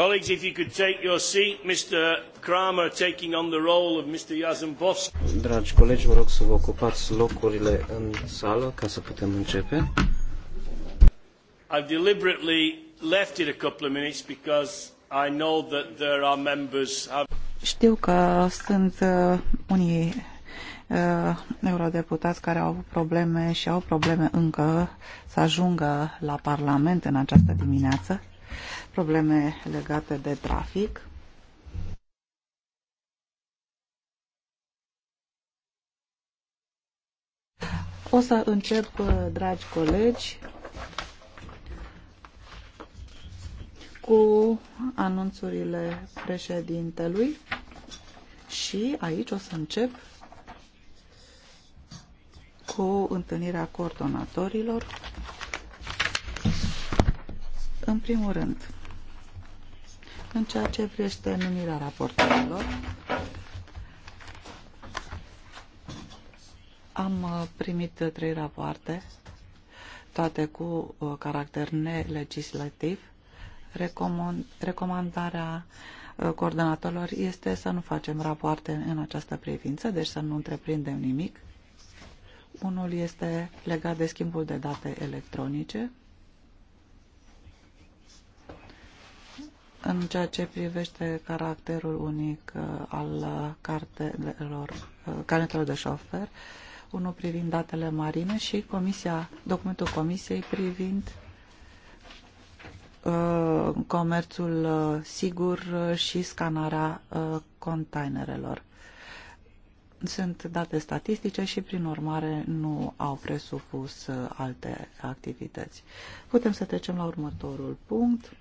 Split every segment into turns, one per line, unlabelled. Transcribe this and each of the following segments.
Colleagues, if you could take your seat, Mr. Kramer taking on the role of Mr. Yazembowski.
Dragi colegi, vă rog să vă ocupați locurile în sală ca să putem începe.
I've deliberately left it a couple of minutes because I know that there are members have...
Știu că sunt uh, unii uh, eurodeputați care au avut probleme și au probleme încă să ajungă la Parlament în această dimineață probleme legate de trafic. O să încep, uh, dragi colegi, cu anunțurile președintelui și aici o să încep cu întâlnirea coordonatorilor. În primul rând, în ceea ce privește numirea raportorilor. Am uh, primit trei rapoarte, toate cu uh, caracter nelegislativ. recomandarea uh, coordonatorilor este să nu facem rapoarte în această privință, deci să nu întreprindem nimic. Unul este legat de schimbul de date electronice, în ceea ce privește caracterul unic uh, al cartelor, uh, carnetelor de șofer, unul privind datele marine și comisia, documentul comisiei privind uh, comerțul sigur și scanarea containerelor. Sunt date statistice și, prin urmare, nu au presupus alte activități. Putem să trecem la următorul punct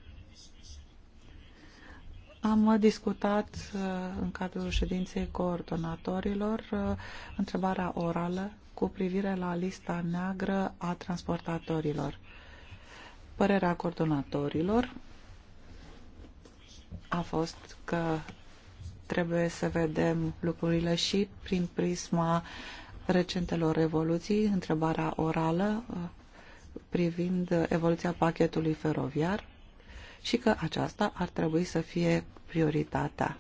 am discutat uh, în cadrul ședinței coordonatorilor uh, întrebarea orală cu privire la lista neagră a transportatorilor. Părerea coordonatorilor a fost că trebuie să vedem lucrurile și prin prisma recentelor evoluții, întrebarea orală uh, privind evoluția pachetului feroviar și că aceasta ar trebui să fie prioritatea.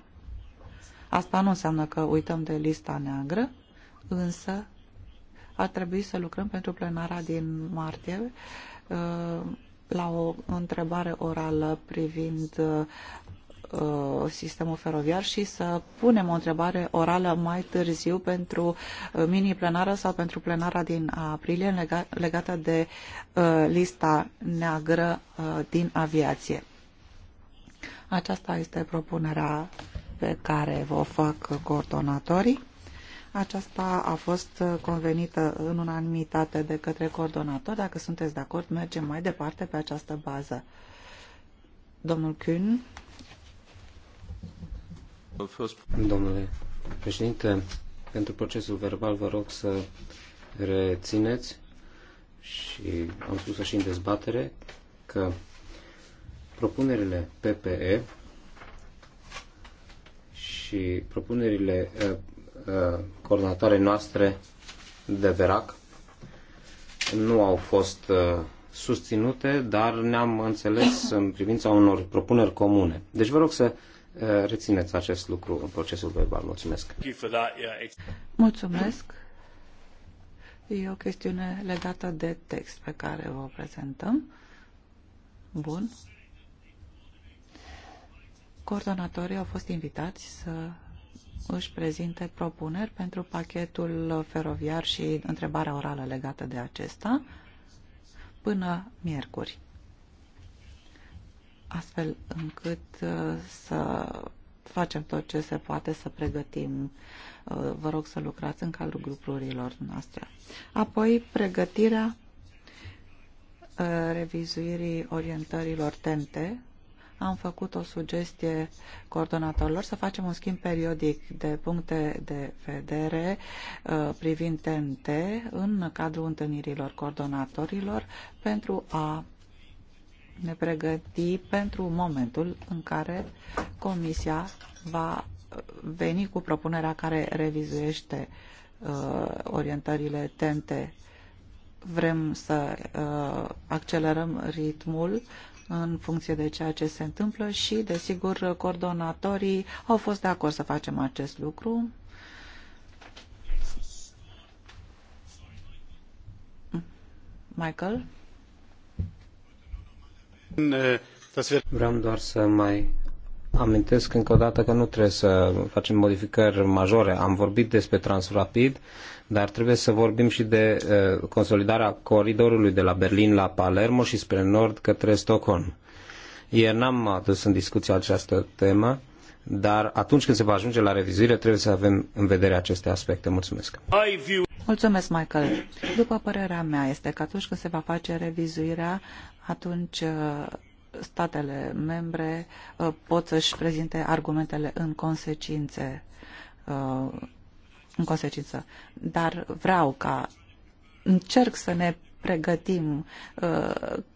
Asta nu înseamnă că uităm de lista neagră, însă ar trebui să lucrăm pentru plenara din martie uh, la o întrebare orală privind uh, sistemul feroviar și să punem o întrebare orală mai târziu pentru uh, mini-plenară sau pentru plenara din aprilie legată de lista neagră din aviație. Aceasta este propunerea pe care vă fac coordonatorii. Aceasta a fost convenită în unanimitate de către coordonator. Dacă sunteți de acord, mergem mai departe pe această bază. Domnul Kuhn.
Domnule președinte, pentru procesul verbal vă rog să rețineți și am spus și în dezbatere că Propunerile PPE și propunerile uh, uh, coordonatoare noastre de verac nu au fost uh, susținute, dar ne-am înțeles în privința unor propuneri comune. Deci vă rog să rețineți acest lucru în procesul verbal. Mulțumesc.
Mulțumesc. E o chestiune legată de text pe care vă prezentăm. Bun coordonatorii au fost invitați să își prezinte propuneri pentru pachetul feroviar și întrebarea orală legată de acesta până miercuri, astfel încât uh, să facem tot ce se poate să pregătim. Uh, vă rog să lucrați în cadrul grupurilor noastre. Apoi, pregătirea uh, revizuirii orientărilor TENTE am făcut o sugestie coordonatorilor să facem un schimb periodic de puncte de vedere uh, privind TNT în cadrul întâlnirilor coordonatorilor pentru a ne pregăti pentru momentul în care Comisia va veni cu propunerea care revizuiește uh, orientările TNT. Vrem să uh, accelerăm ritmul în funcție de ceea ce se întâmplă și, desigur, coordonatorii au fost de acord să facem acest lucru. Michael?
Uh, Vreau doar să mai amintesc încă o dată că nu trebuie să facem modificări majore. Am vorbit despre Transrapid, dar trebuie să vorbim și de uh, consolidarea coridorului de la Berlin la Palermo și spre nord către Stockholm. Ieri n-am adus în discuție această temă, dar atunci când se va ajunge la revizuire trebuie să avem în vedere aceste aspecte. Mulțumesc!
Mulțumesc, Michael! După părerea mea, este că atunci când se va face revizuirea, atunci uh, statele membre uh, pot să-și prezinte argumentele în consecințe uh, în consecință. Dar vreau ca încerc să ne pregătim uh,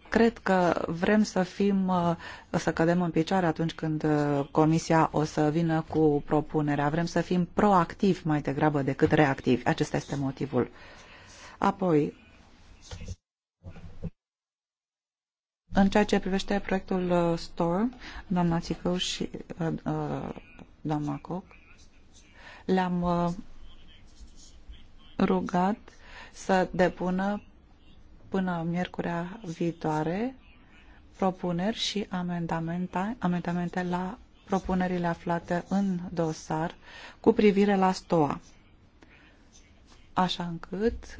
cred că vrem să fim, să cădem în picioare atunci când Comisia o să vină cu propunerea. Vrem să fim proactivi mai degrabă decât reactivi. Acesta este motivul. Apoi, în ceea ce privește proiectul uh, STORM, doamna Țicău și uh, uh, doamna Coc, le-am uh, rugat să depună până miercurea viitoare propuneri și amendamente, amendamente la propunerile aflate în dosar cu privire la STOA, așa încât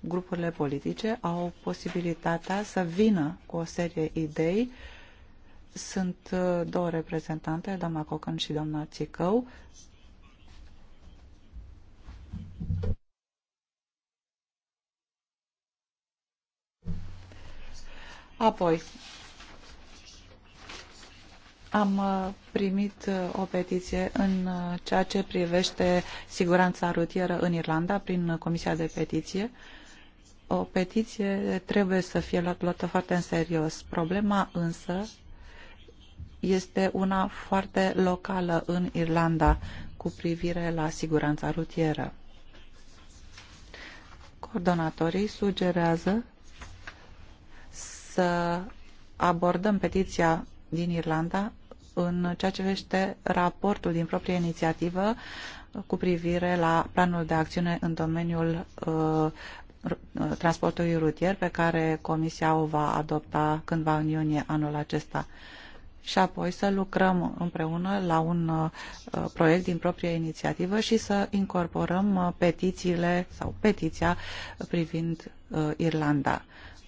grupurile politice au posibilitatea să vină cu o serie idei. Sunt uh, două reprezentante, doamna Cocan și doamna Țicău. Apoi, am uh, primit uh, o petiție în ceea ce privește siguranța rutieră în Irlanda prin Comisia de Petiție o petiție trebuie să fie luată foarte în serios. Problema însă este una foarte locală în Irlanda cu privire la siguranța rutieră. Coordonatorii sugerează să abordăm petiția din Irlanda în ceea ce vește raportul din proprie inițiativă cu privire la planul de acțiune în domeniul uh, transportului rutier pe care Comisia o va adopta cândva în iunie anul acesta și apoi să lucrăm împreună la un uh, proiect din proprie inițiativă și să incorporăm uh, petițiile sau petiția privind uh, Irlanda.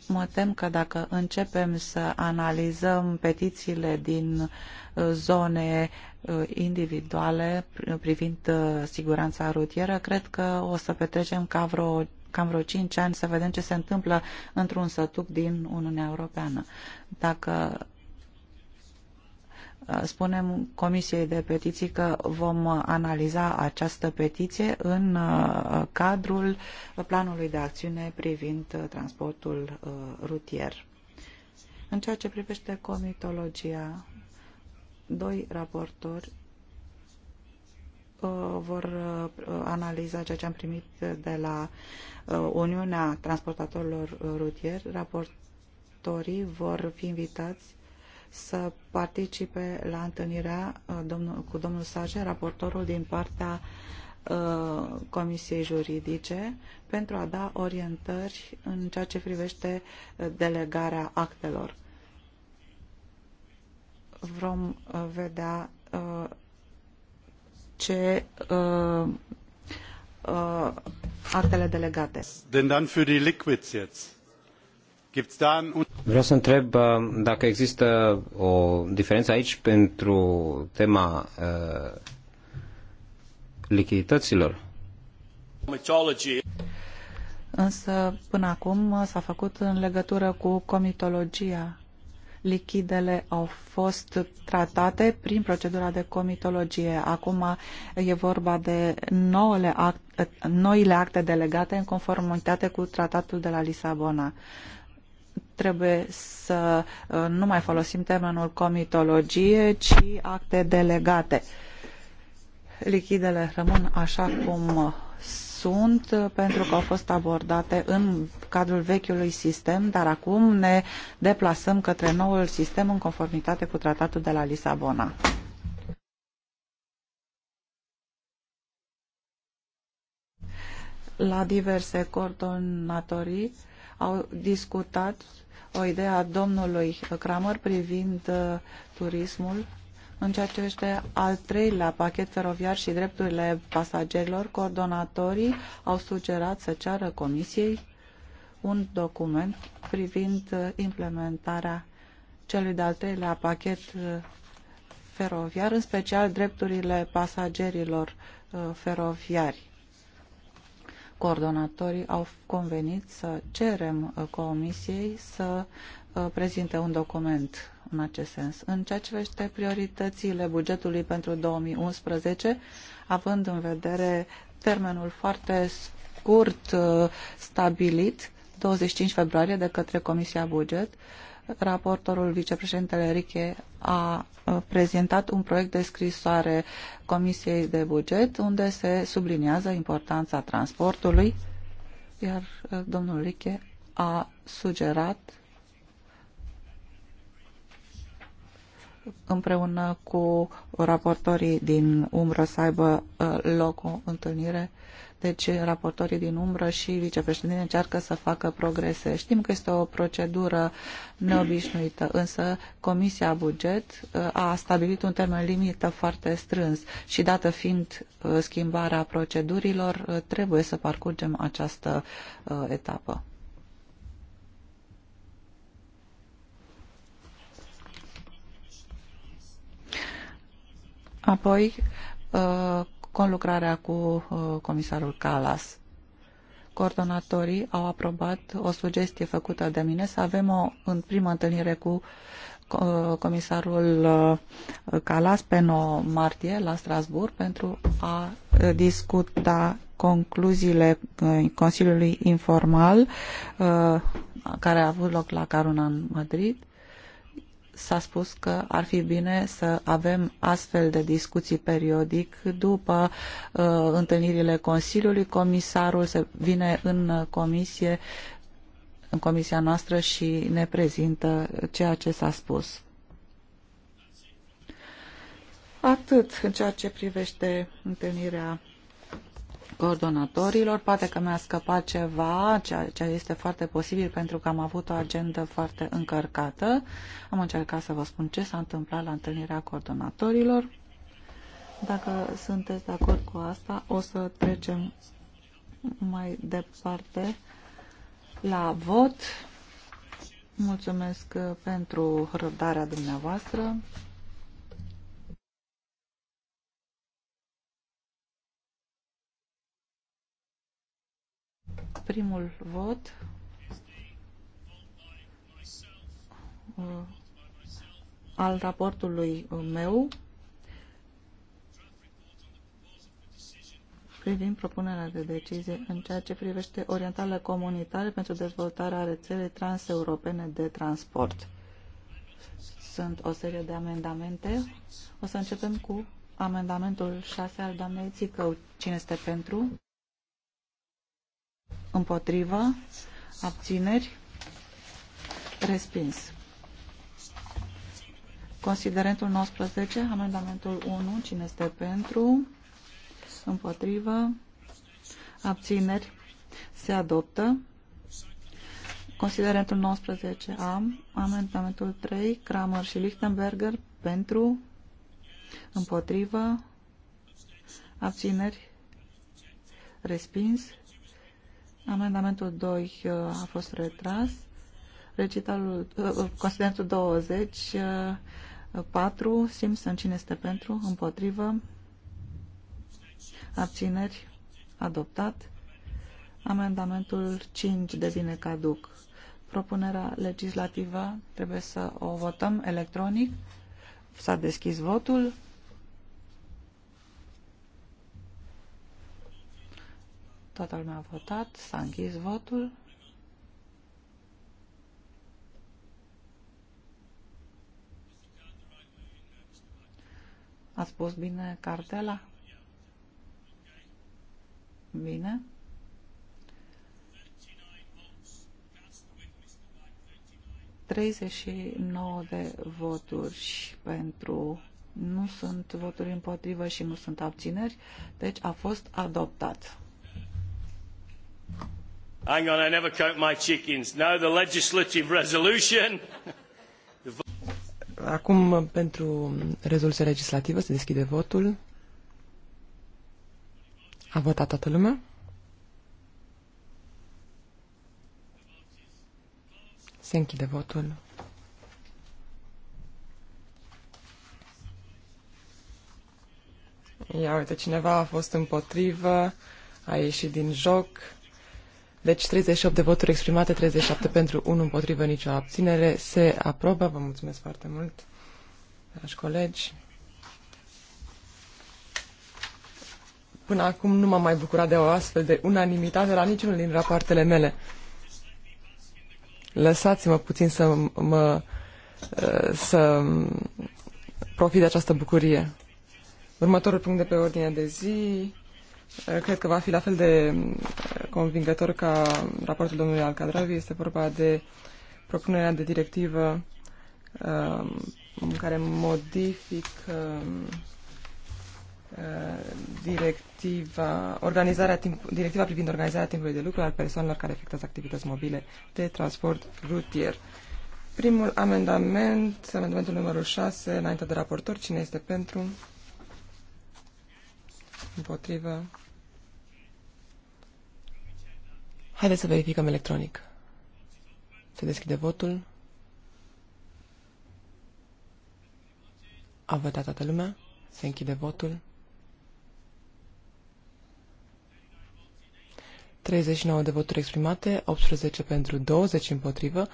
Mă tem că dacă începem să analizăm petițiile din uh, zone uh, individuale privind uh, siguranța rutieră, cred că o să petrecem ca vreo cam vreo 5 ani să vedem ce se întâmplă într-un sătuc din Uniunea Europeană. Dacă uh, spunem Comisiei de Petiții că vom analiza această petiție în uh, cadrul planului de acțiune privind uh, transportul rutier. În ceea ce privește comitologia, doi raportori Uh, vor uh, analiza ceea ce am primit de la uh, Uniunea Transportatorilor Rutieri. Raportorii vor fi invitați să participe la întâlnirea cu domnul Sage, raportorul din partea Comisiei Juridice, pentru a da orientări în ceea ce privește delegarea actelor. Vom vedea ce uh, uh, actele delegate. Da
Vreau să întreb uh, dacă există o diferență aici pentru tema uh, lichidităților.
Însă, până acum s-a făcut în legătură cu comitologia lichidele au fost tratate prin procedura de comitologie. Acum e vorba de noile acte, noile acte delegate în conformitate cu tratatul de la Lisabona trebuie să uh, nu mai folosim termenul comitologie, ci acte delegate. Lichidele rămân așa cum sunt uh, pentru că au fost abordate în cadrul vechiului sistem, dar acum ne deplasăm către noul sistem în conformitate cu tratatul de la Lisabona. La diverse coordonatorii au discutat o idee a domnului Kramer privind uh, turismul în ceea ce este al treilea pachet feroviar și drepturile pasagerilor, coordonatorii au sugerat să ceară Comisiei un document privind implementarea celui de-al treilea pachet uh, feroviar, în special drepturile pasagerilor uh, feroviari. Coordonatorii au convenit să cerem uh, Comisiei să Uh, prezinte un document în acest sens. În ceea ce vește prioritățile bugetului pentru 2011, având în vedere termenul foarte scurt uh, stabilit, 25 februarie, de către Comisia Buget, raportorul vicepreședintele Riche a uh, prezentat un proiect de scrisoare Comisiei de Buget, unde se subliniază importanța transportului, iar domnul Riche a sugerat împreună cu raportorii din umbră să aibă uh, loc o întâlnire. Deci raportorii din umbră și vicepreședinte încearcă să facă progrese. Știm că este o procedură neobișnuită, însă Comisia Buget uh, a stabilit un termen limită foarte strâns și dată fiind uh, schimbarea procedurilor, trebuie să parcurgem această etapă. Apoi, uh, conlucrarea cu uh, comisarul Calas. Coordonatorii au aprobat o sugestie făcută de mine să avem o în primă întâlnire cu uh, comisarul Calas pe 9 martie la Strasbourg pentru a discuta concluziile Consiliului Informal care a avut loc la Caruna în Madrid s-a spus că ar fi bine să avem astfel de discuții periodic după uh, întâlnirile Consiliului. Comisarul se vine în comisie, în comisia noastră și ne prezintă ceea ce s-a spus. Atât în ceea ce privește întâlnirea coordonatorilor. Poate că mi-a scăpat ceva, ceea ce este foarte posibil pentru că am avut o agendă foarte încărcată. Am încercat să vă spun ce s-a întâmplat la întâlnirea coordonatorilor. Dacă sunteți de acord cu asta, o să trecem mai departe la vot. Mulțumesc pentru răbdarea dumneavoastră. primul vot uh, al raportului meu privind propunerea de decizie în ceea ce privește orientarea comunitare pentru dezvoltarea rețelei transeuropene de transport. Sunt o serie de amendamente. O să începem cu amendamentul 6 al doamnei Țicău. Cine este pentru? împotrivă, abțineri, respins. Considerentul 19, amendamentul 1, cine este pentru, împotrivă, abțineri, se adoptă. Considerentul 19 am, amendamentul 3, Kramer și Lichtenberger, pentru, împotrivă, abțineri, respins. Amendamentul 2 uh, a fost retras. Recitalul, uh, uh, considerentul 20, 4, Simpson, cine este pentru, împotrivă, abțineri, adoptat. Amendamentul 5 devine caduc. Propunerea legislativă trebuie să o votăm electronic. S-a deschis votul. Toată lumea a votat, s-a închis votul. a spus bine cartela? Bine. Treizeci de voturi pentru nu sunt voturi împotrivă și nu sunt abțineri, deci a fost
adoptat.
Hang on, I never count my chickens. Now the legislative resolution.
Acum, pentru rezoluția legislativă, se deschide votul. A votat toată lumea? Se închide votul. Ia uite, cineva a fost împotrivă, a ieșit din joc. Deci 38 de voturi exprimate, 37 pentru, 1 împotrivă, nicio abținere. Se aprobă. Vă mulțumesc foarte mult, dragi colegi. Până acum nu m-am mai bucurat de o astfel de unanimitate la niciunul din rapoartele mele. Lăsați-mă puțin să mă uh, să profit de această bucurie. Următorul punct de pe ordinea de zi Eh, cred că va fi la fel de mm, convingător ca raportul domnului Alcadravi. Este vorba de propunerea de directivă eh, care modifică eh, directiva, organizarea timp, directiva privind organizarea timpului de lucru al persoanelor care efectuează activități mobile de transport rutier. Primul amendament, amendamentul numărul 6, înainte de raportor, cine este pentru? Împotrivă? Haideți să verificăm electronic. Se deschide votul. A votat toată lumea. Se închide votul. 39 de voturi exprimate, 18 pentru 20 împotrivă,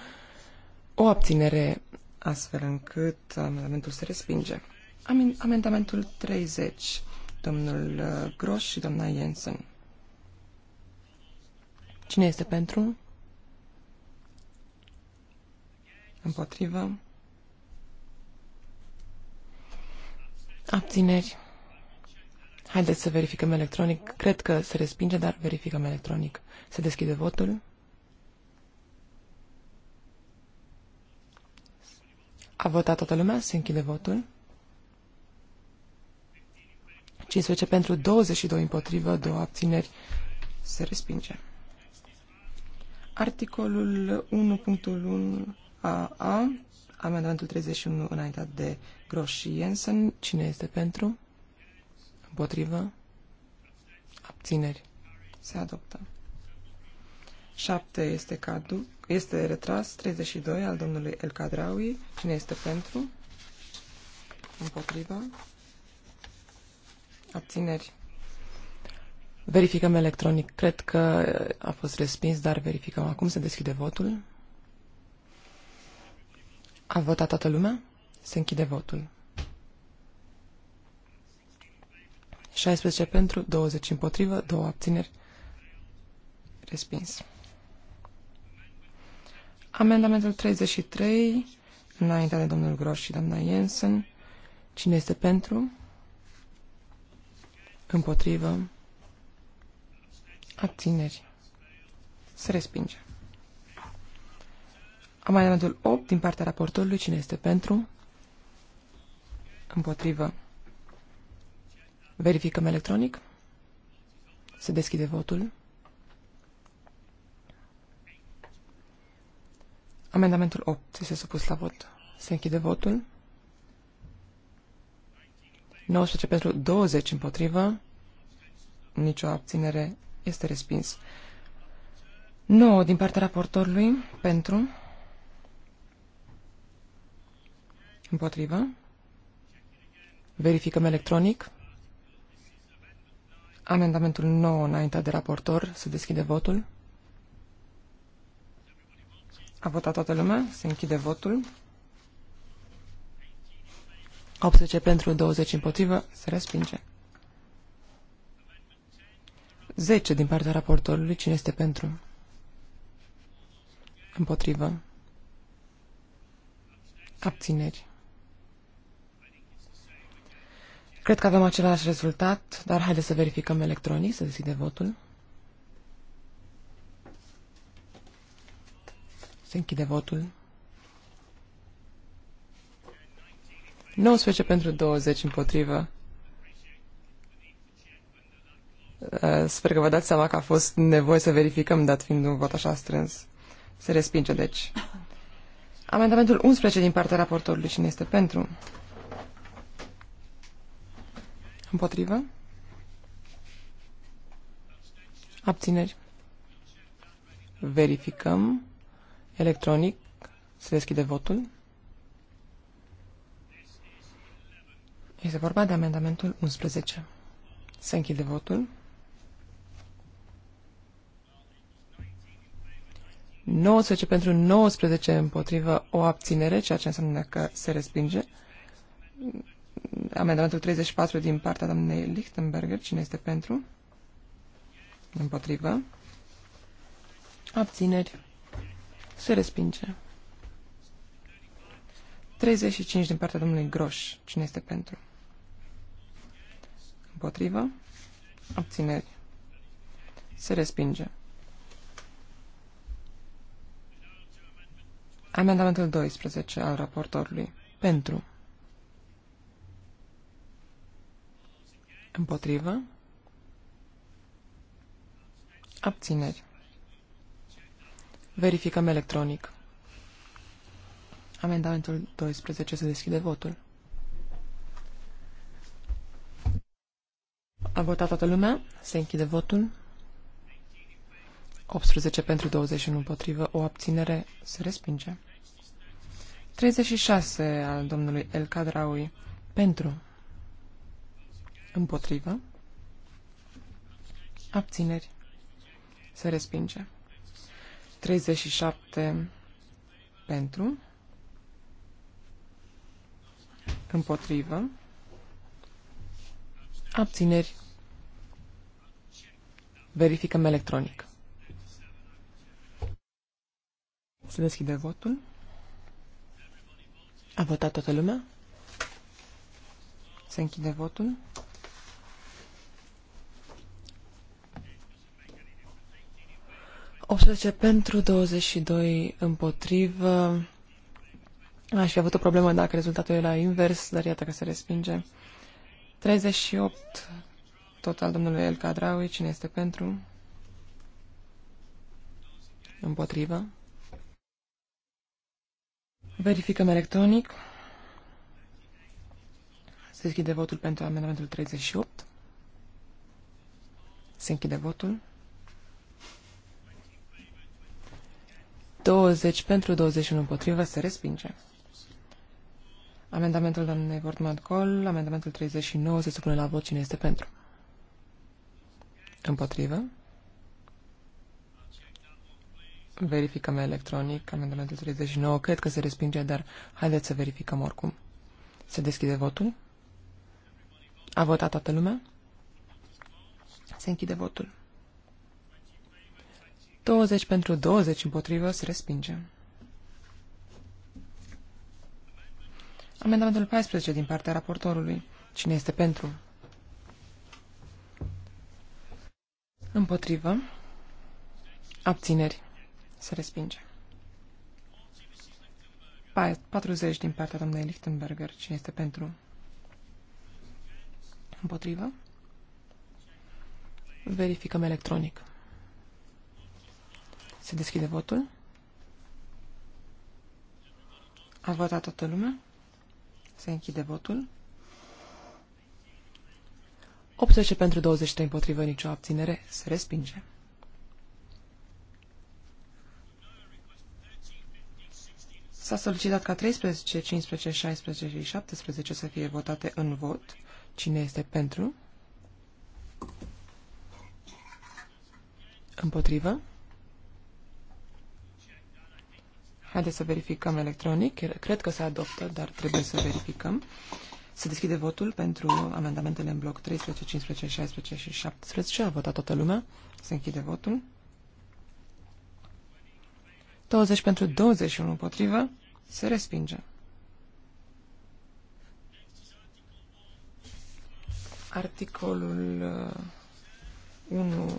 o abținere astfel încât amendamentul se respinge. Amendamentul 30, domnul uh, Gros și doamna Jensen. Cine este pentru? Împotrivă. Abțineri. Haideți să verificăm electronic. Cred că se respinge, dar verificăm electronic. Se deschide votul. A votat toată lumea? Se închide votul. 15 pentru 22 împotrivă, două abțineri. Se respinge. Articolul 1.1 AA, amendamentul 31 înaintat de și Jensen. Cine este pentru? Împotrivă? Abțineri. Se adoptă. 7 este, cadu, este retras, 32 al domnului El Cadraui. Cine este pentru? Împotrivă? Abțineri. Verificăm electronic. Cred că a fost respins, dar verificăm acum. Se deschide votul. A votat toată lumea? Se închide votul. 16 pentru, 20 împotrivă, 2 abțineri. Respins. Amendamentul 33, înaintea de domnul Groș și doamna Jensen. Cine este pentru? Împotrivă abțineri, se respinge. Amendamentul 8 din partea raportorului, cine este pentru? Împotrivă. Verificăm electronic. Se deschide votul. Amendamentul 8 este supus la vot. Se închide votul. 19 pentru 20 împotrivă. Nicio abținere este respins. 9 din partea raportorului pentru. Împotrivă. Verificăm electronic. Amendamentul 9 înaintea de raportor. Se deschide votul. A votat toată lumea. Se închide votul. 18 pentru, 20 împotrivă. Se respinge. 10 din partea raportorului. Cine este pentru? Împotrivă. Abțineri. Cred că avem același rezultat, dar haideți să verificăm electronic, să deschide votul. Se închide votul. 19 pentru 20 împotrivă. Eh, sper că vă dați seama că a fost nevoie să verificăm, dat fiind un vot așa strâns. Se respinge, deci. Amendamentul 11 din partea raportorului. Cine este pentru? Împotrivă? Abțineri? Verificăm. Electronic. Se deschide votul. Este vorba de amendamentul 11. Se închide votul. 19 pentru 19 împotrivă o abținere, ceea ce înseamnă că se respinge. Amendamentul 34 din partea doamnei Lichtenberger. Cine este pentru? Împotrivă. Abțineri. Se respinge. 35 din partea domnului Groș. Cine este pentru? Împotrivă. Abțineri. Se respinge. Amendamentul 12 al raportorului. Pentru. Împotrivă. Abțineri. Verificăm electronic. Amendamentul 12 se deschide votul. A votat toată lumea? Se închide votul. 18 pentru 21 împotrivă, o abținere se respinge. 36 al domnului El Cadraui pentru împotrivă, abțineri se respinge. 37 pentru împotrivă, abțineri verificăm electronic. Se deschide votul. A votat toată lumea? Se închide votul. pentru 22 împotrivă. Aș fi avut o problemă dacă rezultatul era invers, dar iată că se respinge. 38 total domnului El Cadraui. Cine este pentru? Împotrivă. Verificăm electronic. Se deschide votul pentru amendamentul 38. Se închide votul. 20 pentru 21 împotrivă se respinge. Amendamentul doamnei Portman Col, amendamentul 39 se supune la vot cine este pentru. Împotrivă. Verificăm electronic amendamentul 39. Cred că se respinge, dar haideți să verificăm oricum. Se deschide votul. A votat toată lumea? Se închide votul. 20 pentru 20 împotrivă se respinge. Amendamentul 14 din partea raportorului. Cine este pentru? Împotrivă. Abțineri. Se respinge. 40 din partea domnului Lichtenberger. Cine este pentru? Împotrivă? Verificăm electronic. Se deschide votul. A votat toată lumea. Se închide votul. 80 pentru 23 împotrivă, nicio abținere. Se respinge. S-a solicitat ca 13, 15, 16 și 17 să fie votate în vot. Cine este pentru? Împotrivă? Haideți să verificăm electronic. Cred că se adoptă, dar trebuie să verificăm. Se deschide votul pentru amendamentele în bloc 13, 15, 16 și 17. A votat toată lumea. Se închide votul. 20 pentru 21 împotrivă. Se respinge. Articolul 1, uh,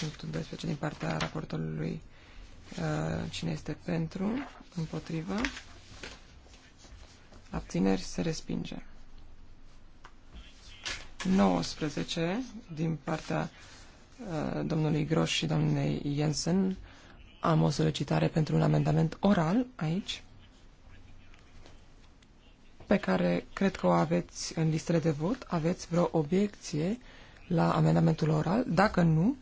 punctul din partea raportorului uh, cine este pentru, împotrivă, abțineri se respinge. 19 din partea uh, domnului Groș și domnului Jensen am o solicitare pentru un amendament oral aici pe care cred că o aveți în listele de vot. Aveți vreo obiecție la amendamentul oral? Dacă nu,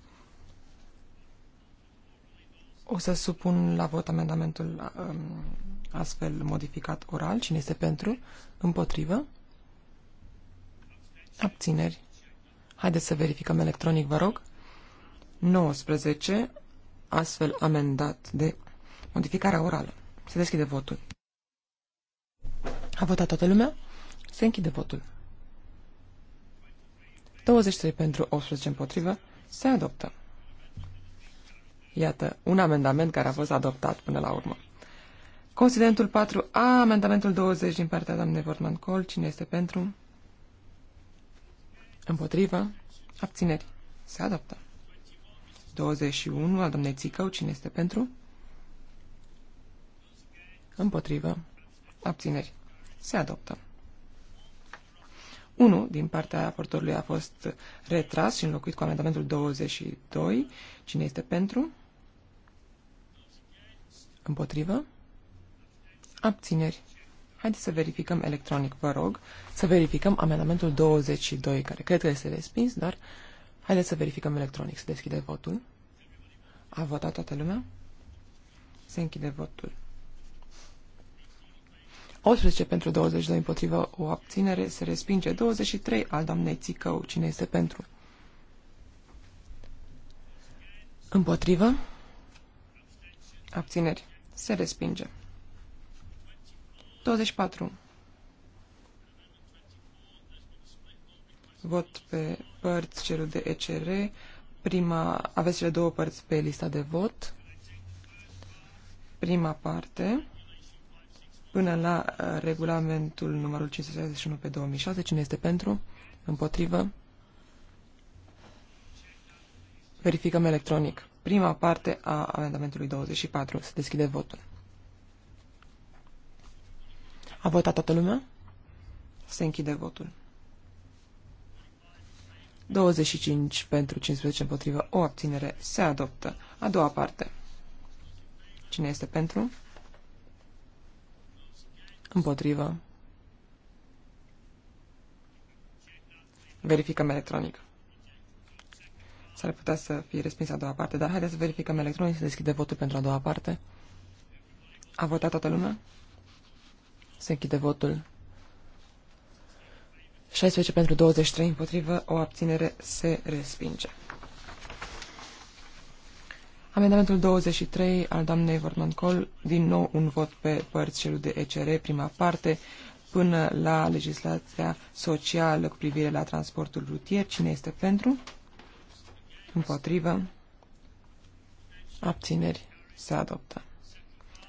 o să supun la vot amendamentul um, astfel modificat oral. Cine este pentru? Împotrivă? Abțineri. Haideți să verificăm electronic, vă rog. 19, astfel amendat de modificarea orală. Se deschide votul. A votat toată lumea? Se închide votul. 23 pentru, 18 împotrivă. Se adoptă. Iată, un amendament care a fost adoptat până la urmă. Considentul 4A, amendamentul 20 din partea doamnei Vortman Col. Cine este pentru? Împotrivă? Abțineri. Se adoptă. 21 al doamnei Țicău. Cine este pentru? Împotrivă. Abțineri se adoptă. Unul din partea raportorului a fost retras și înlocuit cu amendamentul 22. Cine este pentru? Împotrivă? Abțineri. Haideți să verificăm electronic, vă rog, să verificăm amendamentul 22, care cred că este respins, dar haideți să verificăm electronic, să deschide votul. A votat toată lumea? Se închide votul. 18 pentru 22 împotrivă o abținere se respinge. 23 al doamnei Țicău. Cine este pentru? Împotrivă. Abțineri. Se respinge. 24. Vot pe părți cerut de ECR. Prima, aveți cele două părți pe lista de vot. Prima parte până la uh, regulamentul numărul 561 pe 2006. Cine este pentru? Împotrivă? Verificăm electronic. Prima parte a amendamentului 24. Se deschide votul. A votat toată lumea? Se închide votul. 25 pentru 15 împotrivă, o abținere se adoptă. A doua parte. Cine este pentru? Pentru. Împotrivă. Verificăm electronic. S-ar putea să fie respinsă a doua parte, dar haideți să verificăm electronic, să deschide votul pentru a doua parte. A votat toată lumea? Se închide votul. 16 pentru 23 împotrivă, o abținere se respinge. Amendamentul 23 al doamnei Vorman Col, din nou un vot pe părți celul de ECR, prima parte, până la legislația socială cu privire la transportul rutier. Cine este pentru? Împotrivă? Abțineri? Se adoptă.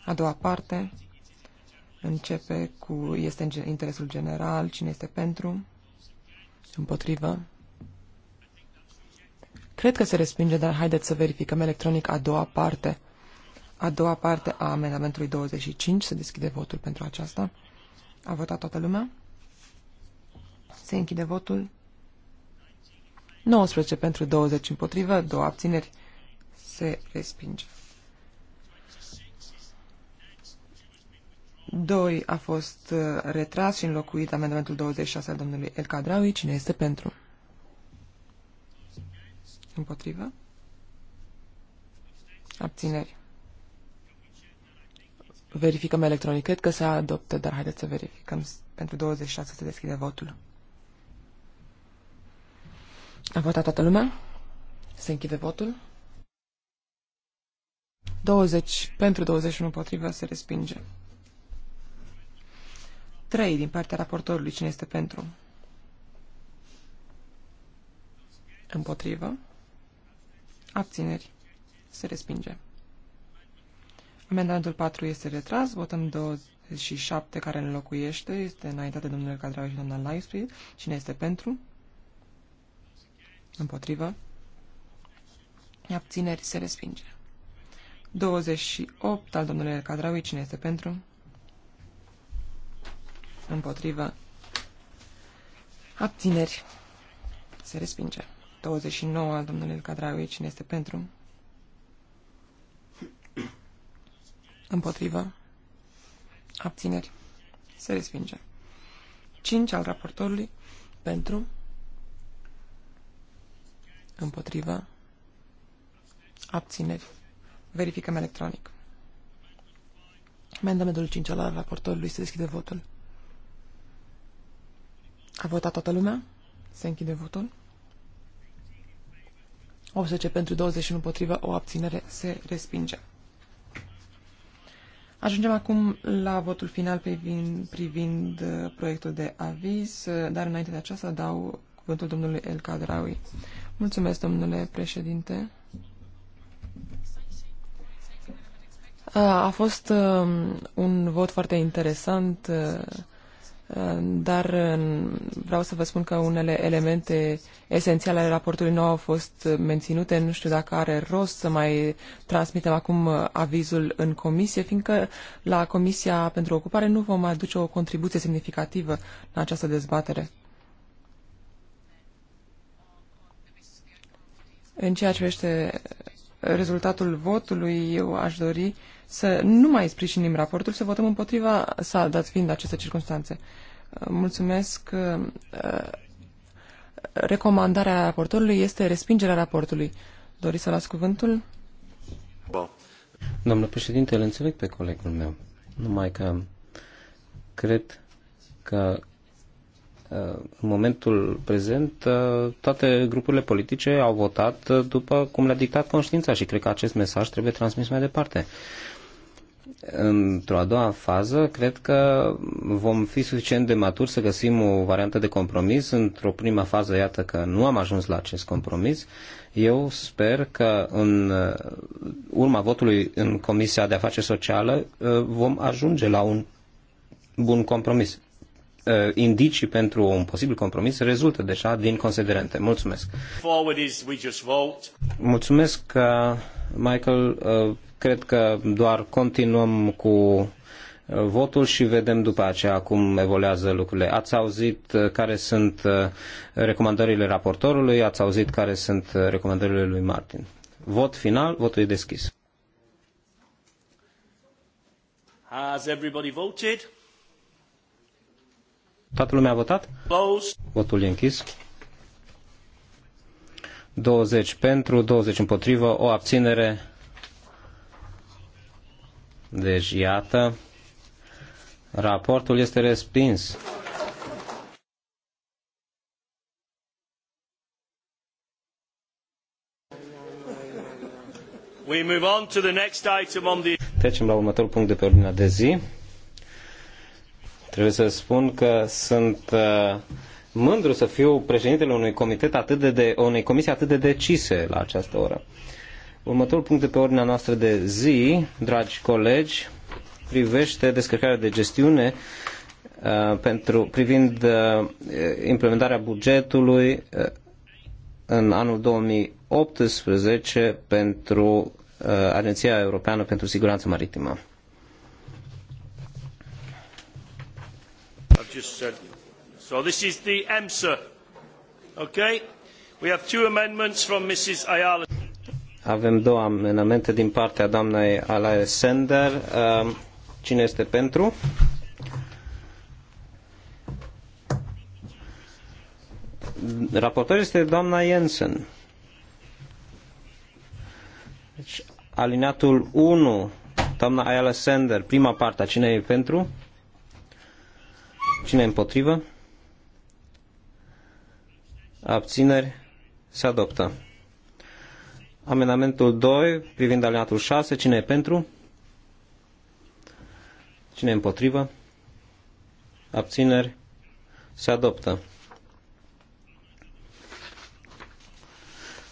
A doua parte începe cu este interesul general, cine este pentru, împotrivă, Cred că se respinge, dar haideți să verificăm electronic a doua parte. A doua parte a amendamentului 25. Se deschide votul pentru aceasta. A votat toată lumea? Se închide votul. 19 pentru 20 împotrivă, două abțineri. Se respinge. 2 a fost uh, retras și înlocuit amendamentul 26 al domnului El Cadraui. Cine este pentru? Împotrivă? Abțineri. Verificăm electronic. Cred că se adoptă, dar haideți să verificăm. Pentru 26 se deschide votul. A votat toată lumea? Se închide votul. 20 pentru 21 împotrivă se respinge. 3 din partea raportorului. Cine este pentru? Împotrivă. Abțineri. Se respinge. Amendamentul 4 este retras. Votăm 27 care îl înlocuiește. Este înaintat de domnul Cadrau și doamna Lightfield. Cine este pentru? Împotrivă. Abțineri. Se respinge. 28 al domnului Cadraui. Cine este pentru? Împotrivă. Abțineri. Se respinge. 29 al domnului Cadraui. Cine este pentru? Împotrivă. Abțineri. Se respinge. 5 al raportorului. Pentru. Împotrivă. Abțineri. Verificăm electronic. Amendamentul 5 al raportorului se deschide votul. A votat toată lumea? Se închide votul. 18 pentru 21 împotrivă, o abținere se respinge. Ajungem acum la votul final privind, privind uh, proiectul de aviz, uh, dar înainte de aceasta dau cuvântul domnului El Cadraui. Mulțumesc, domnule președinte. Uh, a fost um, un vot foarte interesant dar vreau să vă spun că unele elemente esențiale ale raportului nu au fost menținute. Nu știu dacă are rost să mai transmitem acum avizul în comisie, fiindcă la Comisia pentru Ocupare nu vom aduce o contribuție semnificativă în această dezbatere. În ceea ce privește rezultatul votului, eu aș dori să nu mai sprijinim raportul, să votăm împotriva sa, dat fiind aceste circunstanțe. Mulțumesc. Uh, uh, recomandarea raportorului este respingerea raportului. Doriți să las cuvântul?
Bun. Domnule președinte, îl înțeleg pe colegul meu. Numai că cred că Uh, în momentul prezent, uh, toate grupurile politice au votat uh, după cum le-a dictat conștiința și cred că acest mesaj trebuie transmis mai departe într-o a doua fază, cred că vom fi suficient de maturi să găsim o variantă de compromis. Într-o prima fază, iată că nu am ajuns la acest compromis. Eu sper că în urma votului în Comisia de Afaceri Sociale vom ajunge la un bun compromis. Uh, indicii pentru un posibil compromis rezultă deja din considerente. Mulțumesc. Mulțumesc, Michael. Uh, cred că doar continuăm cu uh, votul și vedem după aceea cum evoluează lucrurile. Ați auzit care sunt recomandările raportorului, ați auzit care sunt recomandările lui Martin. Vot final, votul e deschis.
Has everybody voted?
Toată lumea a votat? Votul e închis. 20 pentru, 20 împotrivă, o abținere. Deci, iată, raportul este respins.
We move on to the next item on the...
Trecem la următorul punct de pe ordinea de zi. Trebuie să spun că sunt uh, mândru să fiu președintele unui comitet atât de, de unei comisii atât de decise la această oră. Următorul punct de pe ordinea noastră de zi, dragi colegi, privește descărcarea de gestiune uh, pentru, privind uh, implementarea bugetului uh, în anul 2018 pentru uh, Agenția Europeană pentru Siguranță Maritimă.
just said. So this is the EMSA. Okay? We have two amendments from Mrs. Ayala.
Avem două amendamente din partea doamnei Alaire Sender. Um, cine este pentru? Raportor este doamna Jensen. Deci, alineatul 1, doamna Ayala Sender, prima parte, cine e pentru? Cine împotrivă? Abțineri? Se adoptă. Amendamentul 2, privind aliatul 6, cine e pentru? Cine e împotrivă? Abțineri? Se adoptă.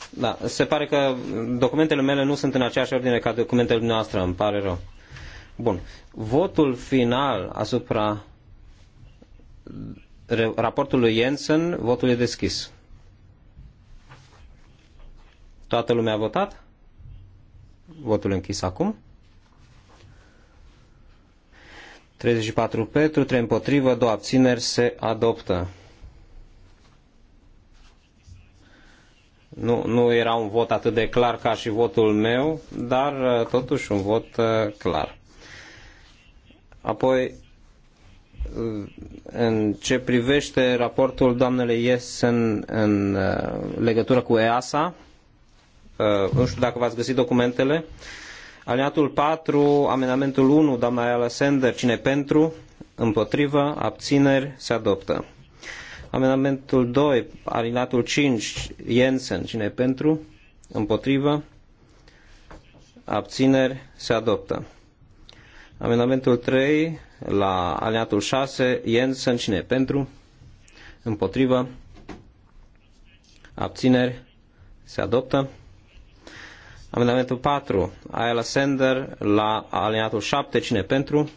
Da, se pare că documentele mele nu sunt în aceeași ordine ca documentele noastre, îmi pare rău. Bun. Votul final asupra raportul lui Jensen, votul e deschis. Toată lumea a votat? Votul închis acum. 34 pentru, 3 împotrivă, 2 abțineri, se adoptă. Nu, nu era un vot atât de clar ca și votul meu, dar uh, totuși un vot uh, clar. Apoi în ce privește raportul doamnelei Jensen în, în uh, legătură cu EASA, uh, nu știu dacă v-ați găsit documentele, aliatul 4, amendamentul 1, doamna Ayala Sender, cine pentru, împotrivă, abțineri, se adoptă. Amendamentul 2, aliatul 5, Jensen, cine pentru, împotrivă, abțineri, se adoptă. Amendamentul 3, la aliatul 6, Jensen, cine pentru? Împotrivă? Abțineri? Se adoptă. Amendamentul 4, Ayala Sender, la aliatul 7, cine pentru?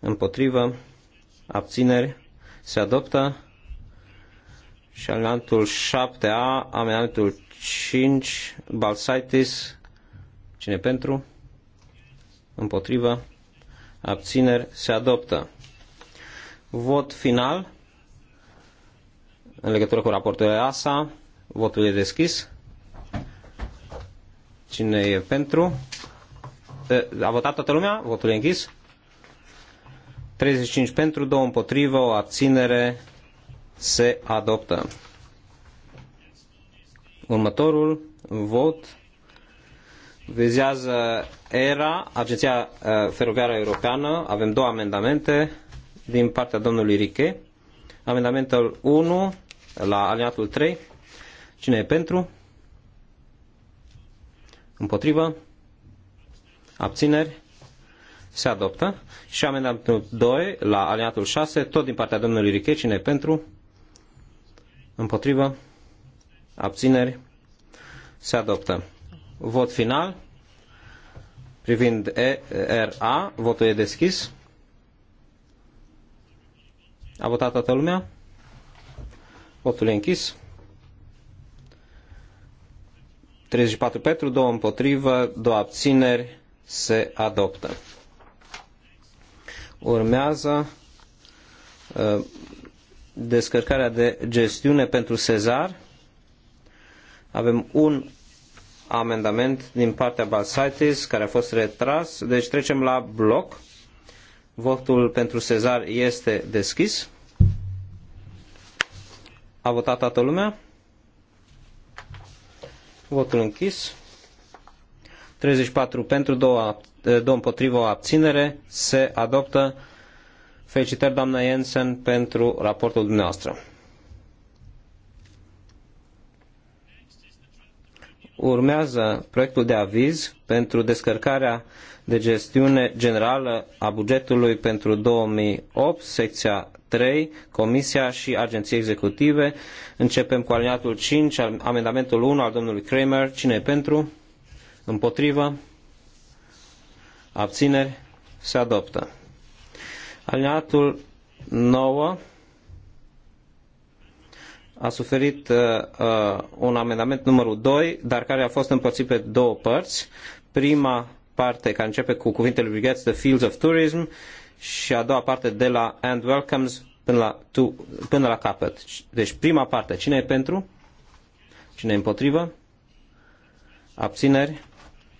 Împotrivă? Abțineri? Se adoptă. Și amendamentul 7A, amendamentul 5, Balsaitis, cine pentru? Împotrivă? abțineri, se adoptă. Vot final în legătură cu raportul EASA. Votul e deschis. Cine e pentru? A votat toată lumea? Votul e închis. 35 pentru, 2 împotrivă, o abținere se adoptă. Următorul vot vizează ERA, Agenția uh, Feroviară Europeană. Avem două amendamente din partea domnului Riche. Amendamentul 1 la alineatul 3. Cine e pentru? Împotrivă? Abțineri? Se adoptă. Și amendamentul 2 la alineatul 6, tot din partea domnului Riche. Cine e pentru? Împotrivă? Abțineri? Se adoptă. Vot final privind ERA. Votul e deschis. A votat toată lumea? Votul e închis. 34 pentru, 2 împotrivă, 2 abțineri, se adoptă. Urmează ă, descărcarea de gestiune pentru Sezar. Avem un amendament din partea Balsaitis care a fost retras. Deci trecem la bloc. Votul pentru Cezar este deschis. A votat toată lumea. Votul închis. 34 pentru, 2, 2 împotrivă o abținere. Se adoptă. Felicitări, doamna Jensen, pentru raportul dumneavoastră. urmează proiectul de aviz pentru descărcarea de gestiune generală a bugetului pentru 2008, secția 3, Comisia și agenții executive. Începem cu aliniatul 5, amendamentul 1 al domnului Kramer. Cine e pentru? Împotrivă? Abțineri? Se adoptă. Aliniatul 9, a suferit uh, uh, un amendament numărul 2, dar care a fost împărțit pe două părți. Prima parte care începe cu cuvintele Regrets the Fields of Tourism și a doua parte de la And Welcomes până la, to, până la capăt. Deci prima parte, cine e pentru? Cine e împotrivă? Abțineri?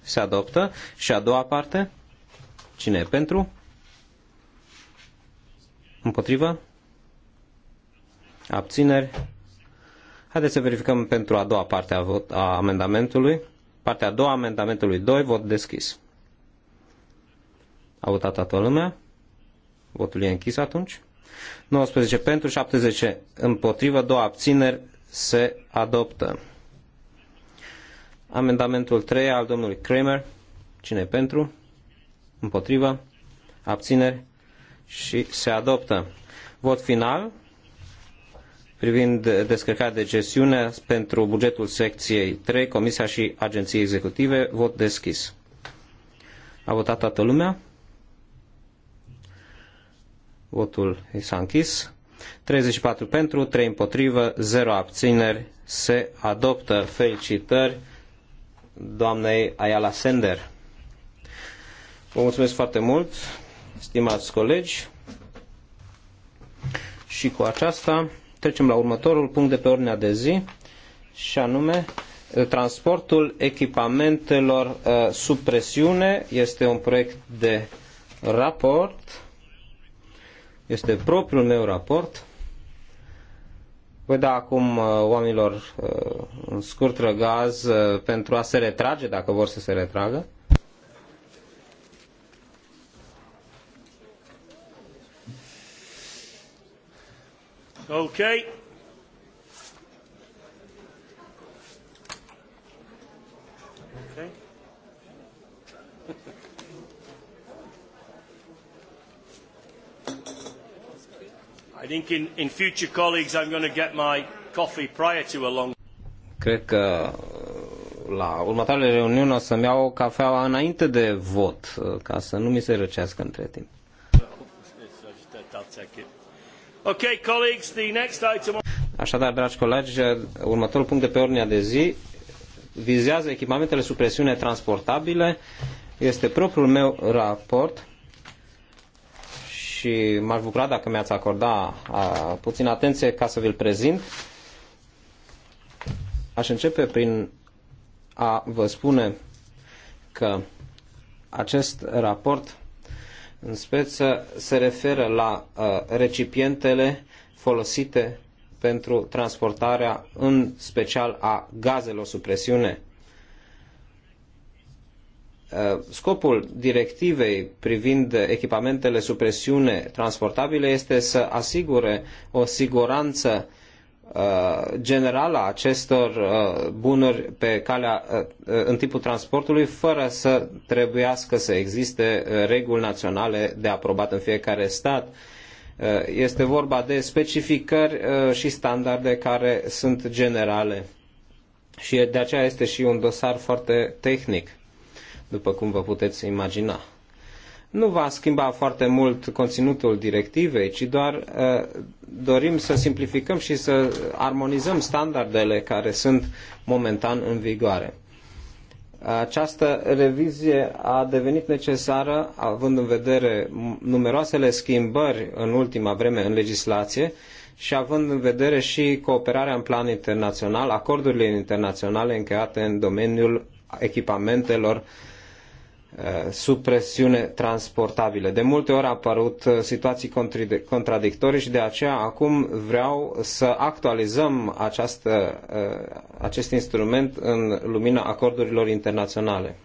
Se adoptă. Și a doua parte, cine e pentru? Împotrivă? Abțineri? Haideți să verificăm pentru a doua parte a, vot, a amendamentului. Partea a doua a amendamentului 2, vot deschis. A votat toată lumea. Votul e închis atunci. 19 pentru, 70 împotrivă, două abțineri se adoptă. Amendamentul 3 al domnului Kramer. Cine pentru? Împotrivă? Abțineri? Și se adoptă. Vot final privind descărcarea de gestiune pentru bugetul secției 3, Comisia și Agenții Executive, vot deschis. A votat toată lumea? Votul s-a închis. 34 pentru, 3 împotrivă, 0 abțineri. Se adoptă felicitări doamnei Ayala Sender. Vă mulțumesc foarte mult, stimați colegi. Și cu aceasta Trecem la următorul punct de pe ordinea de zi și anume eh, transportul echipamentelor uh, sub presiune. Este un proiect de raport. Este propriul meu raport. Voi da acum uh, oamenilor uh, un scurt răgaz pentru a se retrage, dacă vor să se retragă.
Okay. I think in, in future colleagues I'm going to get my coffee prior to a long
Cred că uh, la următoarele reuniuni o să-mi iau cafeaua înainte de vot, uh, ca să nu mi se răcească între timp. Așadar, dragi colegi, următorul punct de pe ordinea de zi vizează echipamentele sub presiune transportabile. Este propriul meu raport și m-aș bucura dacă mi-ați acorda a, puțin atenție ca să vi-l prezint. Aș începe prin a vă spune că acest raport în speță se referă la uh, recipientele folosite pentru transportarea în special a gazelor sub presiune. Uh, scopul directivei privind echipamentele sub presiune transportabile este să asigure o siguranță Uh, generală a acestor uh, bunuri pe calea, uh, în timpul transportului, fără să trebuiască să existe reguli naționale de aprobat în fiecare stat. Este vorba de specificări și standarde care sunt generale. Și de aceea este și un dosar foarte tehnic, după cum vă puteți imagina nu va schimba foarte mult conținutul directivei, ci doar uh, dorim să simplificăm și să armonizăm standardele care sunt momentan în vigoare. Această revizie a devenit necesară având în vedere numeroasele schimbări în ultima vreme în legislație și având în vedere și cooperarea în plan internațional, acordurile internaționale încheiate în domeniul echipamentelor uh, Uh, sub presiune transportabile. De multe ori au apărut uh, situații contradictorii și de aceea acum vreau să actualizăm această, uh, acest instrument în lumina acordurilor internaționale.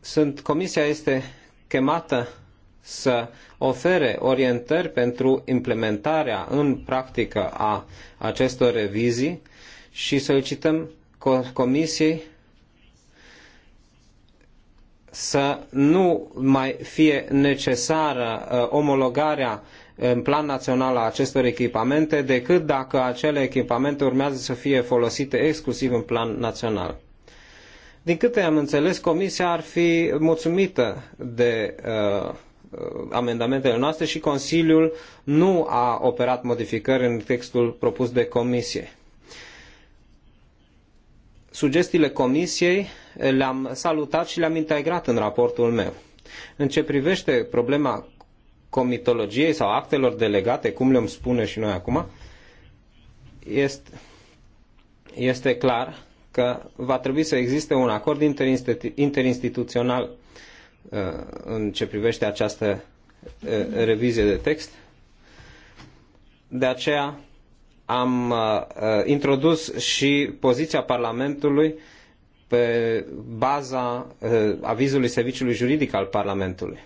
Sunt, comisia este chemată să ofere orientări pentru implementarea în practică a acestor revizii și solicităm Comisiei să nu mai fie necesară uh, omologarea uh, în plan național a acestor echipamente decât dacă acele echipamente urmează să fie folosite exclusiv în plan național. Din câte am înțeles, Comisia ar fi mulțumită de uh, amendamentele noastre și Consiliul nu a operat modificări în textul propus de Comisie. Sugestiile comisiei eh, le-am salutat și le-am integrat în raportul meu. În ce privește problema comitologiei sau actelor delegate, cum le-am spune și noi acum, este, este clar că va trebui să existe un acord interinstituțional eh, în ce privește această eh, revizie de text. De aceea am uh, uh, introdus și poziția Parlamentului pe baza uh, avizului Serviciului Juridic al Parlamentului.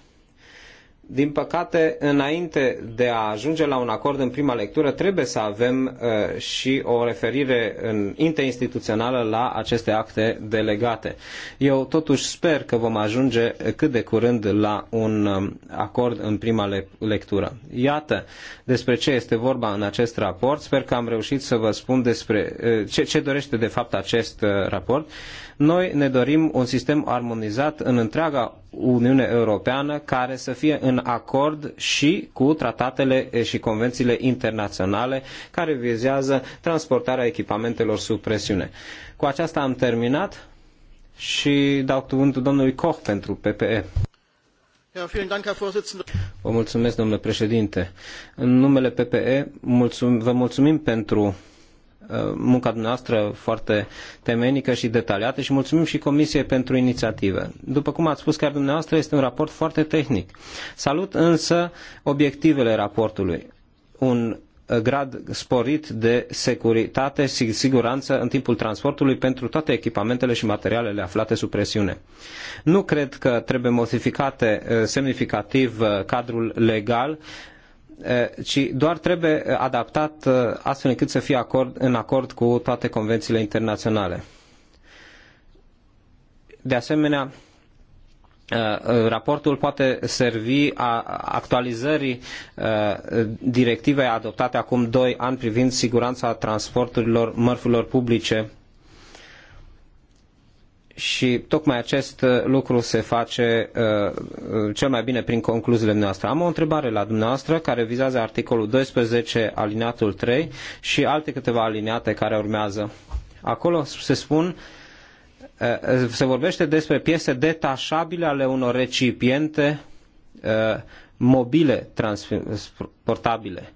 Din păcate, înainte de a ajunge la un acord în prima lectură, trebuie să avem uh, și o referire în, interinstituțională la aceste acte delegate. Eu totuși sper că vom ajunge cât de curând la un um, acord în prima le lectură. Iată despre ce este vorba în acest raport. Sper că am reușit să vă spun despre uh, ce, ce dorește de fapt acest uh, raport. Noi ne dorim un sistem armonizat în întreaga Uniune Europeană care să fie în acord și cu tratatele eh, și convențiile internaționale care vizează transportarea echipamentelor sub presiune. Cu aceasta am terminat și dau cuvântul domnului Koch pentru PPE. Vă mulțumesc, domnule președinte. În numele PPE, mulțum vă mulțumim pentru Uh, munca dumneavoastră foarte temenică și detaliată și mulțumim și Comisiei pentru inițiativă. După cum ați spus chiar dumneavoastră, este un raport foarte tehnic. Salut însă obiectivele raportului. Un uh, grad sporit de securitate și siguranță în timpul transportului pentru toate echipamentele și materialele aflate sub presiune. Nu cred că trebuie modificate uh, semnificativ cadrul legal ci doar trebuie adaptat astfel încât să fie acord, în acord cu toate convențiile internaționale. De asemenea, raportul poate servi a actualizării directivei adoptate acum doi ani privind siguranța transporturilor mărfurilor publice și tocmai acest uh, lucru se face uh, uh, cel mai bine prin concluziile noastre. Am o întrebare la dumneavoastră care vizează articolul 12 alineatul 3 și alte câteva alineate care urmează. Acolo se spun uh, se vorbește despre piese detașabile ale unor recipiente uh, mobile transportabile.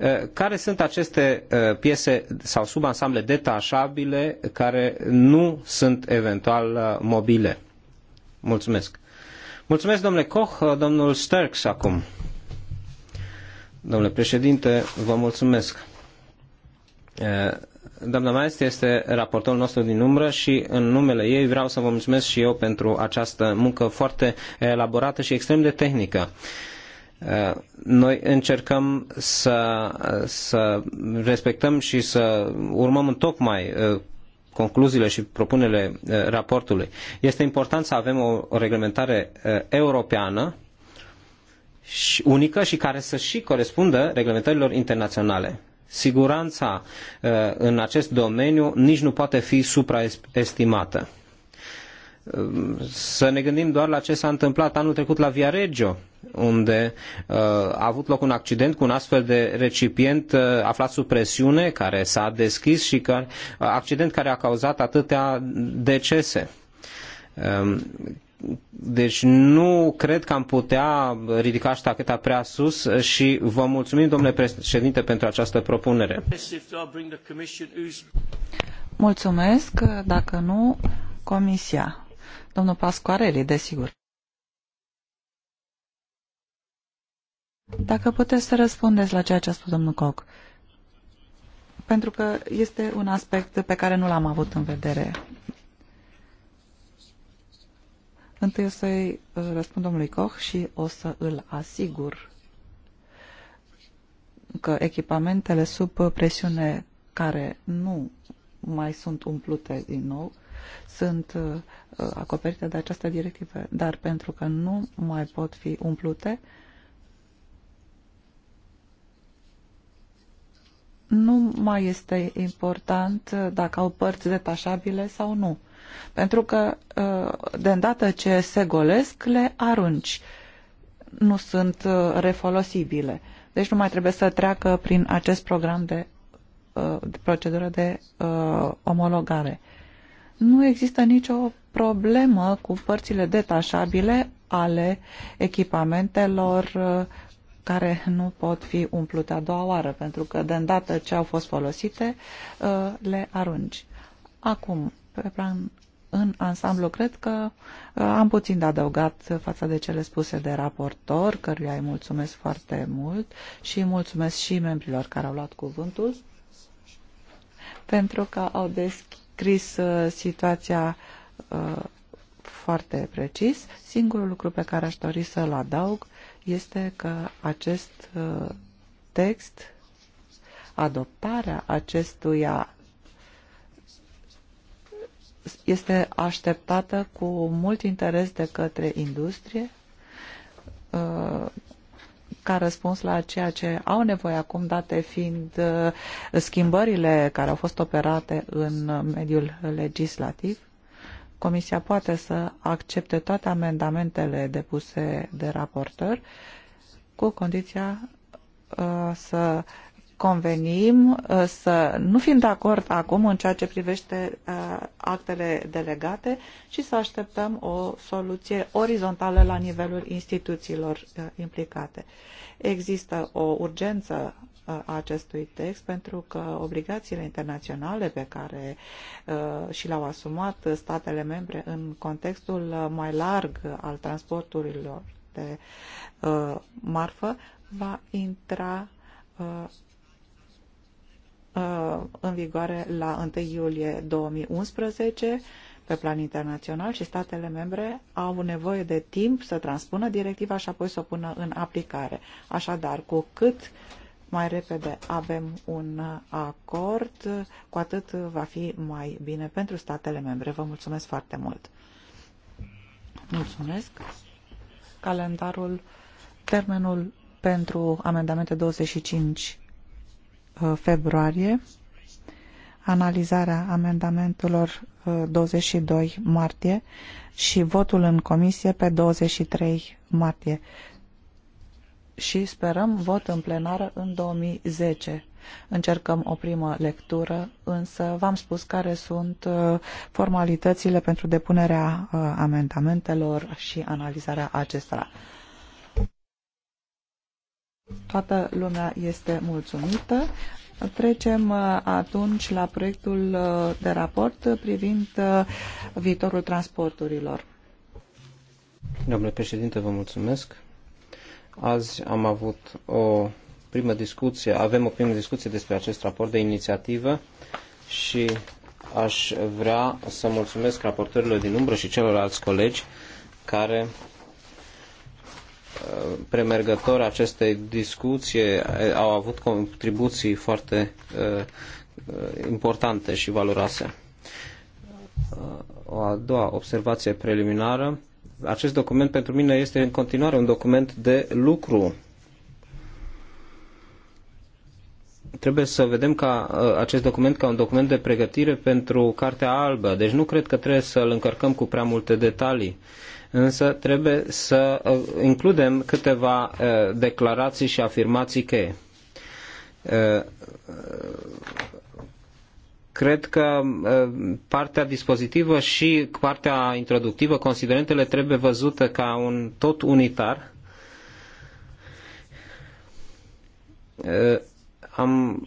Eh, care sunt aceste eh, piese sau subansamble detașabile care nu sunt eventual eh, mobile? Mulțumesc. Mulțumesc, domnule Koch, domnul Sturks, acum. Domnule președinte, vă mulțumesc. Doamna Maestri este raportorul nostru din umbră și în numele ei vreau să vă mulțumesc și eu pentru această muncă foarte elaborată și extrem de tehnică. Uh, noi încercăm să, să respectăm și să urmăm în tocmai uh, concluziile și propunerile uh, raportului. Este important să avem o reglementare uh, europeană unică și care să și corespundă reglementărilor internaționale. Siguranța în acest domeniu nici nu poate fi supraestimată. Să ne gândim doar la ce s-a întâmplat anul trecut la Viareggio, unde uh, a avut loc un accident cu un astfel de recipient uh, aflat sub presiune, care s-a deschis și care, uh, accident care a cauzat atâtea decese. Um, deci nu cred că am putea ridica ștacheta prea sus și vă mulțumim, domnule președinte, pentru această propunere.
Mulțumesc. Dacă nu, Comisia. Domnul Pascoareli, desigur. Dacă puteți să răspundeți la ceea ce a spus domnul Coc, pentru că este un aspect pe care nu l-am avut în vedere. Întâi o să-i uh, răspund domnului Koch și o să îl asigur că echipamentele sub presiune care nu mai sunt umplute din nou sunt uh, acoperite de această directivă, dar pentru că nu mai pot fi umplute, nu mai este important dacă au părți detașabile sau nu. Pentru că uh, de îndată ce se golesc, le arunci. Nu sunt uh, refolosibile. Deci nu mai trebuie să treacă prin acest program de, de procedură de uh, omologare nu există nicio problemă cu părțile detașabile ale echipamentelor uh, care nu pot fi umplute a doua oară, pentru că de îndată ce au fost folosite, uh, le arunci. Acum, pe plan în ansamblu, cred că uh, am puțin de adăugat față de cele spuse de raportor, căruia îi mulțumesc foarte mult și mulțumesc și membrilor care au luat cuvântul pentru că au deschis descris uh, situația uh, foarte precis. Singurul lucru pe care aș dori să-l adaug este că acest uh, text, adoptarea acestuia este așteptată cu mult interes de către industrie ca răspuns la ceea ce au nevoie acum, date fiind uh, schimbările care au fost operate în mediul legislativ. Comisia poate să accepte toate amendamentele depuse de raportor cu condiția uh, să convenim uh, să nu fim de acord acum în ceea ce privește uh, actele delegate și să așteptăm o soluție orizontală la nivelul instituțiilor uh, implicate. Există o urgență a acestui text pentru că obligațiile internaționale pe care și le-au asumat statele membre în contextul mai larg al transporturilor de marfă va intra Uh, în vigoare la 1 iulie 2011 pe plan internațional și statele membre au nevoie de timp să transpună directiva și apoi să o pună în aplicare. Așadar, cu cât mai repede avem un acord, cu atât va fi mai bine pentru statele membre. Vă mulțumesc foarte mult! Mulțumesc! Calendarul, termenul pentru amendamente 25 Uh, februarie, analizarea amendamentelor 22 uh, martie și votul în comisie pe 23 martie. Și sperăm vot în plenară în 2010. Încercăm o primă lectură, însă v-am spus care sunt uh, formalitățile pentru depunerea amendamentelor și analizarea acestora. Toată lumea este mulțumită. Trecem uh, atunci la proiectul uh, de raport privind uh, viitorul transporturilor.
Domnule președinte, vă mulțumesc. Azi am avut o primă discuție, avem o primă discuție despre acest raport de inițiativă și aș vrea să mulțumesc raportorilor din umbră și celorlalți colegi care premergători acestei discuții au avut contribuții foarte importante și valoroase. O a doua observație preliminară. Acest document pentru mine este în continuare un document de lucru. Trebuie să vedem ca acest document ca un document de pregătire pentru Cartea Albă. Deci nu cred că trebuie să îl încărcăm cu prea multe detalii însă trebuie să uh, includem câteva uh, declarații și afirmații cheie uh, cred că partea dispozitivă și partea introductivă, considerentele, trebuie văzute ca un tot unitar. Am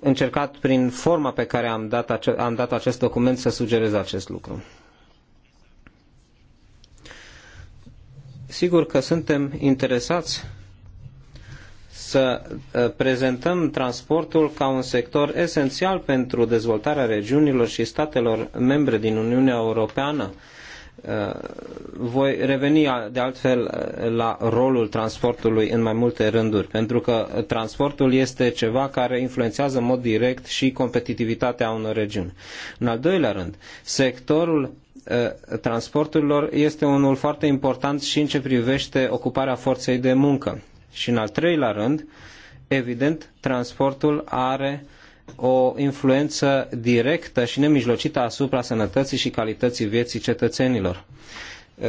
încercat prin forma pe care am dat, ace- am dat acest document să sugerez acest lucru. Sigur că suntem interesați să uh, prezentăm transportul ca un sector esențial pentru dezvoltarea regiunilor și statelor membre din Uniunea Europeană. Uh, voi reveni de altfel uh, la rolul transportului în mai multe rânduri, pentru că transportul este ceva care influențează în mod direct și competitivitatea unor regiuni. În al doilea rând, sectorul Uh, transporturilor este unul foarte important și în ce privește ocuparea forței de muncă. Și în al treilea rând, evident, transportul are o influență directă și nemijlocită asupra sănătății și calității vieții cetățenilor. Uh,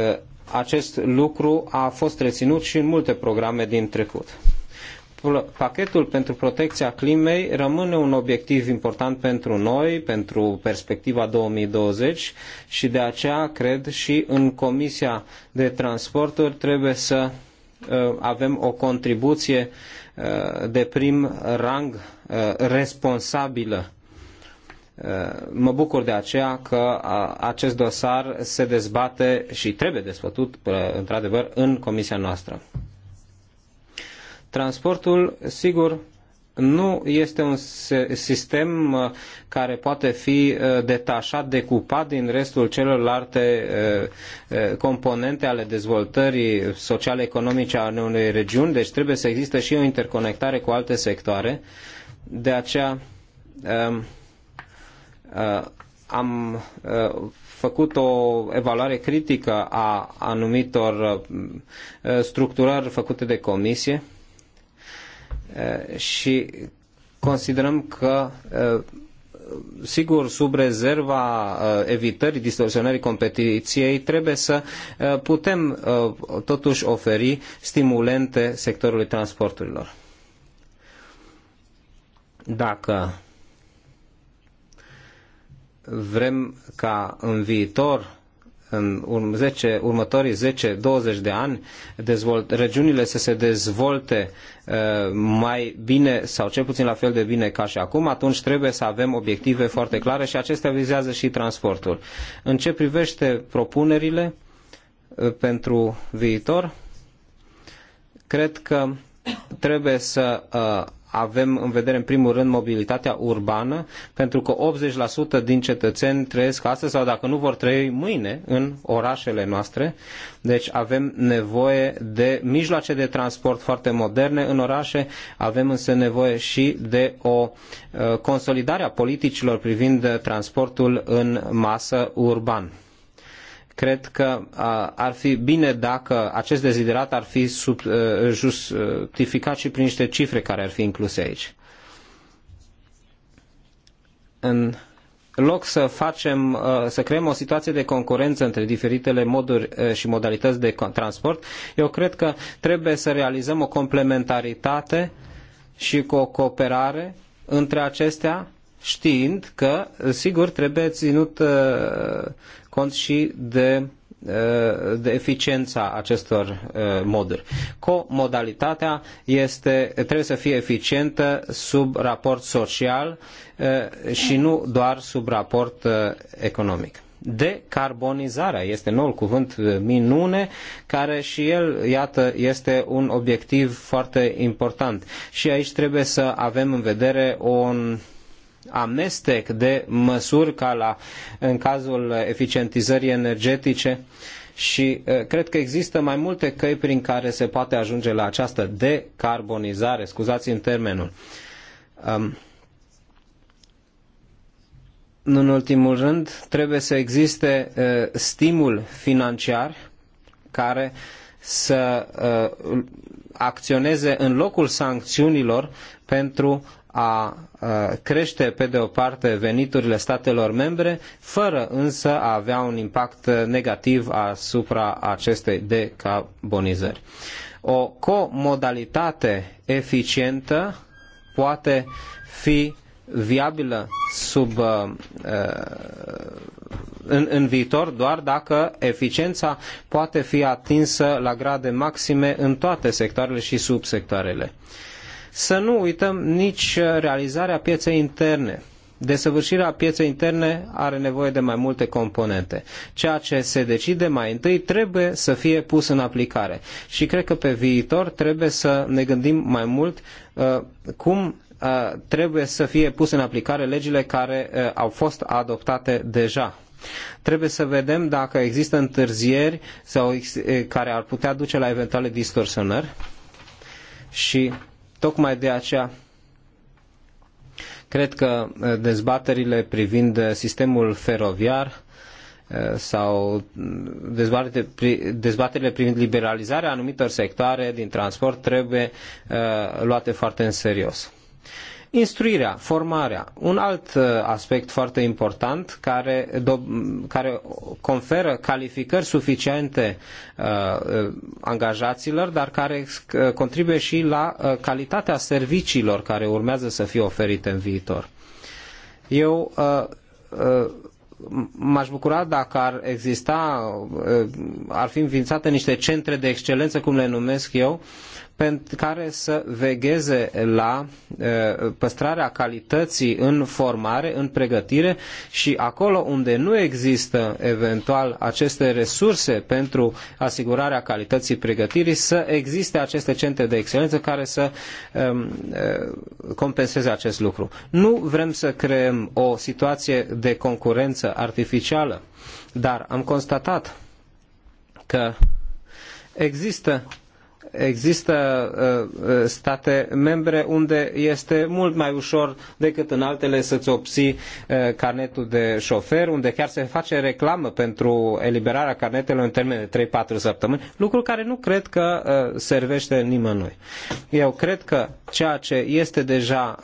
acest lucru a fost reținut și în multe programe din trecut pachetul, pachetul pentru protecția climei rămâne un obiectiv important pentru noi, pentru perspectiva 2020 și de aceea cred și în Comisia de Transporturi trebuie să uh, avem o contribuție uh, de prim rang uh, responsabilă. Mă bucur de aceea că acest dosar se dezbate și trebuie dezbătut, într-adevăr, în comisia noastră. Transportul, sigur, nu este un sistem uh, care poate fi uh, detașat, decupat din restul celorlalte uh, componente ale dezvoltării sociale-economice a unei regiuni, deci trebuie să existe și o interconectare cu alte sectoare. De aceea um, am făcut o evaluare critică a anumitor structurări făcute de comisie Eh, și considerăm că eh, sigur, sub rezerva eh, evitării distorsionării competiției, trebuie să putem totuși oferi stimulente sectorului transporturilor. Dacă vrem ca în viitor în 10, următorii 10-20 de ani dezvolt, regiunile să se dezvolte uh, mai bine sau cel puțin la fel de bine ca și acum, atunci trebuie să avem obiective foarte clare și acestea vizează și transportul. În ce privește propunerile uh, pentru viitor, cred că trebuie să uh, avem în vedere în primul rând mobilitatea urbană, pentru că 80% din cetățeni trăiesc astăzi sau dacă nu vor trăi mâine în orașele noastre. Deci avem nevoie de mijloace de transport foarte moderne în orașe, avem însă nevoie și de o uh, consolidare a politicilor privind transportul în masă urban. Cred că ar fi bine dacă acest deziderat ar fi sub, justificat și prin niște cifre care ar fi incluse aici. În loc să facem, să creăm o situație de concurență între diferitele moduri și modalități de transport, eu cred că trebuie să realizăm o complementaritate și cu o cooperare între acestea știind că, uh, sigur, trebuie ținut uh, cont și de uh, de eficiența acestor moduri. Comodalitatea este, trebuie să fie eficientă sub raport social și nu doar sub raport economic. Decarbonizarea este noul cuvânt minune, care și el, iată, este un obiectiv foarte important. Și aici trebuie să avem în vedere un amestec de măsuri ca la, în cazul eficientizării energetice și uh, cred că există mai multe căi prin care se poate ajunge la această decarbonizare, scuzați-mi termenul. Um, nu în ultimul rând, trebuie să existe uh, stimul financiar care să uh, acționeze în locul sancțiunilor pentru a Uh, crește pe de o parte veniturile statelor membre, fără însă a avea un impact negativ asupra acestei decarbonizări. O comodalitate eficientă poate fi viabilă sub, uh, uh, în, în viitor doar dacă eficiența poate fi atinsă la grade maxime în toate sectoarele și subsectoarele. Uh, să nu uităm nici realizarea pieței interne. Desăvârșirea pieței interne are nevoie de mai multe componente. Ceea ce se decide mai întâi trebuie să fie pus în aplicare. Și cred că pe viitor trebuie să ne gândim mai mult uh, cum uh, trebuie să fie puse în aplicare legile care uh, au fost adoptate deja. Trebuie să vedem dacă există întârzieri sau eh, care ar putea duce la eventuale distorsionări și Tocmai de aceea cred că uh, dezbaterile privind uh, sistemul feroviar uh, sau mm, dezbaterile privind liberalizarea anumitor sectoare din transport trebuie luate foarte în serios. Instruirea, formarea, un alt uh, aspect foarte important care, do, care conferă calificări suficiente uh, uh angajaților, dar care uh, contribuie și la calitatea serviciilor care urmează să fie oferite în viitor. Eu uh, uh, m-aș bucura dacă ar exista, ar fi înființate niște centre de excelență, cum le numesc eu, care să vegheze la păstrarea calității în formare, în pregătire și acolo unde nu există eventual aceste resurse pentru asigurarea calității pregătirii, să existe aceste centre de excelență care să compenseze acest lucru. Nu vrem să creăm o situație de concurență artificială, dar am constatat că există există uh, uh, state membre unde este mult mai ușor decât în altele să-ți obții uh, carnetul de șofer, unde chiar se face reclamă pentru eliberarea carnetelor în termen de 3-4 săptămâni, lucru care nu cred că servește nimănui. Eu cred că ceea ce este deja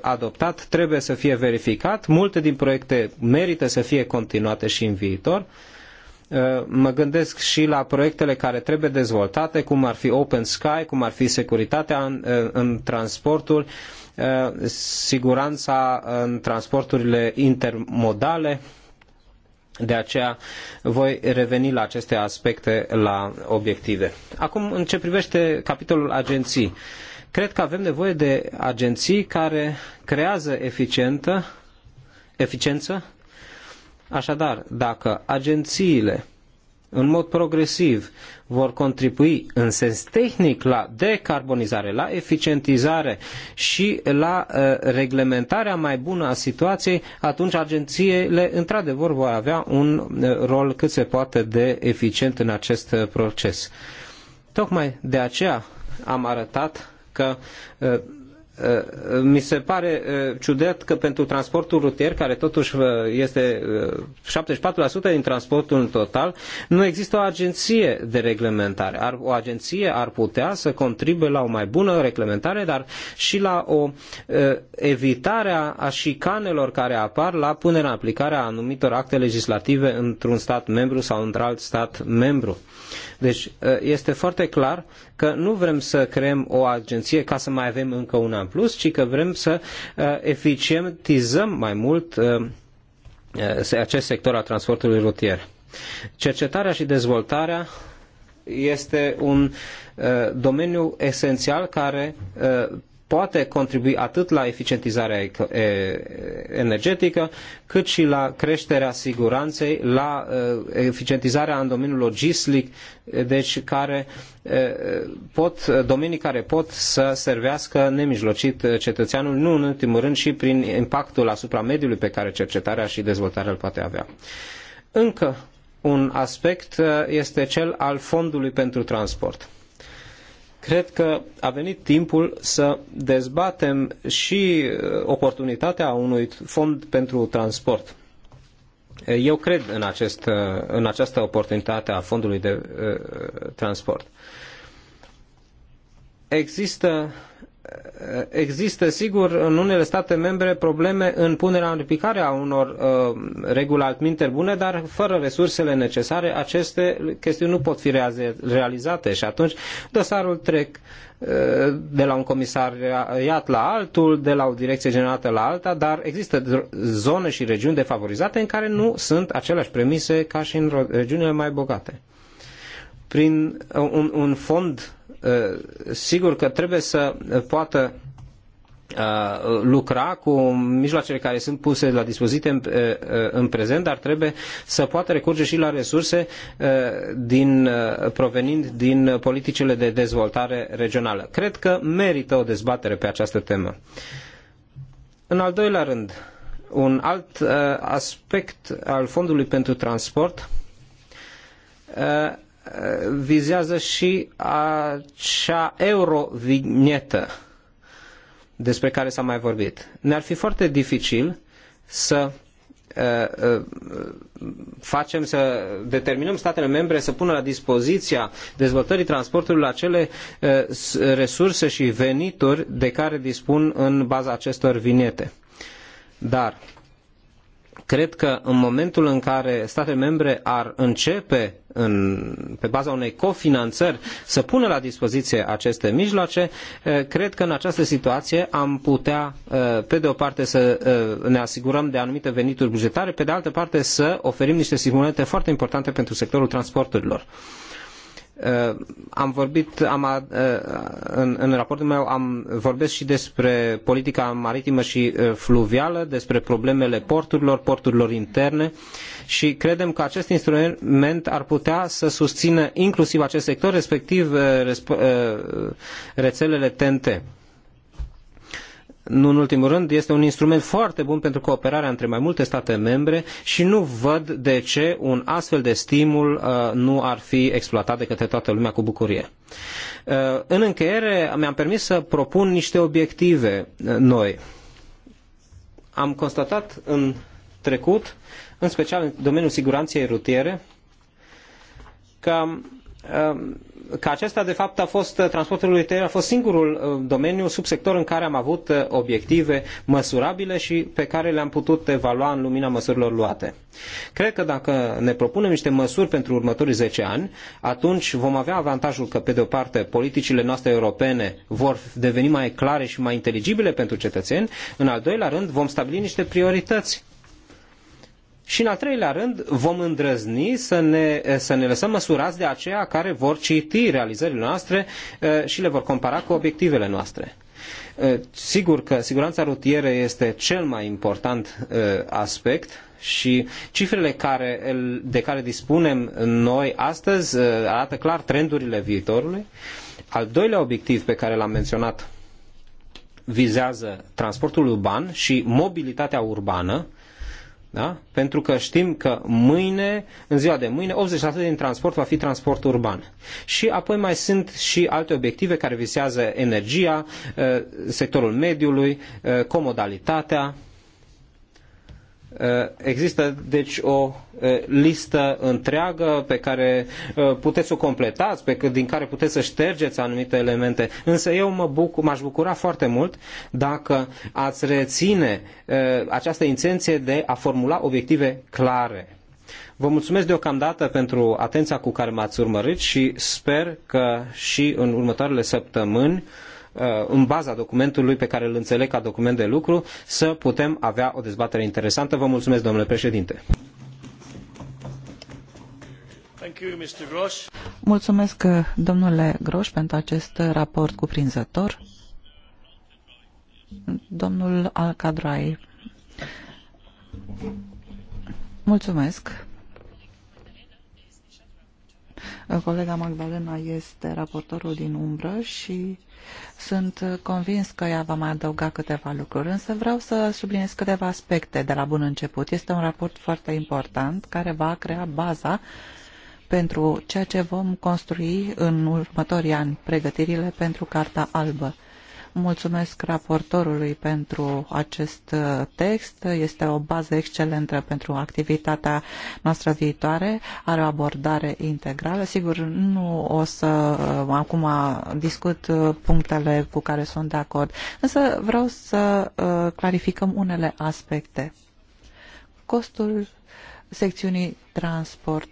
adoptat trebuie să fie verificat, multe din proiecte merită să fie continuate și în viitor, Eh, mă gândesc și la proiectele care trebuie dezvoltate, cum ar fi Open Sky, cum ar fi securitatea în, eh, în transporturi, eh, siguranța în transporturile intermodale. De aceea voi reveni la aceste aspecte, la obiective. Acum, în ce privește capitolul agenții, cred că avem nevoie de agenții care creează eficientă, eficiență Așadar, dacă agențiile în mod progresiv vor contribui în sens tehnic la decarbonizare, la eficientizare și la uh, reglementarea mai bună a situației, atunci agențiile într-adevăr vor avea un uh, rol cât se poate de eficient în acest uh, proces. Tocmai de aceea am arătat că uh, Uh, mi se pare uh, ciudat că pentru transportul rutier, care totuși uh, este 74% din transportul în total, nu există o agenție de reglementare. O agenție ar putea să contribuie la o mai bună reglementare, dar și la o evitare a șicanelor care apar la punerea în aplicare a anumitor acte legislative într-un stat membru sau într-alt stat membru. Deci este foarte clar că nu vrem să creăm o agenție ca să mai avem încă una în plus, ci că vrem să uh, eficientizăm mai mult uh, uh, acest sector al transportului rutier. Cercetarea și dezvoltarea este un domeniu esențial care poate contribui atât la eficientizarea energetică, cât și la creșterea siguranței, la eficientizarea în domeniul logistic, deci care pot, domenii care pot să servească nemijlocit cetățeanul, nu în ultimul rând și prin impactul asupra mediului pe care cercetarea și dezvoltarea îl poate avea. Încă un aspect este cel al fondului pentru transport Cred că a venit timpul să dezbatem și uh, oportunitatea unui fond pentru transport. Uh, eu cred în, acest, uh, în această oportunitate a fondului de transport. Există există, sigur, în unele state membre probleme în punerea în aplicare a unor uh, reguli altminte bune, dar fără resursele necesare aceste chestiuni nu pot fi realizate și atunci dosarul trec uh, de la un comisariat la altul, de la o direcție generată la alta, dar există zone și regiuni defavorizate în care nu sunt aceleași premise ca și în regiunile mai bogate. Prin uh, un, un fond Eh, sigur că trebuie să poată eh, lucra cu mijloacele care sunt puse la dispoziție în, eh, în prezent, dar trebuie să poată recurge și la resurse din, provenind din politicile de dezvoltare regională. Cred că merită o dezbatere pe această temă. În al doilea rând, un alt aspect al Fondului pentru Transport vizează și acea eurovinietă despre care s-a mai vorbit. Ne-ar fi foarte dificil să uh, uh, facem să determinăm statele membre să pună la dispoziția dezvoltării transporturilor acele uh, resurse și venituri de care dispun în baza acestor vinete. Dar cred că în momentul în care statele membre ar începe în, pe baza unei cofinanțări să pună la dispoziție aceste mijloace, cred că în această situație am putea, pe de o parte, să ne asigurăm de anumite venituri bugetare, pe de altă parte să oferim niște stimulente foarte importante pentru sectorul transporturilor. Uh, am vorbit am, uh, în, în raportul meu am vorbesc și despre politica maritimă și uh, fluvială, despre problemele porturilor, porturilor interne și credem că acest instrument ar putea să susțină inclusiv acest sector, respectiv rețelele TNT nu în ultimul rând, este un instrument foarte bun pentru cooperarea între mai multe state membre și nu văd de ce un astfel de stimul uh, nu ar fi exploatat de către toată lumea cu bucurie. Uh, în încheiere, mi-am permis să propun niște obiective uh, noi. Am constatat în trecut, în special în domeniul siguranței rutiere, că Ehm, că acesta de fapt a fost, uh, transportul rutier a fost singurul uh, domeniu, subsector în care am avut uh, obiective măsurabile și pe care le-am putut evalua în lumina măsurilor luate. Cred că dacă ne propunem niște măsuri pentru următorii zece ani, atunci vom avea avantajul că, pe de o parte, politicile noastre europene vor deveni mai clare și mai inteligibile pentru cetățeni, în al doilea rând vom stabili niște priorități și în al treilea rând, vom îndrăzni să ne, să ne lăsăm măsurați de aceia care vor citi realizările noastre și le vor compara cu obiectivele noastre. Sigur că siguranța rutieră este cel mai important aspect și cifrele care, de care dispunem noi astăzi arată clar trendurile viitorului. Al doilea obiectiv pe care l-am menționat vizează transportul urban și mobilitatea urbană, da? Pentru că știm că mâine, în ziua de mâine, 80% din transport va fi transport urban. Și apoi mai sunt și alte obiective care visează energia, eh, sectorul mediului, eh, comodalitatea, Eh, există deci o eh, listă întreagă pe care eh, puteți să o completați, pe, din care puteți să ștergeți anumite elemente. Însă eu mă bucur, m-aș bucura foarte mult dacă ați reține această intenție de a formula obiective clare. Vă mulțumesc deocamdată pentru atenția cu care m-ați urmărit și sper că și în următoarele săptămâni Uh, în baza documentului pe care îl înțeleg ca document de lucru, să putem avea o dezbatere interesantă. Vă mulțumesc, domnule președinte.
Mulțumesc, uh, domnule Groș, pentru acest raport cuprinzător. Domnul Alcadrai. Mulțumesc. Colega Magdalena este raportorul din umbră și sunt uh, convins că ea va mai adăuga câteva lucruri, însă vreau să subliniez câteva aspecte de la bun început. Este un raport foarte important care va crea baza pentru ceea ce vom construi în următorii ani, pregătirile pentru Carta Albă. Mulțumesc raportorului pentru acest uh, text. Este o bază excelentă pentru activitatea noastră viitoare. Are o abordare integrală. Sigur, nu o să uh, acum discut uh, punctele cu care sunt de acord, însă vreau să clarificăm unele aspecte. Costul secțiunii transport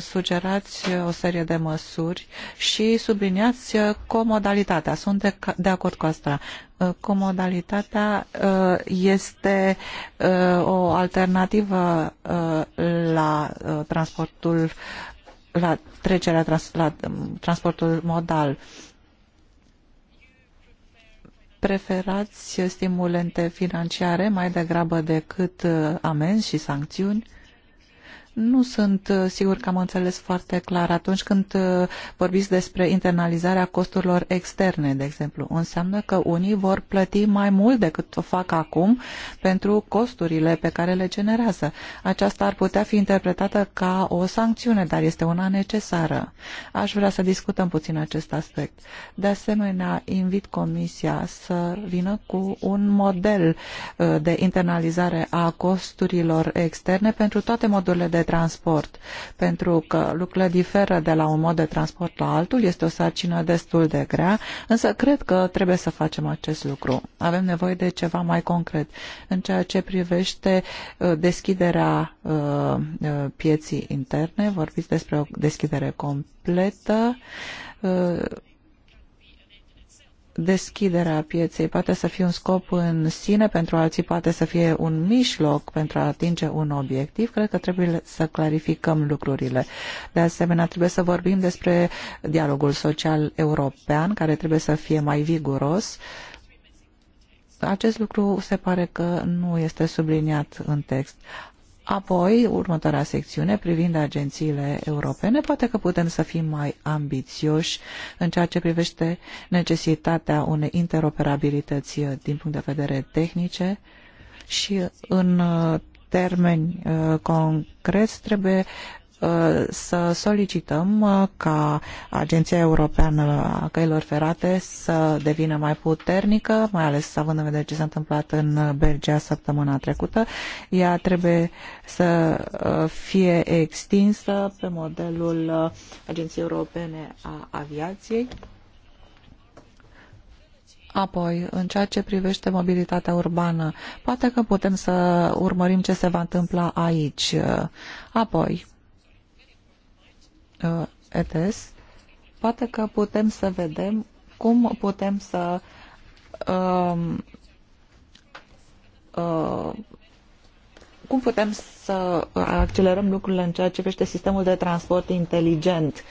sugerați o serie de măsuri și subliniați comodalitatea. Sunt de, de acord cu asta. Uh, comodalitatea uh, este uh, o alternativă la transportul la trecerea la um, transportul modal preferați stimulente financiare mai degrabă decât amenzi și sancțiuni? Nu sunt uh, sigur că am înțeles foarte clar. Atunci când uh, vorbiți despre internalizarea costurilor externe, de exemplu, înseamnă că unii vor plăti mai mult decât o fac acum pentru costurile pe care le generează. Aceasta ar putea fi interpretată ca o sancțiune, dar este una necesară. Aș vrea să discutăm puțin acest aspect. De asemenea, invit Comisia să vină cu un model uh, de internalizare a costurilor externe pentru toate modurile de transport, pentru că lucrurile diferă de la un mod de transport la altul, este o sarcină destul de grea, însă cred că trebuie să facem acest lucru. Avem nevoie de ceva mai concret în ceea ce privește uh, deschiderea uh, uh, pieții interne, vorbiți despre o deschidere completă, deschiderea pieței poate să fie un scop în sine, pentru alții poate să fie un mijloc pentru a atinge un obiectiv, cred că trebuie să clarificăm lucrurile. De asemenea, trebuie să vorbim despre dialogul social european, care trebuie să fie mai viguros. Acest lucru se pare că nu este subliniat în text. Apoi, următoarea secțiune privind agențiile europene, poate că putem să fim mai ambițioși în ceea ce privește necesitatea unei interoperabilități din punct de vedere tehnice și în uh, termeni uh, concreți trebuie să solicităm uh, ca Agenția Europeană a Căilor Ferate să devină mai puternică, mai ales având în vedere ce s-a întâmplat în Belgia săptămâna trecută. Ea trebuie să uh, fie extinsă pe modelul uh, Agenției Europene a Aviației. Apoi, în ceea ce privește mobilitatea urbană, poate că putem să urmărim ce se va întâmpla aici. Apoi, Uh, ETS, poate că putem să vedem cum putem să um, uh, cum putem să accelerăm lucrurile în ceea ce privește sistemul de transport inteligent.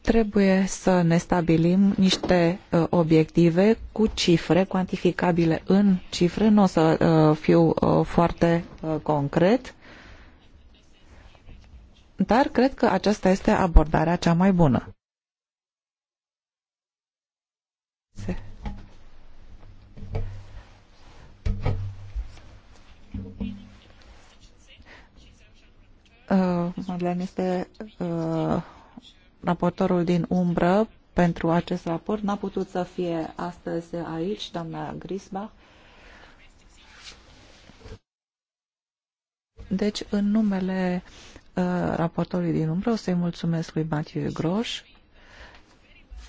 Trebuie să ne stabilim niște uh, obiective cu cifre cuantificabile în cifre. Nu o să uh, fiu uh, foarte uh, concret dar cred că aceasta este abordarea cea mai bună. Uh, Madeleine este uh, raportorul din umbră pentru acest raport. N-a putut să fie astăzi aici, doamna Grisbach. Deci, în numele uh, Uh, raportorului din umbră. O să-i mulțumesc lui Mathieu Groș.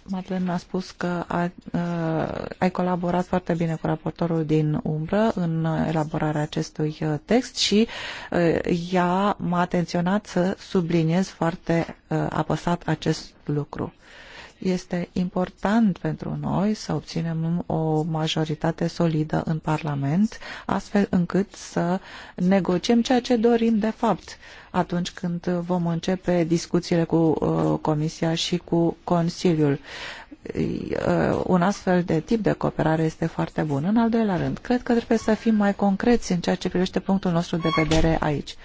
Madeleine a spus că a, uh, ai colaborat foarte bine cu raportorul din umbră în elaborarea acestui uh, text și uh, ea m-a atenționat să subliniez foarte uh, apăsat acest lucru. Uh, este important pentru noi să obținem o majoritate solidă în Parlament, astfel încât să negociem ceea ce dorim de fapt atunci când vom începe discuțiile cu uh, Comisia și cu Consiliul uh, un astfel de tip de cooperare este foarte bun. În al doilea rând, cred că trebuie să fim mai concreți în ceea ce privește punctul nostru de vedere aici.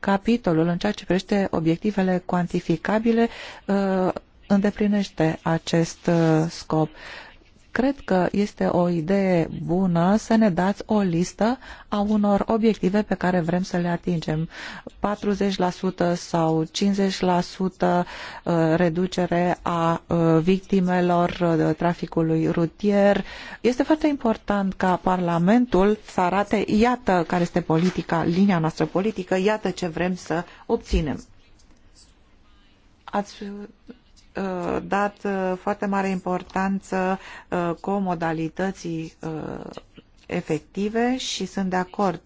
Capitolul în ceea ce privește obiectivele cuantificabile uh, îndeplinește acest uh, scop. Cred că este o idee bună să ne dați o listă a unor obiective pe care vrem să le atingem. 40% sau 50% uh, reducere a uh, victimelor traficului rutier. Este foarte important ca Parlamentul să arate, iată care este politica, linia noastră politică, iată ce vrem să obținem ați Uh, dat uh, foarte mare importanță uh, comodalității efective și sunt de acord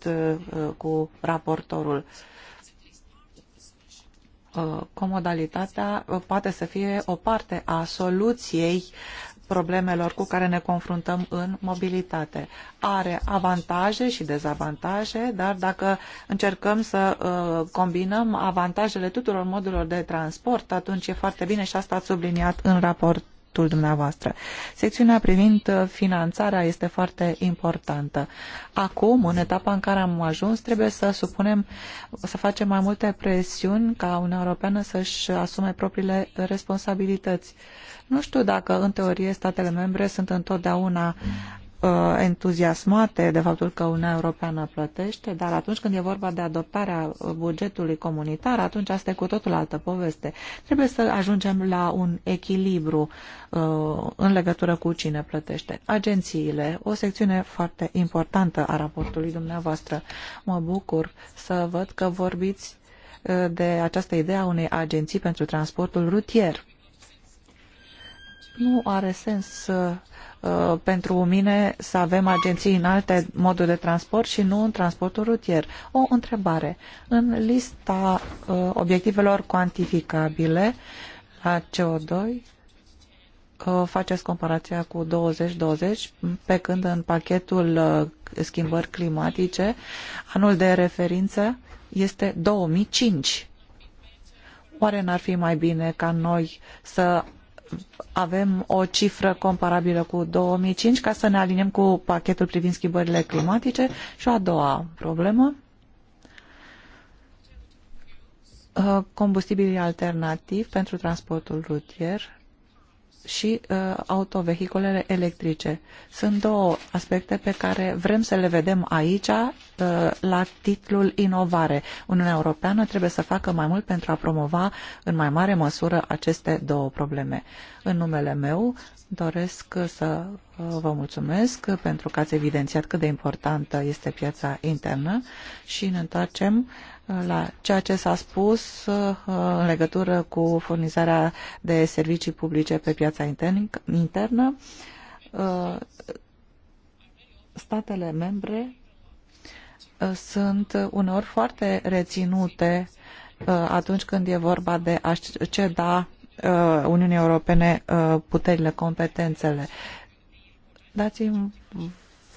cu raportorul. Comodalitatea poate să fie o parte a soluției problemelor cu care ne confruntăm în mobilitate. Are avantaje și dezavantaje, dar dacă încercăm să uh, combinăm avantajele tuturor modurilor de transport, atunci e foarte bine și asta ați subliniat în raport raportul dumneavoastră. Secțiunea privind uh, finanțarea este foarte importantă. Acum, în etapa în care am ajuns, trebuie să supunem, să facem mai multe presiuni ca Uniunea Europeană să-și asume propriile responsabilități. Nu știu dacă, în teorie, statele membre sunt întotdeauna uh, entuziasmate de faptul că Uniunea Europeană plătește, dar atunci când e vorba de adoptarea bugetului comunitar, atunci asta e cu totul altă poveste. Trebuie să ajungem la un echilibru uh, în legătură cu cine plătește. Agențiile, o secțiune foarte importantă a raportului dumneavoastră. Mă bucur să văd că vorbiți uh, de această idee a unei agenții pentru transportul rutier. Nu are sens să Uh, pentru mine să avem agenții în alte moduri de transport și nu în transportul rutier. O întrebare. În lista uh, obiectivelor cuantificabile la CO2 uh, faceți comparația cu 2020 pe când în pachetul uh, schimbări climatice anul de referință este 2005. Oare n-ar fi mai bine ca noi să avem o cifră comparabilă cu 2005 ca să ne aliniem cu pachetul privind schimbările climatice. Și a doua problemă, uh, combustibilii alternativi pentru transportul rutier și uh, autovehiculele electrice. Sunt două aspecte pe care vrem să le vedem aici uh, la titlul inovare. Uniunea Europeană trebuie să facă mai mult pentru a promova în mai mare măsură aceste două probleme. În numele meu doresc să uh, vă mulțumesc pentru că ați evidențiat cât de importantă este piața internă și ne întoarcem uh, la ceea ce s-a spus uh, în legătură cu furnizarea de servicii publice pe piața internă. Uh, statele membre uh, sunt uneori foarte reținute atunci când e vorba de a ceda Uniunii Europene puterile, competențele. Dați-mi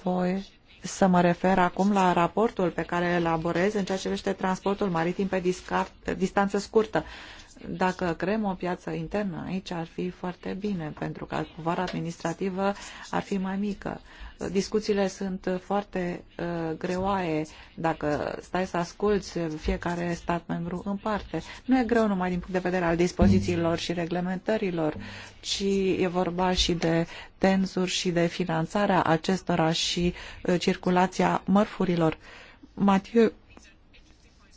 voie să mă refer acum la raportul pe care îl elaborez în ceea ce privește transportul maritim pe discar, distanță scurtă. Dacă creăm o piață internă aici ar fi foarte bine, pentru că povara administrativă ar fi mai mică. Discuțiile sunt foarte uh, greoaie dacă stai să asculți fiecare stat membru în parte. Nu e greu numai din punct de vedere al dispozițiilor și reglementărilor, ci e vorba și de tenzuri și de finanțarea acestora și uh, circulația mărfurilor. Mathieu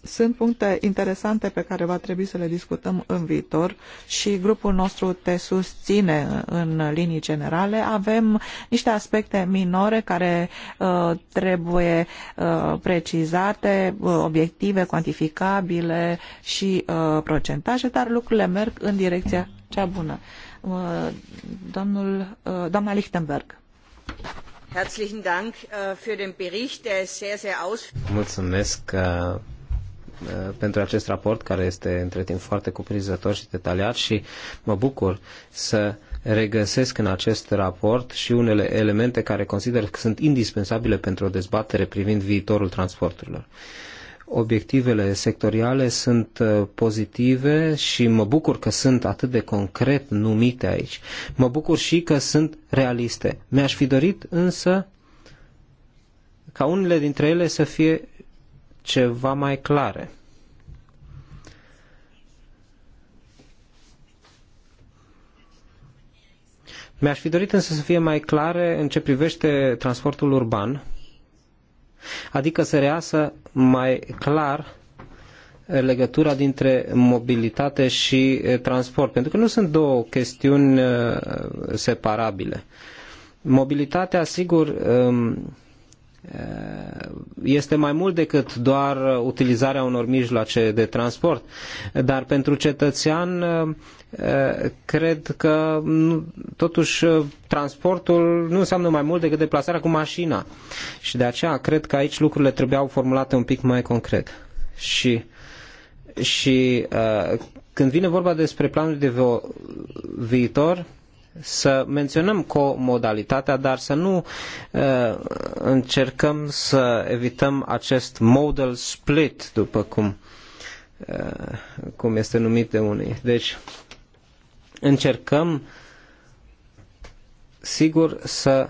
sunt puncte interesante pe care va trebui să le discutăm în viitor și grupul nostru te susține în linii generale. Avem niște aspecte minore care uh, trebuie uh, precizate, uh, obiective, cuantificabile și uh, procentaje, dar lucrurile merg în direcția cea bună. Uh, domnul, uh, doamna
Lichtenberg. Mulțumesc Uh, pentru acest raport, care este între timp foarte cuprinzător și detaliat și mă bucur să regăsesc în acest raport și unele elemente care consider că sunt indispensabile pentru o dezbatere privind viitorul transporturilor obiectivele sectoriale sunt uh, pozitive și mă bucur că sunt atât de concret numite aici. Mă bucur și că sunt realiste. Mi-aș fi dorit însă ca unele dintre ele să fie ceva mai clare. Mi-aș fi dorit însă să fie mai clare în ce privește transportul urban, adică să reasă mai clar legătura dintre mobilitate și transport, pentru că nu sunt două chestiuni separabile. Mobilitatea, sigur, Eh, este mai mult decât doar eh, utilizarea unor mijloace de transport, dar pentru cetățean eh, cred că totuși transportul nu înseamnă mai mult decât deplasarea cu mașina și de aceea cred că aici lucrurile trebuiau formulate un pic mai concret și, și când vine vorba despre planul de viitor, să menționăm comodalitatea, dar să nu uh, încercăm să evităm acest modal split, după cum, uh, cum este numit de unii. Deci, încercăm, sigur, să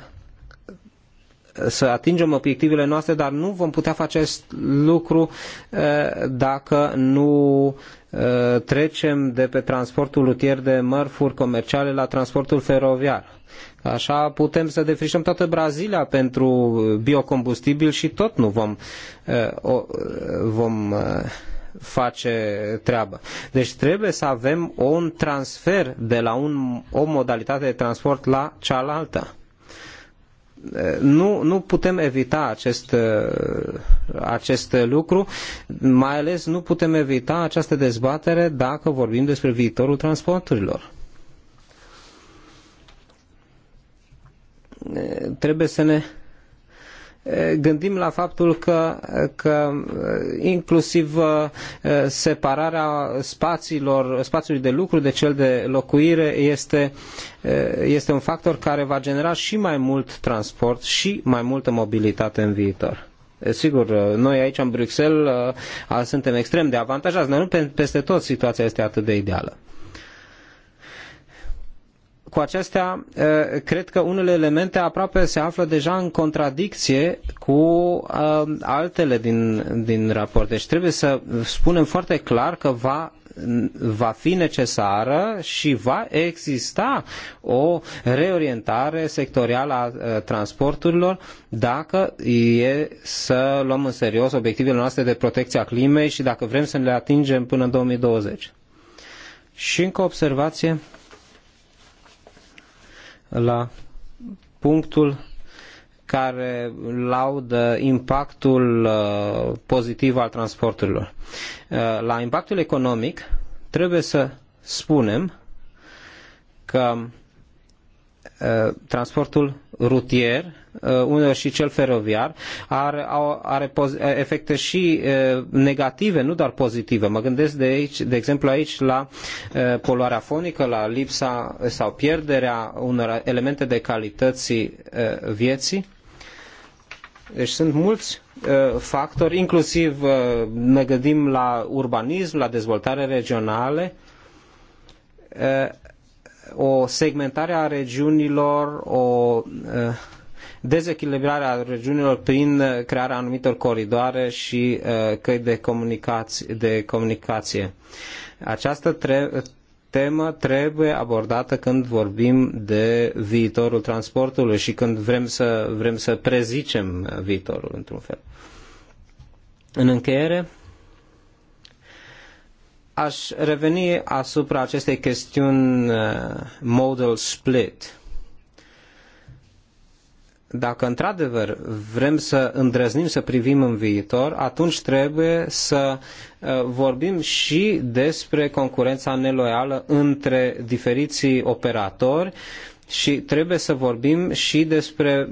să atingem obiectivele noastre, dar nu vom putea face acest lucru uh, dacă nu Uh, trecem de pe transportul rutier de mărfuri comerciale la transportul feroviar. Așa putem să defrișăm toată Brazilia pentru biocombustibil și tot nu vom, uh, uh, vom face treabă. Deci trebuie să avem un transfer de la un, o modalitate de transport la cealaltă nu, nu putem evita acest, uh, acest lucru, mai ales nu putem evita această dezbatere dacă vorbim despre viitorul transporturilor. Trebuie să ne gândim la faptul că, că inclusiv uh, separarea spațiilor, spațiului de lucru de cel de locuire este, uh, este un factor care va genera și mai mult transport și mai multă mobilitate în viitor. Sigur, uh, noi aici în Bruxelles suntem extrem de avantajați, dar nu peste tot situația este atât de ideală cu acestea, eh, cred că unele elemente aproape se află deja în contradicție cu eh, altele din, din raport. Deci trebuie să spunem foarte clar că va va fi necesară și va exista o reorientare sectorială a eh, transporturilor dacă e să luăm în serios obiectivele noastre de protecție a climei și dacă vrem să le atingem până în 2020. Și încă o observație la punctul care laudă impactul uh, pozitiv al transporturilor. Uh, la impactul economic trebuie să spunem că uh, transportul rutier uh, și cel feroviar are, are uh, efecte și uh, negative, nu doar pozitive. Mă gândesc de, aici, de exemplu aici la poluarea fonică, la lipsa sau pierderea unor elemente de calității vieții. Deci sunt mulți factori, inclusiv ne gândim la urbanism, la dezvoltare regionale, o segmentare a regiunilor, o eh, dezechilibrare a regiunilor prin crearea anumitor coridoare și eh, căi de, comunicați, de comunicație. Această tre- temă trebuie abordată când vorbim de viitorul transportului și când vrem să, vrem să prezicem viitorul într-un fel. În încheiere, aș reveni asupra acestei chestiuni uh, model split. Dacă într-adevăr vrem să îndrăznim să privim în viitor, atunci trebuie să uh, vorbim și despre concurența neloială între diferiții operatori, și trebuie să vorbim și despre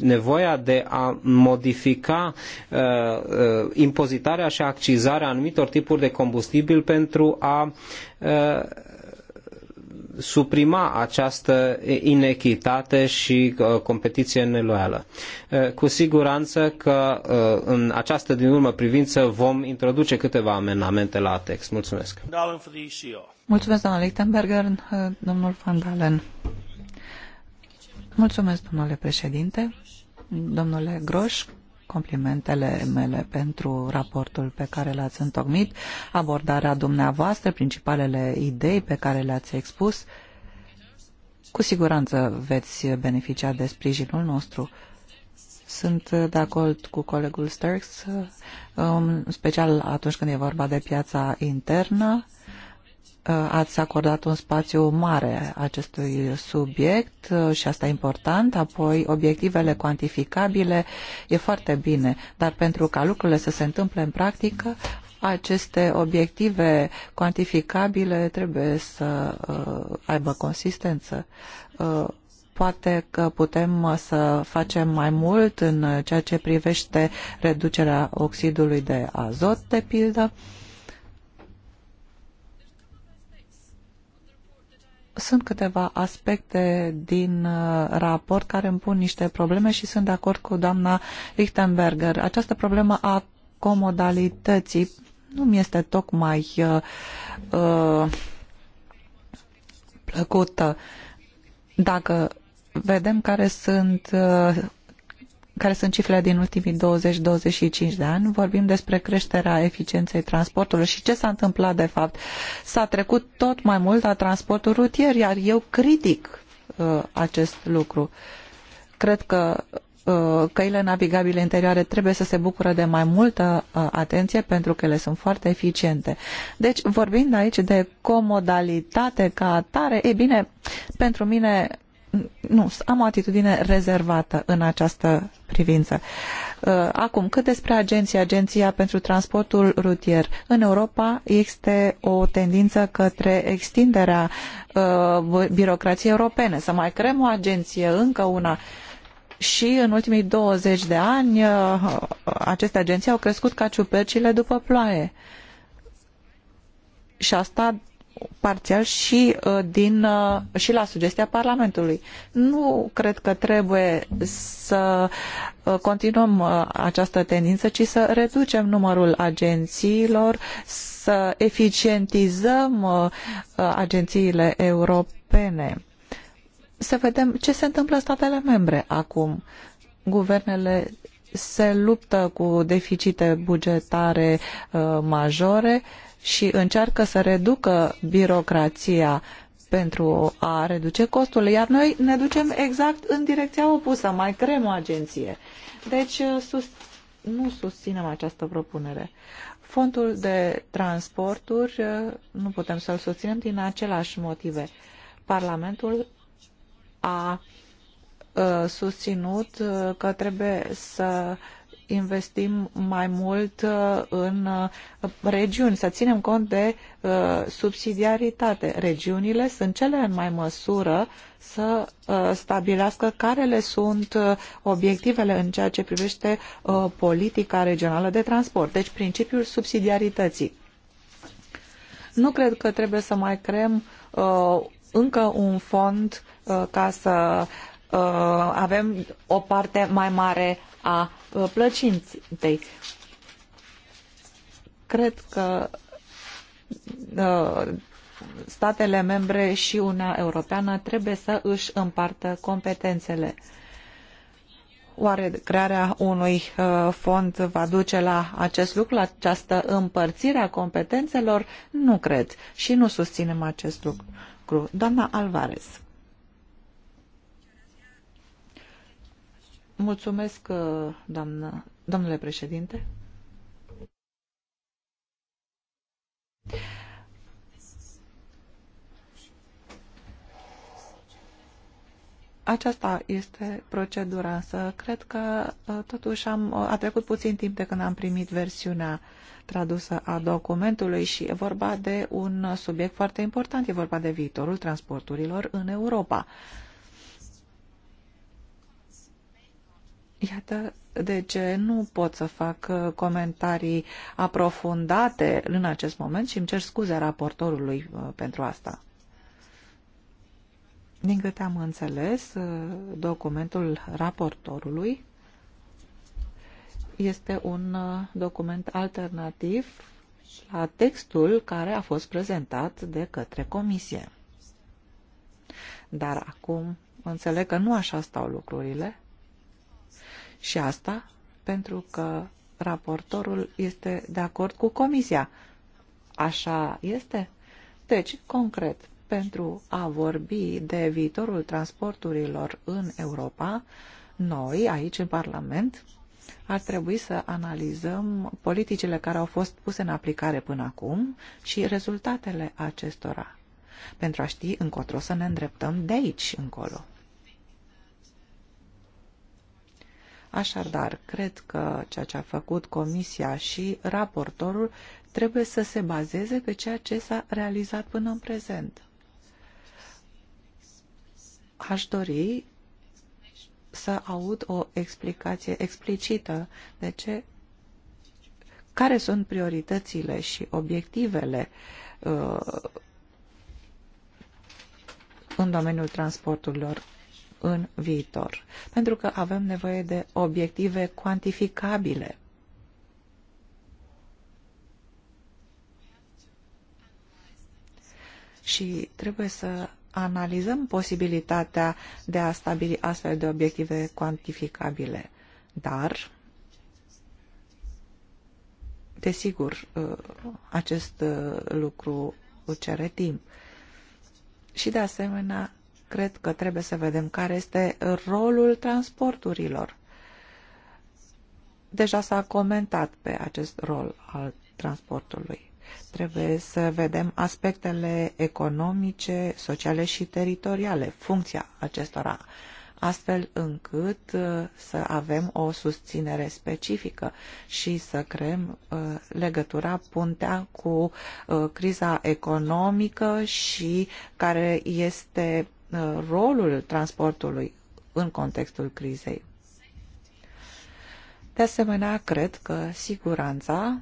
nevoia de a modifica uh, uh, impozitarea și accizarea anumitor tipuri de combustibil pentru a uh, suprima această inechitate și uh, competiție neloială. Uh, cu siguranță că în această din urmă privință vom introduce câteva amendamente la text. Mulțumesc.
Mulțumesc,
doamna Lichtenberger, domnul Van Dalen. Mulțumesc, domnule președinte. Domnule Groș, complimentele mele pentru raportul pe care l-ați întocmit, abordarea dumneavoastră, principalele idei pe care le-ați expus. Cu siguranță veți beneficia de sprijinul nostru. Sunt de acord cu colegul Sterks, în special atunci când e vorba de piața internă ați acordat un spațiu mare acestui subiect uh, și asta e important, apoi obiectivele cuantificabile e foarte bine, dar pentru ca lucrurile să se întâmple în practică, aceste obiective cuantificabile trebuie să uh, aibă consistență. Uh, poate că putem să facem mai mult în ceea ce privește reducerea oxidului de azot, de pildă, uh, Sunt câteva aspecte din uh, raport care îmi pun niște probleme și sunt de acord cu doamna Lichtenberger. Această problemă a comodalității nu mi este tocmai uh, uh plăcută. Dacă vedem care sunt uh, care sunt cifrele din ultimii 20-25 de ani, vorbim despre creșterea eficienței transportului și ce s-a întâmplat de fapt. S-a trecut tot mai mult la transportul rutier, iar eu critic uh, acest lucru. Cred că uh, căile navigabile interioare trebuie să se bucură de mai multă uh, atenție pentru că ele sunt foarte eficiente. Deci, vorbind aici de comodalitate ca atare, e bine, pentru mine nu, am o atitudine rezervată în această privință. Uh, acum, cât despre agenția, Agenția pentru Transportul Rutier. În Europa este o tendință către extinderea uh, birocrației europene. Să mai creăm o agenție, încă una. Și în ultimii 20 de ani uh, aceste agenții au crescut ca ciupercile după ploaie. Și asta parțial și, uh, din, uh, și la sugestia Parlamentului. Nu cred că trebuie să uh, continuăm această tendință, ci să reducem numărul agențiilor, să eficientizăm agențiile europene. Să vedem ce se întâmplă în statele membre acum. Guvernele se luptă cu deficite bugetare majore, uh, și încearcă să reducă birocrația pentru a reduce costurile, iar noi ne ducem exact în direcția opusă, mai creăm o agenție. Deci uh, sus, nu susținem această propunere. Fondul de transporturi uh, nu putem să-l susținem din același motive. Parlamentul a uh, susținut că trebuie să investim mai mult uh, în uh, regiuni, să ținem cont de uh, subsidiaritate. Regiunile sunt cele în mai măsură să stabilească care le sunt obiectivele în ceea ce privește politica regională de transport. Deci principiul subsidiarității. Nu cred că trebuie să mai creăm încă un fond ca să avem o parte mai mare a uh, plăcintei. Cred că uh, statele membre și Uniunea Europeană trebuie să își împartă competențele. Oare crearea unui uh, fond va duce la acest lucru, la această împărțire a competențelor? Nu cred și nu susținem acest lucru. Doamna Alvarez. Mulțumesc, uh, doamnă, domnule președinte. Aceasta este procedura, însă cred că uh, totuși am, uh, a trecut puțin timp de când am primit versiunea tradusă a documentului și e vorba de un subiect foarte important, e vorba de viitorul transporturilor în Europa. Iată de ce nu pot să fac uh, comentarii aprofundate în acest moment și îmi cer scuze raportorului uh, pentru asta. Din câte am înțeles, uh, documentul raportorului este un document alternativ la textul care a fost prezentat de către comisie. Dar acum înțeleg că nu așa stau lucrurile și asta pentru că raportorul este de acord cu comisia. Așa este? Deci, concret, pentru a vorbi de viitorul transporturilor în Europa, noi, aici în Parlament, ar trebui să analizăm politicile care au fost puse în aplicare până acum și rezultatele acestora, pentru a ști încotro să ne îndreptăm de aici încolo. Așadar, cred că ceea ce a făcut Comisia și raportorul trebuie să se bazeze pe ceea ce s-a realizat până în prezent. Aș dori să aud o explicație explicită de ce, care sunt prioritățile și obiectivele uh, în domeniul transporturilor în viitor, pentru că avem nevoie de obiective cuantificabile. Și trebuie să analizăm posibilitatea de a stabili astfel de obiective cuantificabile. Dar, desigur, uh, acest uh, lucru cere timp. Și, de asemenea, cred că trebuie să vedem care este rolul transporturilor. Deja s-a comentat pe acest rol al transportului. Trebuie să vedem aspectele economice, sociale și teritoriale, funcția acestora, astfel încât uh, să avem o susținere specifică și să creăm uh, legătura, puntea cu uh, criza economică și care este Uh, rolul transportului în contextul crizei. De asemenea, cred că siguranța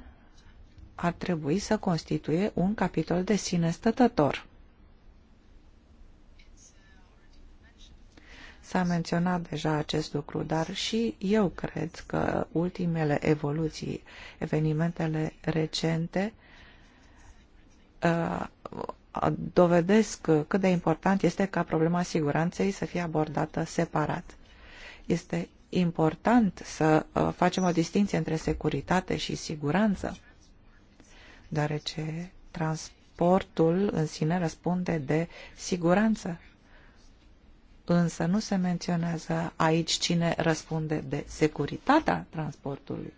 ar trebui să constituie un capitol de sine stătător. S-a menționat deja acest lucru, dar și eu cred că ultimele evoluții, evenimentele recente, uh, dovedesc cât de important este ca problema siguranței să fie abordată separat. Este important să uh, facem o distinție între securitate și siguranță, deoarece transportul în sine răspunde de siguranță. Însă nu se menționează aici cine răspunde de securitatea transportului.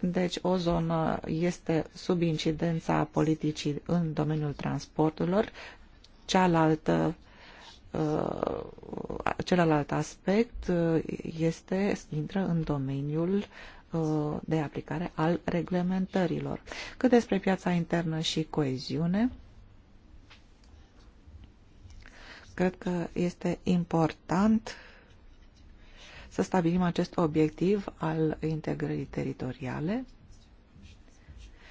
Deci o zonă este sub incidența politicii în domeniul transporturilor, cealaltă uh, celălalt aspect uh, este, intră în domeniul uh, de aplicare al reglementărilor. Cât despre piața internă și coeziune, cred că este important să stabilim acest obiectiv al integrării teritoriale.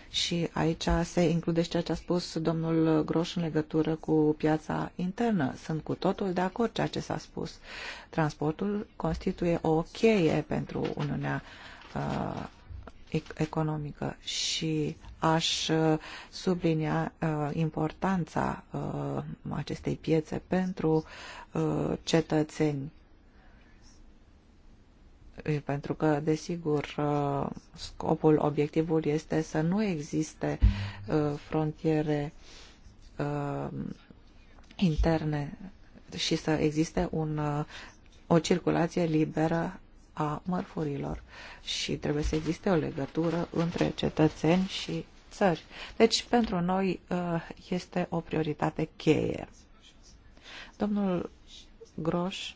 Și aici se include și ceea ce a spus domnul Groș în legătură cu piața internă. Sunt cu totul de acord ceea ce s-a spus. Transportul constituie o cheie pentru Uniunea uh, economică și aș uh, sublinia uh, importanța uh, acestei piețe pentru uh, cetățeni pentru că, desigur, uh, scopul, obiectivul este să nu existe uh, frontiere uh, interne și să existe un, o circulație liberă a mărfurilor și trebuie să existe o legătură între cetățeni și țări. Deci, pentru noi este o prioritate cheie. Domnul Groș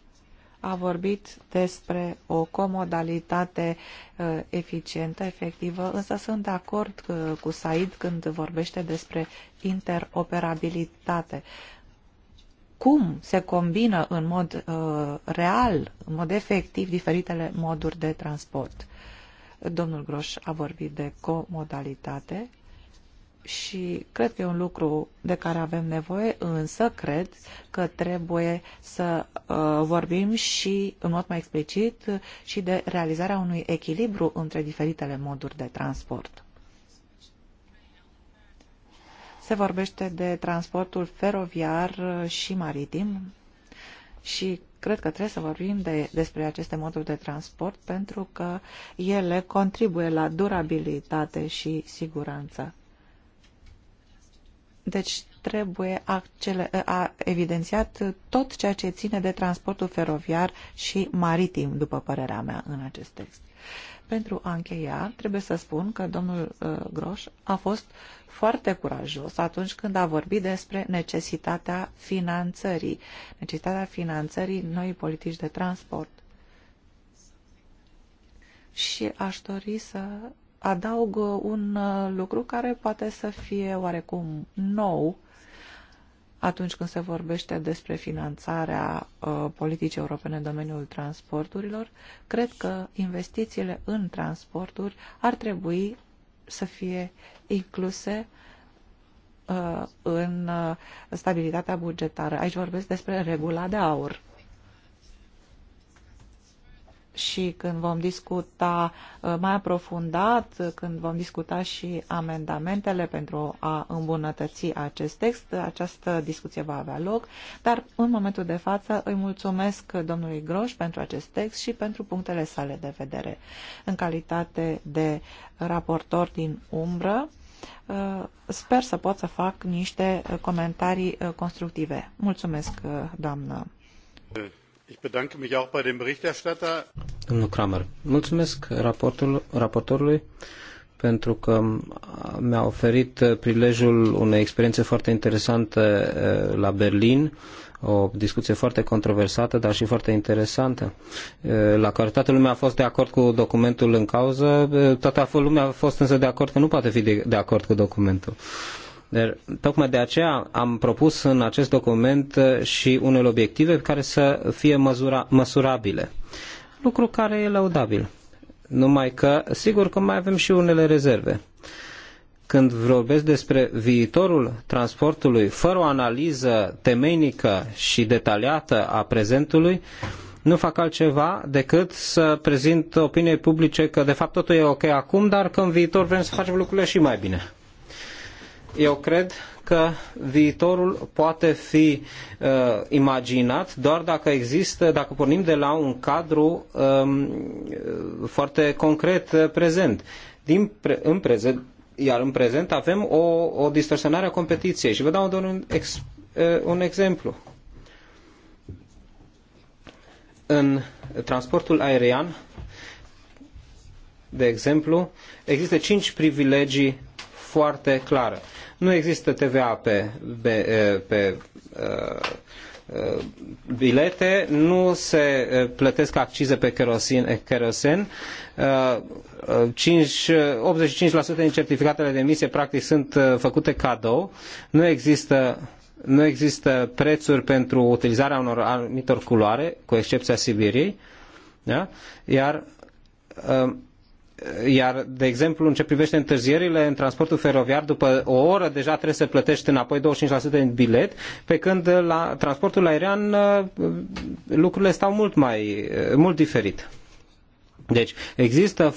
a vorbit despre o comodalitate uh, eficientă, efectivă, însă sunt de acord uh, cu Said când vorbește despre interoperabilitate. Cum se combină în mod uh, real, în mod efectiv, diferitele moduri de transport? Domnul Groș a vorbit de comodalitate și cred că e un lucru de care avem nevoie, însă cred că trebuie să uh, vorbim și, în mod mai explicit, și de realizarea unui echilibru între diferitele moduri de transport. Se vorbește de transportul feroviar și maritim și cred că trebuie să vorbim de, despre aceste moduri de transport pentru că ele contribuie la durabilitate și siguranță deci trebuie accele, a evidențiat tot ceea ce ține de transportul feroviar și maritim, după părerea mea, în acest text. Pentru a încheia, trebuie să spun că domnul uh, Groș a fost foarte curajos atunci când a vorbit despre necesitatea finanțării, necesitatea finanțării noi politici de transport. Și aș dori să adaug uh, un uh, lucru care poate să fie oarecum nou atunci când se vorbește despre finanțarea uh, politicii europene în domeniul transporturilor, cred că investițiile în transporturi ar trebui să fie incluse uh, în uh, stabilitatea bugetară. Aici vorbesc despre regula de aur și când vom discuta uh, mai aprofundat, uh, când vom discuta și amendamentele pentru a îmbunătăți acest text, această discuție va avea loc, dar în momentul de față îi mulțumesc domnului Groș pentru acest text și pentru punctele sale de vedere. În calitate de raportor din umbră, uh, sper să pot să fac niște comentarii constructive. Mulțumesc, doamnă.
Domnul Kramer, mulțumesc raportul, raportorului pentru că mi-a oferit prilejul unei experiențe foarte interesante eh, la Berlin, o discuție foarte controversată, dar și foarte interesantă, eh, la care toată lumea a fost de acord cu documentul în cauză, eh, toată lumea a fost însă de acord că nu poate fi de, de acord cu documentul. Dar, tocmai de aceea am propus în acest document uh, și unele obiective care să fie măsurabile. Lucru care e laudabil. Numai că, sigur că mai avem și unele rezerve. Când vorbesc despre viitorul transportului fără o analiză temeinică și detaliată a prezentului, nu fac altceva decât să prezint opiniei publice că de fapt totul e ok acum, dar că în viitor vrem să facem lucrurile și mai bine eu cred că viitorul poate fi uh, imaginat doar dacă există, dacă pornim de la un cadru um, foarte concret uh, prezent. Din pre, în prezent iar în prezent avem o, o distorsionare a competiției. Și vă dau un, ex, uh, un exemplu. În transportul aerian, de exemplu, există cinci privilegii foarte clară. Nu există TVA pe, eh, pe, pe eh, eh, bilete, nu se plătesc accize pe kerosen. kerosen. 5, 85% din certificatele de emisie practic sunt făcute cadou. Nu există nu există prețuri pentru utilizarea unor anumitor culoare, cu excepția Sibiriei, da? iar iar, de exemplu, în ce privește întârzierile în transportul feroviar, după o oră deja trebuie să plătești înapoi 25% din bilet, pe când la transportul aerian uh, lucrurile stau mult mai uh, mult diferit. Deci există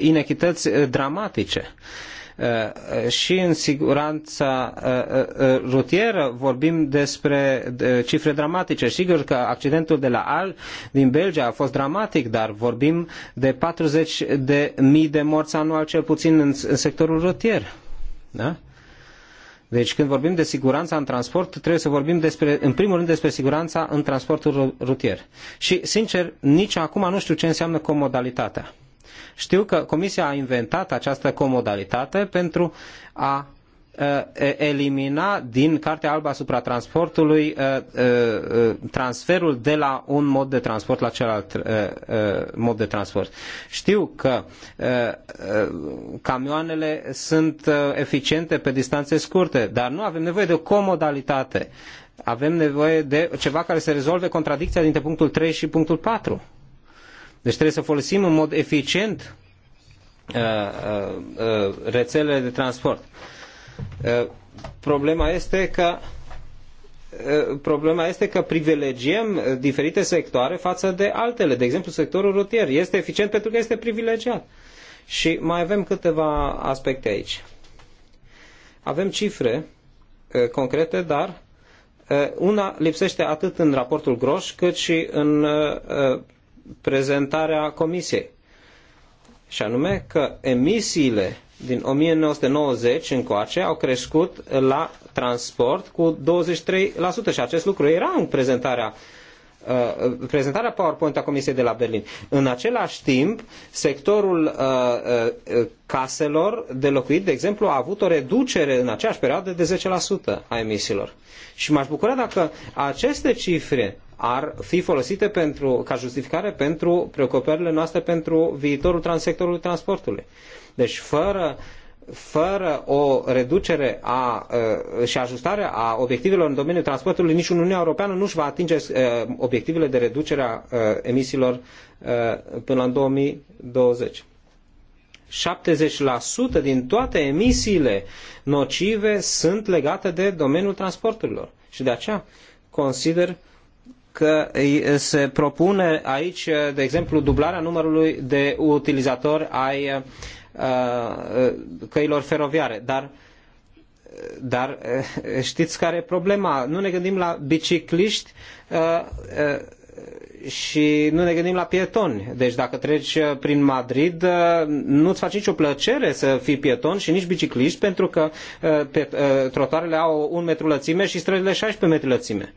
inechități uh, dramatice. Uh, Eh, și în siguranța eh, eh, rutieră vorbim despre cifre dramatice. Sigur că accidentul de la Al din Belgia a fost dramatic, dar vorbim de 40 de mii de morți anual cel puțin în sectorul rutier. Da? Deci când vorbim de siguranța în transport, trebuie să vorbim despre, în primul rând despre siguranța în transportul rutier. Și, sincer, nici acum nu știu ce înseamnă comodalitatea. Știu că Comisia a inventat această comodalitate pentru a elimina din Cartea Albă asupra transportului transferul de la un mod de transport la celălalt mod de transport. Știu că camioanele sunt eficiente pe distanțe scurte, dar nu avem nevoie de o comodalitate. Avem nevoie de ceva care să rezolve contradicția dintre punctul trei și punctul patru deci trebuie să folosim în mod eficient uh, uh, uh, rețelele de transport. Problema este că problema este că privilegiem diferite sectoare față de altele. De exemplu, sectorul rutier este eficient pentru că este privilegiat. Și mai avem câteva aspecte aici. Avem cifre concrete, dar una lipsește atât în raportul Groș cât și în prezentarea Comisiei. Și anume că emisiile din 1990 încoace au crescut la transport cu 23% și acest lucru era în prezentarea uh, Uh, prezentarea PowerPoint a Comisiei de la Berlin. În același timp, sectorul uh, uh, caselor de locuit, de exemplu, a avut o reducere în aceeași perioadă de 10% a emisiilor. Și m-aș bucura dacă aceste cifre ar fi folosite pentru, ca justificare pentru preocupările noastre pentru viitorul transectorului transportului. Deci, fără uh, fără o reducere a, uh, și ajustare a obiectivelor în domeniul transportului, nici Uniunea Europeană nu își va atinge uh, obiectivele de reducere a uh, emisiilor până în 2020. 70% din toate emisiile nocive sunt legate de domeniul transporturilor. Și de aceea consider că se propune aici, de exemplu, dublarea numărului de utilizatori ai Uh, căilor feroviare. Dar, dar uh, știți care e problema? Nu ne gândim la bicicliști uh, și nu ne gândim la pietoni. Deci dacă treci prin Madrid, nu-ți face nicio plăcere să fii pieton și nici bicicliști, pentru că trotoarele au un metru lățime și străzile 16 metri lățime.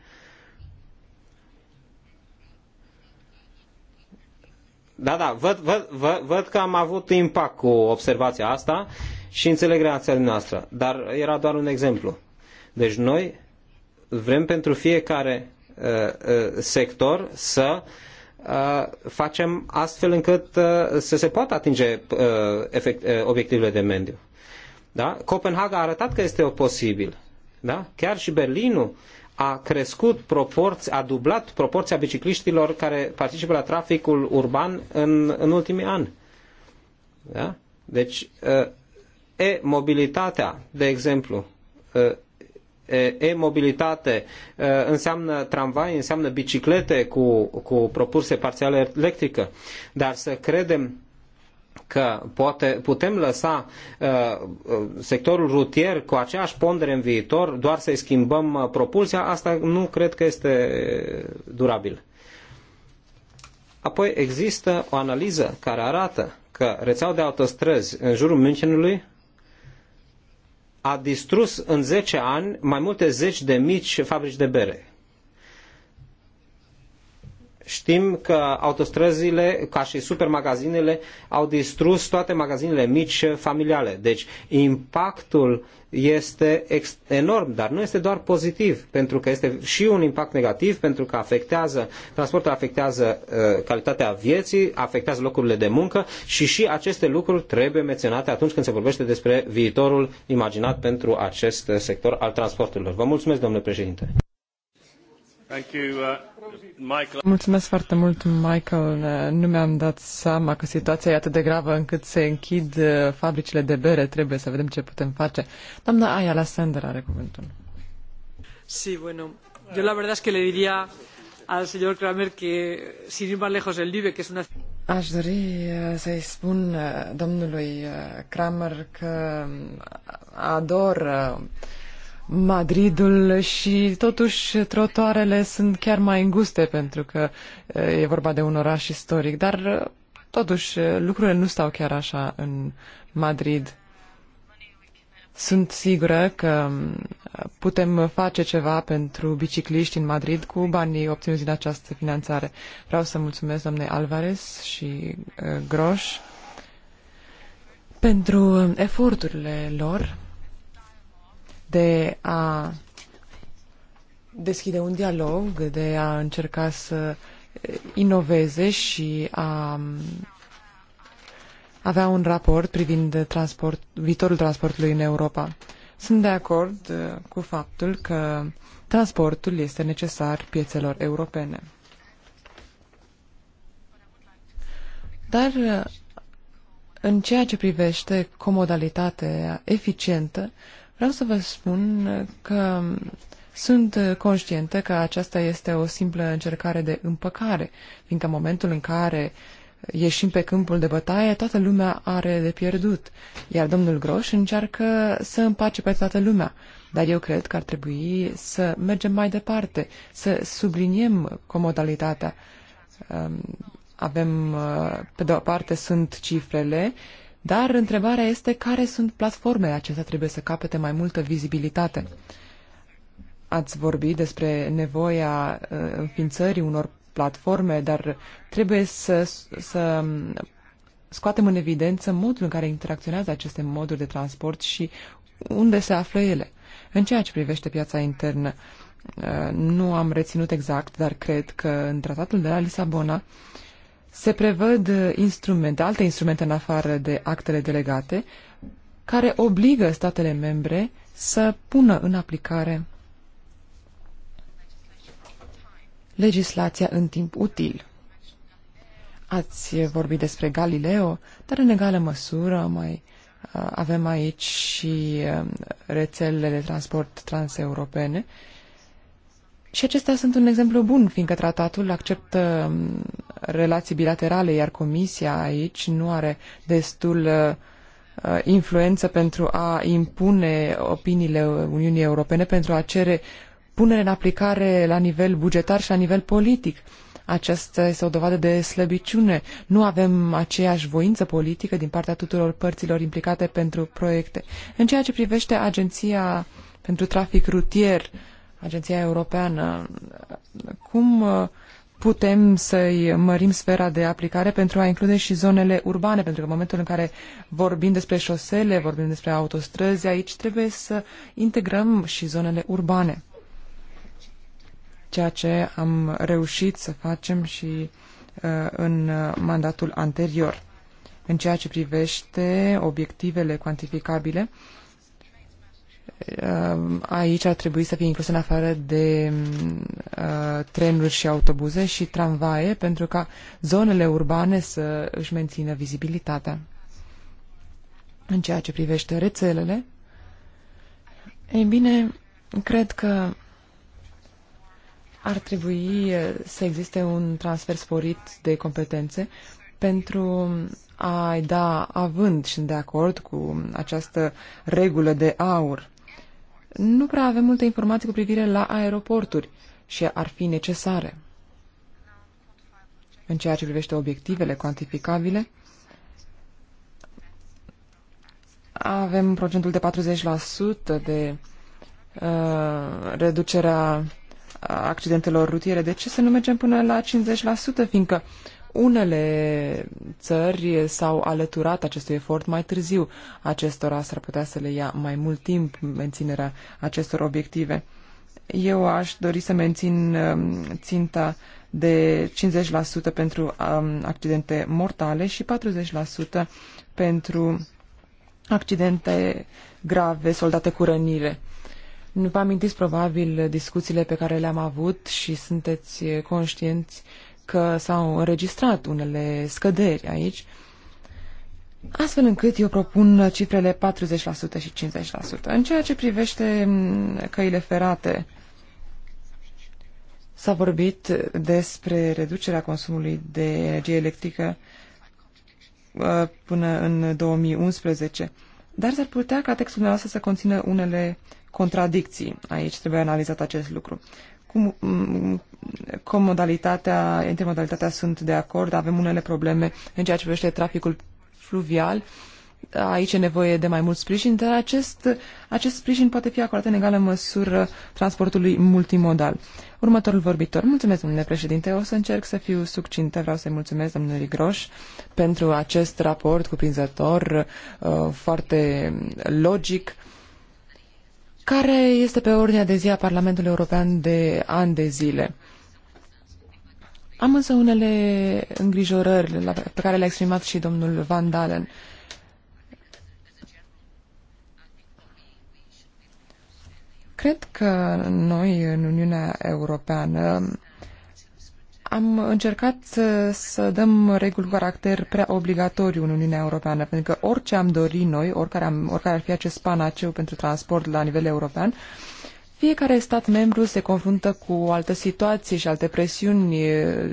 Da, da, văd, văd, văd, văd că am avut impact cu observația asta și înțeleg reacția noastră, dar era doar un exemplu. Deci noi vrem pentru fiecare uh, uh, sector să uh, facem astfel încât uh, să se poată atinge uh, efect, uh, obiectivele de mediu. Da? Copenhaga a arătat că este posibil. Da? Chiar și Berlinul uh, a crescut proporți, a dublat proporția bicicliștilor care participă la traficul urban în, în ultimii ani. Da? Deci, uh, e-mobilitatea, de exemplu, uh, e-mobilitate uh, înseamnă tramvai, înseamnă biciclete cu, cu propulsie parțială electrică, dar să credem că poate, putem lăsa uh, uh, sectorul rutier cu aceeași pondere în viitor, doar să-i schimbăm uh, propulsia, asta nu cred că este durabil. Apoi există o analiză care arată că rețeaua de autostrăzi în jurul Münchenului a distrus în zece ani mai multe zeci de mici fabrici de bere. Știm că autostrăzile, ca și supermagazinele, au distrus toate magazinele mici uh, familiale. Deci impactul este enorm, dar nu este doar pozitiv, pentru că este și un impact negativ, pentru că afectează, transportul afectează uh, calitatea vieții, afectează locurile de muncă și și aceste lucruri trebuie menționate atunci când se vorbește despre viitorul imaginat pentru acest uh, sector al transporturilor. Vă mulțumesc, domnule președinte. Uh,
Mulțumesc foarte mult, Michael. Nu mi-am dat seama că situația e atât de gravă încât se închid uh, fabricile de bere. Trebuie să vedem ce putem face. Doamna Ayala Sender are cuvântul. Sí, bueno. Yo la verdad es que le diría al señor Kramer que, sin ir más lejos, el Libe, que es una... Aș dori uh, să-i spun domnului Kramer că ador Madridul și totuși trotuarele sunt chiar mai înguste pentru că e vorba de un oraș istoric, dar totuși lucrurile nu stau chiar așa în Madrid. Sunt sigură că putem face ceva pentru bicicliști în Madrid cu banii obținuți din această finanțare. Vreau să mulțumesc doamnei Alvarez și Groș pentru eforturile lor de a deschide un dialog, de a încerca să inoveze și a um, avea un raport privind transport, viitorul transportului în Europa. Sunt de acord uh, cu faptul că transportul este necesar piețelor europene. Dar uh, în ceea ce privește comodalitatea eficientă, Vreau să vă spun că sunt conștientă că aceasta este o simplă încercare de împăcare, fiindcă în momentul în care ieșim pe câmpul de bătaie, toată lumea are de pierdut, iar domnul Groș încearcă să împace pe toată lumea. Dar eu cred că ar trebui să mergem mai departe, să subliniem comodalitatea. Avem, pe de o parte, sunt cifrele dar întrebarea este care sunt platformele acestea trebuie să capete mai multă vizibilitate. Ați vorbit despre nevoia uh, înființării unor platforme, dar trebuie să, să scoatem în evidență modul în care interacționează aceste moduri de transport și unde se află ele. În ceea ce privește piața internă, uh, nu am reținut exact, dar cred că în tratatul de la Lisabona se prevăd uh, instrumente, alte instrumente în afară de actele delegate, care obligă statele membre să pună în aplicare legislația în timp util. Ați vorbit despre Galileo, dar în egală măsură mai uh, avem aici și um, rețelele de transport transeuropene. Și acestea sunt un exemplu bun, fiindcă tratatul acceptă um, relații bilaterale, iar Comisia aici nu are destul uh, uh, influență pentru a impune opiniile Uniunii Europene, pentru a cere punere în aplicare la nivel bugetar și la nivel politic. Aceasta este o dovadă de slăbiciune. Nu avem aceeași voință politică din partea tuturor părților implicate pentru proiecte. În ceea ce privește Agenția pentru Trafic Rutier, Agenția Europeană, cum uh, putem să-i mărim sfera de aplicare pentru a include și zonele urbane, pentru că în momentul în care vorbim despre șosele, vorbim despre autostrăzi, aici trebuie să integrăm și zonele urbane. Ceea ce am reușit să facem și uh, în mandatul anterior. În ceea ce privește obiectivele cuantificabile, uh, Ehm, aici ar trebui să fie incluse în afară de ehm, uh, trenuri și autobuze și tramvaie pentru ca zonele urbane să își mențină vizibilitatea. În ceea ce privește rețelele, ei bine, cred că ar trebui eh, să existe un transfer sporit de competențe pentru a da având și de acord cu această regulă de aur nu prea avem multe informații cu privire la aeroporturi și ar fi necesare. În ceea ce privește obiectivele cuantificabile, avem procentul de 40% de uh, reducerea accidentelor rutiere. De ce să nu mergem până la 50%? Fiindcă uh, unele țări s-au alăturat acestui efort mai târziu. Acestora s-ar putea să le ia mai mult timp menținerea acestor obiective. Eu aș dori să mențin um, ținta de 50% pentru um, accidente mortale și 40% pentru accidente grave soldate cu rănire. Nu vă amintiți probabil discuțiile pe care le-am avut și sunteți conștienți uh, că s-au înregistrat unele scăderi aici, astfel încât eu propun cifrele 40% și 50%. În ceea ce privește căile ferate, s-a vorbit despre reducerea consumului de energie electrică uh, până în 2011, dar s-ar putea ca textul dumneavoastră să conțină unele contradicții. Aici trebuie analizat acest lucru cu mm, modalitatea, intermodalitatea sunt de acord, avem unele probleme în ceea ce privește traficul fluvial. Aici e nevoie de mai mult sprijin, dar acest, acest sprijin poate fi acordat în egală măsură transportului multimodal. Următorul vorbitor. Mulțumesc, domnule președinte. O să încerc să fiu succintă. Vreau să-i mulțumesc domnului Groș pentru acest raport cuprinzător, uh, foarte logic care este pe ordinea de zi a Parlamentului European de ani de zile. Am însă unele îngrijorări la, pe care le-a exprimat și domnul Van Dalen. Cred că noi, în Uniunea Europeană, am încercat să, să dăm reguli caracter prea obligatoriu în Uniunea Europeană, pentru că orice am dori noi, oricare, am, oricare ar fi acest panaceu pentru transport la nivel european, fiecare stat membru se confruntă cu alte situații și alte presiuni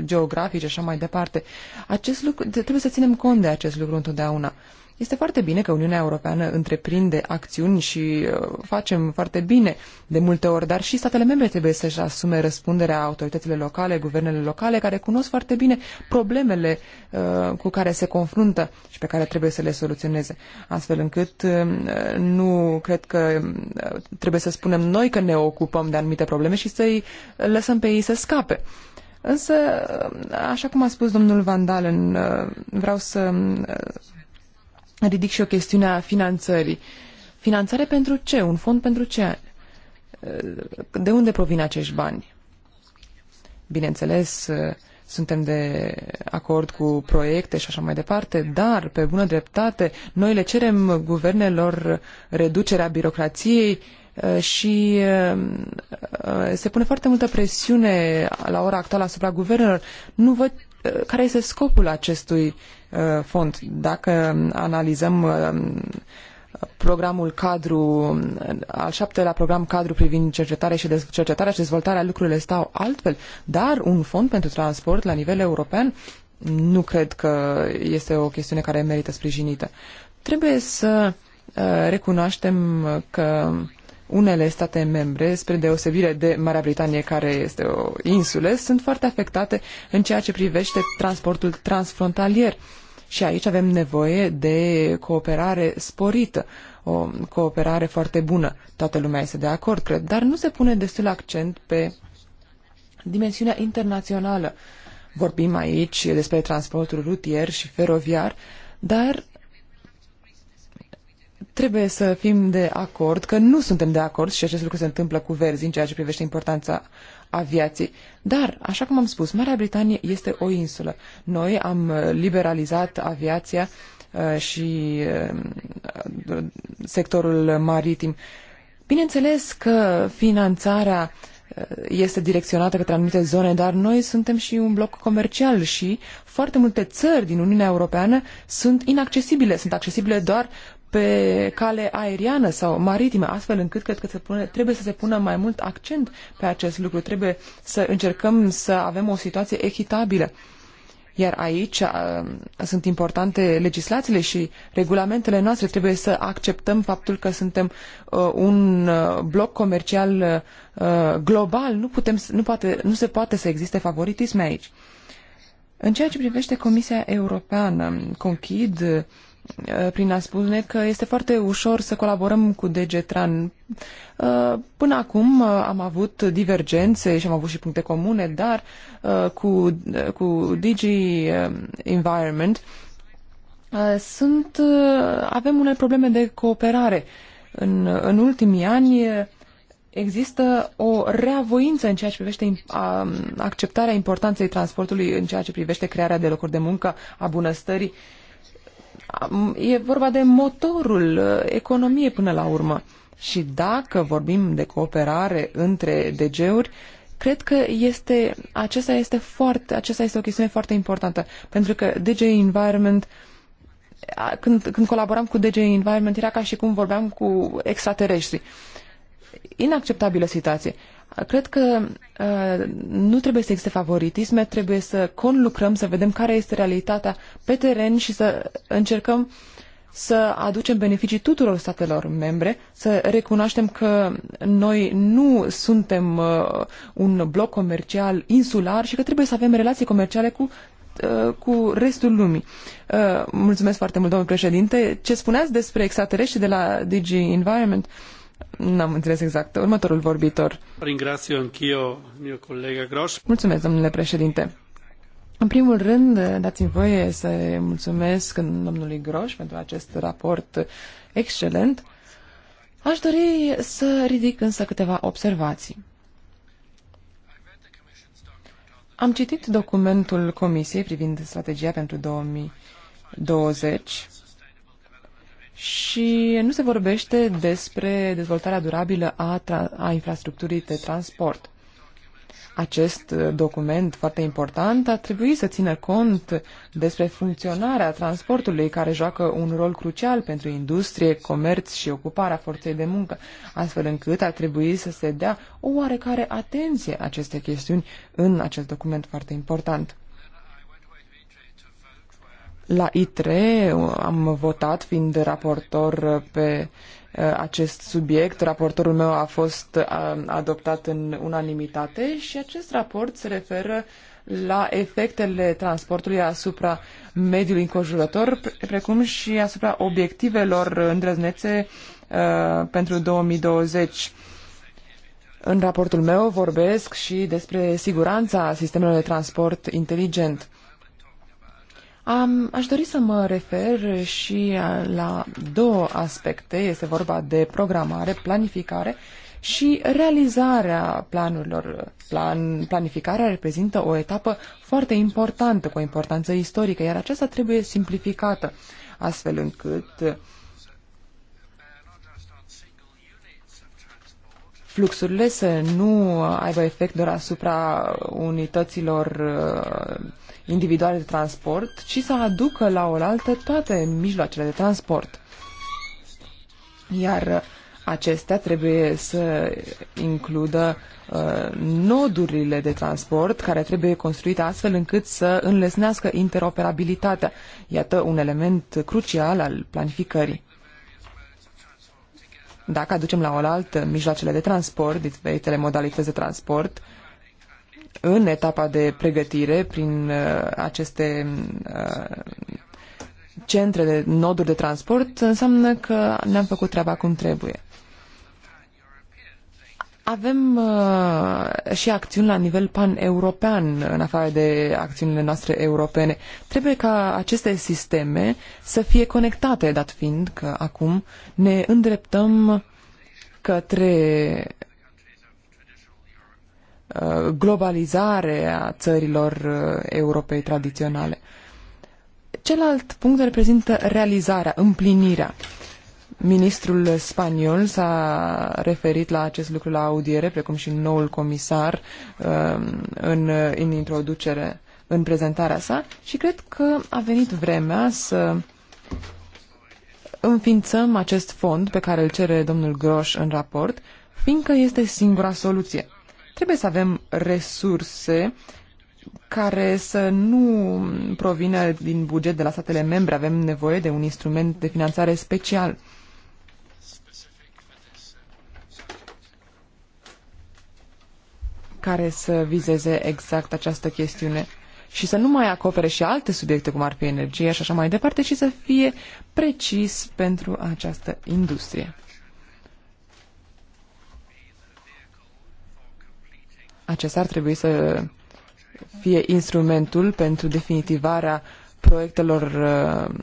geografice și așa mai departe. Acest lucru, trebuie să ținem cont de acest lucru întotdeauna. Uh, este foarte bine că Uniunea Europeană întreprinde acțiuni și uh, facem foarte bine de multe ori, dar și statele membre trebuie să-și asume răspunderea autoritățile locale, guvernele locale, care cunosc foarte bine problemele uh, cu care se confruntă și pe care trebuie să le soluționeze. Astfel încât uh, nu cred că uh, trebuie să spunem noi că ne ocupăm de anumite probleme și să-i lăsăm pe ei să scape. Însă, uh, așa cum a spus domnul Van Dalen, uh, vreau să ridic și o chestiune a finanțării. Finanțare pentru ce? Un fond pentru ce? Uh, de unde provin acești bani? Bineînțeles, uh, suntem de acord cu proiecte și așa mai departe, dar, pe bună dreptate, noi le cerem guvernelor reducerea birocrației uh, și se pune foarte multă presiune la ora actuală asupra guvernelor. Nu văd care este scopul acestui Uh, fond. Dacă analizăm uh, programul cadru, uh, al șaptelea program cadru privind cercetare și cercetarea și dezvoltarea, lucrurile stau altfel, dar un fond pentru transport la nivel european nu cred că este o chestiune care merită sprijinită. Trebuie să recunoaștem că unele state membre, spre deosebire de Marea Britanie, care este o insulă, sunt foarte afectate în ceea ce privește transportul transfrontalier. Și aici avem nevoie de cooperare sporită, o cooperare foarte bună. Toată lumea este de acord, cred, dar nu se pune destul accent pe dimensiunea internațională. Vorbim aici despre transportul rutier și feroviar, dar trebuie să fim de acord că nu suntem de acord și acest lucru se întâmplă cu verzi în ceea ce privește importanța aviației. Dar, așa cum am spus, Marea Britanie este o insulă. Noi am uh, liberalizat aviația uh, și uh, sectorul maritim. Bineînțeles că finanțarea este direcționată către anumite zone, dar noi suntem și un bloc comercial și foarte multe țări din Uniunea Europeană sunt inaccesibile, sunt accesibile doar pe cale aeriană sau maritimă, astfel încât cred că se pune, trebuie să se pună mai mult accent pe acest lucru. Trebuie să încercăm să avem o situație echitabilă. Iar aici a, sunt importante legislațiile și regulamentele noastre. Trebuie să acceptăm faptul că suntem a, ă, un a, ă, bloc comercial a, ă, global. Nu, putem, nu, poate, nu se poate să existe favoritisme aici. În ceea ce privește Comisia Europeană, conchid Uh, prin a spune că este foarte ușor să colaborăm cu DG Tran. Uh, până acum uh, am avut divergențe și am avut și puncte comune, dar cu, cu DG Environment sunt, avem unele probleme de cooperare. În, în ultimii ani există o reavoință în ceea ce privește acceptarea importanței transportului, în ceea ce privește crearea de locuri de muncă, a bunăstării uh, E vorba de motorul uh, economiei până la urmă. Și dacă vorbim de cooperare între DG-uri, cred că este, acesta este foarte, acesta este o chestiune foarte importantă, pentru că DG Environment când, când colaboram cu DG Environment era ca și cum vorbeam cu extraterestri. Inacceptabilă situație. Cred că uh, nu trebuie să existe favoritisme, trebuie să conlucrăm, să vedem care este realitatea pe teren și să încercăm să aducem beneficii tuturor statelor membre, să recunoaștem că noi nu suntem uh, un bloc comercial insular și că trebuie să avem relații comerciale cu uh, cu restul lumii. Uh, mulțumesc foarte mult, domnul președinte. Ce spuneați despre extraterestri de la DG Environment? Uh, N-am înțeles exact. Următorul vorbitor.
Ringrazio anch'io mio collega Grosch.
Mulțumesc, domnule președinte. În primul rând, dați-mi voie să mulțumesc domnului Groș pentru acest raport excelent. Aș dori să ridic însă câteva observații. Am citit documentul Comisiei privind strategia pentru 2020 și nu se vorbește despre dezvoltarea durabilă a, a infrastructurii de transport. Acest document foarte important a trebuit să țină cont despre funcționarea transportului care joacă un rol crucial pentru industrie, comerț și ocuparea forței de muncă, astfel încât a trebuit să se dea o oarecare atenție aceste chestiuni în acest document foarte important. La ITRE uh, am votat fiind raportor pe uh, acest subiect. Raportorul meu a fost uh, adoptat în unanimitate și acest raport se referă la efectele transportului asupra mediului înconjurător, precum și asupra obiectivelor îndrăznețe uh, pentru 2020. În raportul meu vorbesc și despre siguranța sistemelor de transport inteligent. Am, aș dori să mă refer și la două aspecte. Este vorba de programare, planificare și realizarea planurilor. Plan, planificarea reprezintă o etapă foarte importantă, cu o importanță istorică, iar aceasta trebuie simplificată, astfel încât fluxurile să nu aibă efect doar asupra unităților uh, individuale de transport, ci să aducă la oaltă toate mijloacele de transport. Iar uh, acestea trebuie să includă uh, nodurile de transport care trebuie construite astfel încât să înlesnească interoperabilitatea. Iată un element crucial al planificării. Dacă aducem la oaltă mijloacele de transport, diferitele modalități de transport, în etapa de pregătire prin uh, aceste uh, centre de noduri de transport înseamnă că ne-am făcut treaba cum trebuie. Avem uh, și acțiuni la nivel pan-european, în afară de acțiunile noastre europene. Trebuie ca aceste sisteme să fie conectate, dat fiind că acum ne îndreptăm către Uh, globalizare a țărilor uh, Europei tradiționale. Celălalt punct reprezintă realizarea, împlinirea. Ministrul spaniol s-a referit la acest lucru la audiere, precum și noul comisar uh, în, în introducere, în prezentarea sa și cred că a venit vremea să înființăm acest fond pe care îl cere domnul Groș în raport, fiindcă este singura soluție. Trebuie să avem resurse care să nu provină din buget de la statele membre. Avem nevoie de un instrument de finanțare special. care să vizeze exact această chestiune și să nu mai acopere și alte subiecte, cum ar fi energia și așa mai departe, și să fie precis pentru această industrie. Acesta ar trebui să fie instrumentul pentru definitivarea proiectelor uh,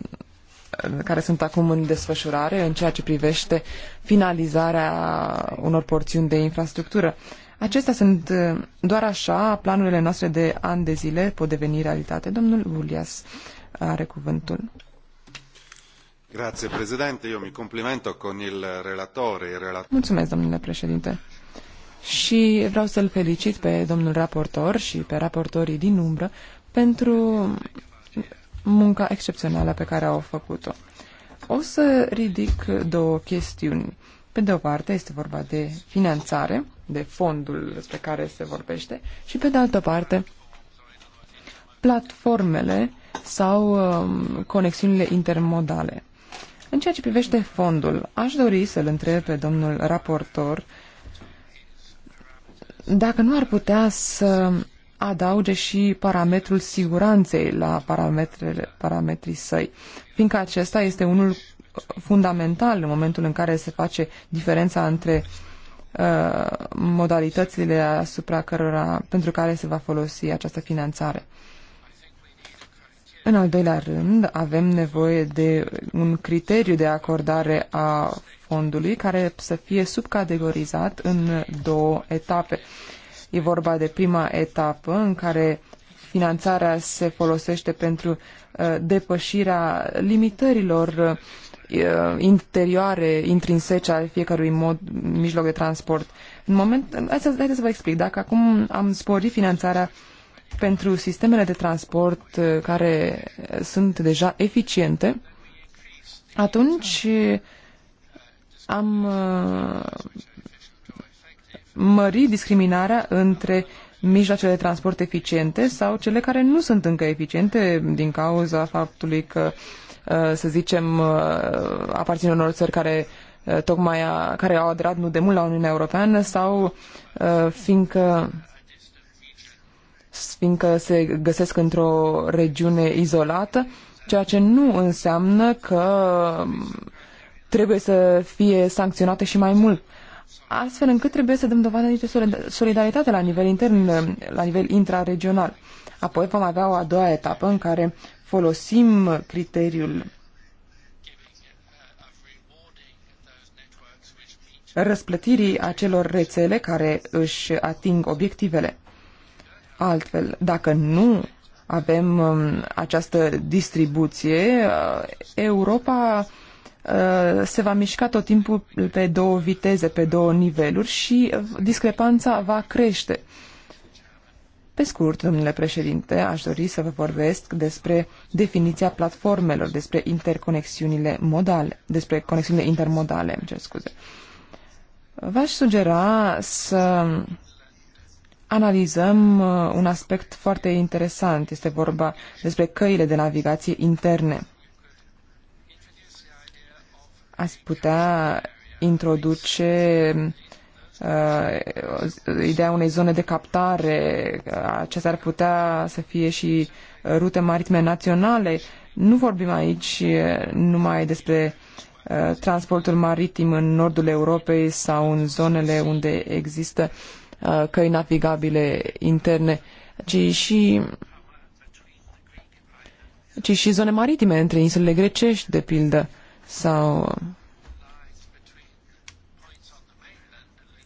care sunt acum în desfășurare în ceea ce privește finalizarea unor porțiuni de infrastructură. Acestea sunt uh, doar așa, planurile noastre de ani de zile pot deveni realitate. Domnul Ulias are cuvântul. Grazie, Presidente. Io mi complimento con il relatore. Il relator... Mulțumesc, domnule președinte și vreau să-l felicit pe domnul raportor și pe raportorii din umbră pentru munca excepțională pe care au făcut-o. O să ridic două chestiuni. Pe de o parte este vorba de finanțare, de fondul despre care se vorbește, și pe de altă parte platformele sau um, conexiunile intermodale. În ceea ce privește fondul, aș dori să-l întreb pe domnul raportor dacă nu ar putea să adauge și parametrul siguranței la parametrii săi, fiindcă acesta este unul fundamental în momentul în care se face diferența între uh, modalitățile asupra cărora, pentru care se va folosi această finanțare. În al doilea rând, avem nevoie de un criteriu de acordare a fondului care să fie subcategorizat în două etape. E vorba de prima etapă în care finanțarea se folosește pentru uh, depășirea limitărilor uh, interioare, intrinsece ale fiecărui mod, mijloc de transport. În moment, hai să, hai să vă explic, dacă acum am sporit finanțarea uh, pentru sistemele de transport uh, care sunt deja eficiente, atunci uh, am uh, mărit discriminarea între mijloacele de transport eficiente sau cele care nu sunt încă eficiente din cauza faptului că, să zicem, aparțin unor țări care tocmai a, care au aderat nu demult la Uniunea Europeană sau fiindcă fiindcă se găsesc într-o regiune izolată, ceea ce nu înseamnă că um, trebuie să fie sancționate și mai mult. Astfel încât trebuie să dăm dovadă de solidaritate la nivel intern, um, la nivel intraregional. Apoi vom avea o a doua etapă în care folosim criteriul răsplătirii acelor rețele care își ating obiectivele altfel. Dacă nu avem um, această distribuție, uh, Europa uh, se va mișca tot timpul pe două viteze, pe două niveluri și uh, discrepanța va crește. Pe scurt, domnule președinte, aș dori să vă vorbesc despre definiția platformelor, despre interconexiunile modale, despre conexiunile intermodale, îmi cer scuze. V-aș sugera să analizăm uh, un aspect foarte interesant. Este vorba despre căile de navigație interne. Ați putea introduce uh, ideea unei zone de captare, acestea ar putea să fie și rute maritime naționale. Nu vorbim aici uh, numai despre uh, transportul maritim în nordul Europei sau în zonele unde există uh, Uh, căi navigabile interne, ci și ci și zone maritime între insulele grecești, de pildă, sau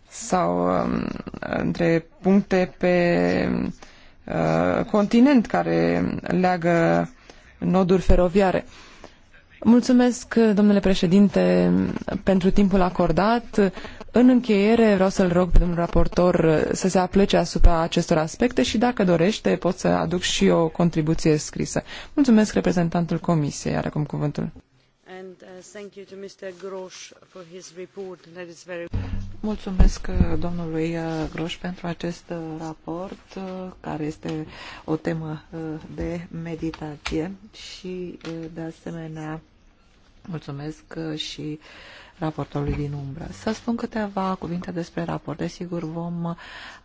sau um, între puncte pe uh, continent care leagă noduri feroviare. Mulțumesc, domnule președinte, pentru timpul acordat. În încheiere, vreau să-l rog pe domnul raportor uh, să se aplece asupra acestor aspecte și, dacă dorește, pot să aduc și o contribuție scrisă. Mulțumesc reprezentantul Comisiei, are acum cuvântul.
Uh, mulțumesc uh, domnului Groș pentru acest raport, care este o temă de meditație și, de asemenea, mulțumesc și uh, raportorului din umbră. Să spun câteva cuvinte despre raport. Desigur, vom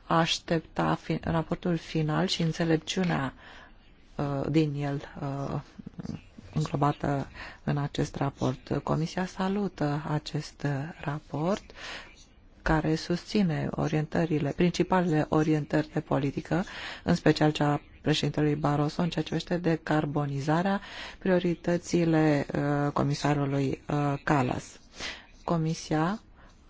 aștepta fi raportul final și înțelepciunea uh, din el uh, înglobată în acest raport. Comisia salută acest raport care susține orientările, principalele orientări de politică, în special cea președintelui Barroso în ceea ce vește decarbonizarea, prioritățile uh, comisarului uh, Calas. Comisia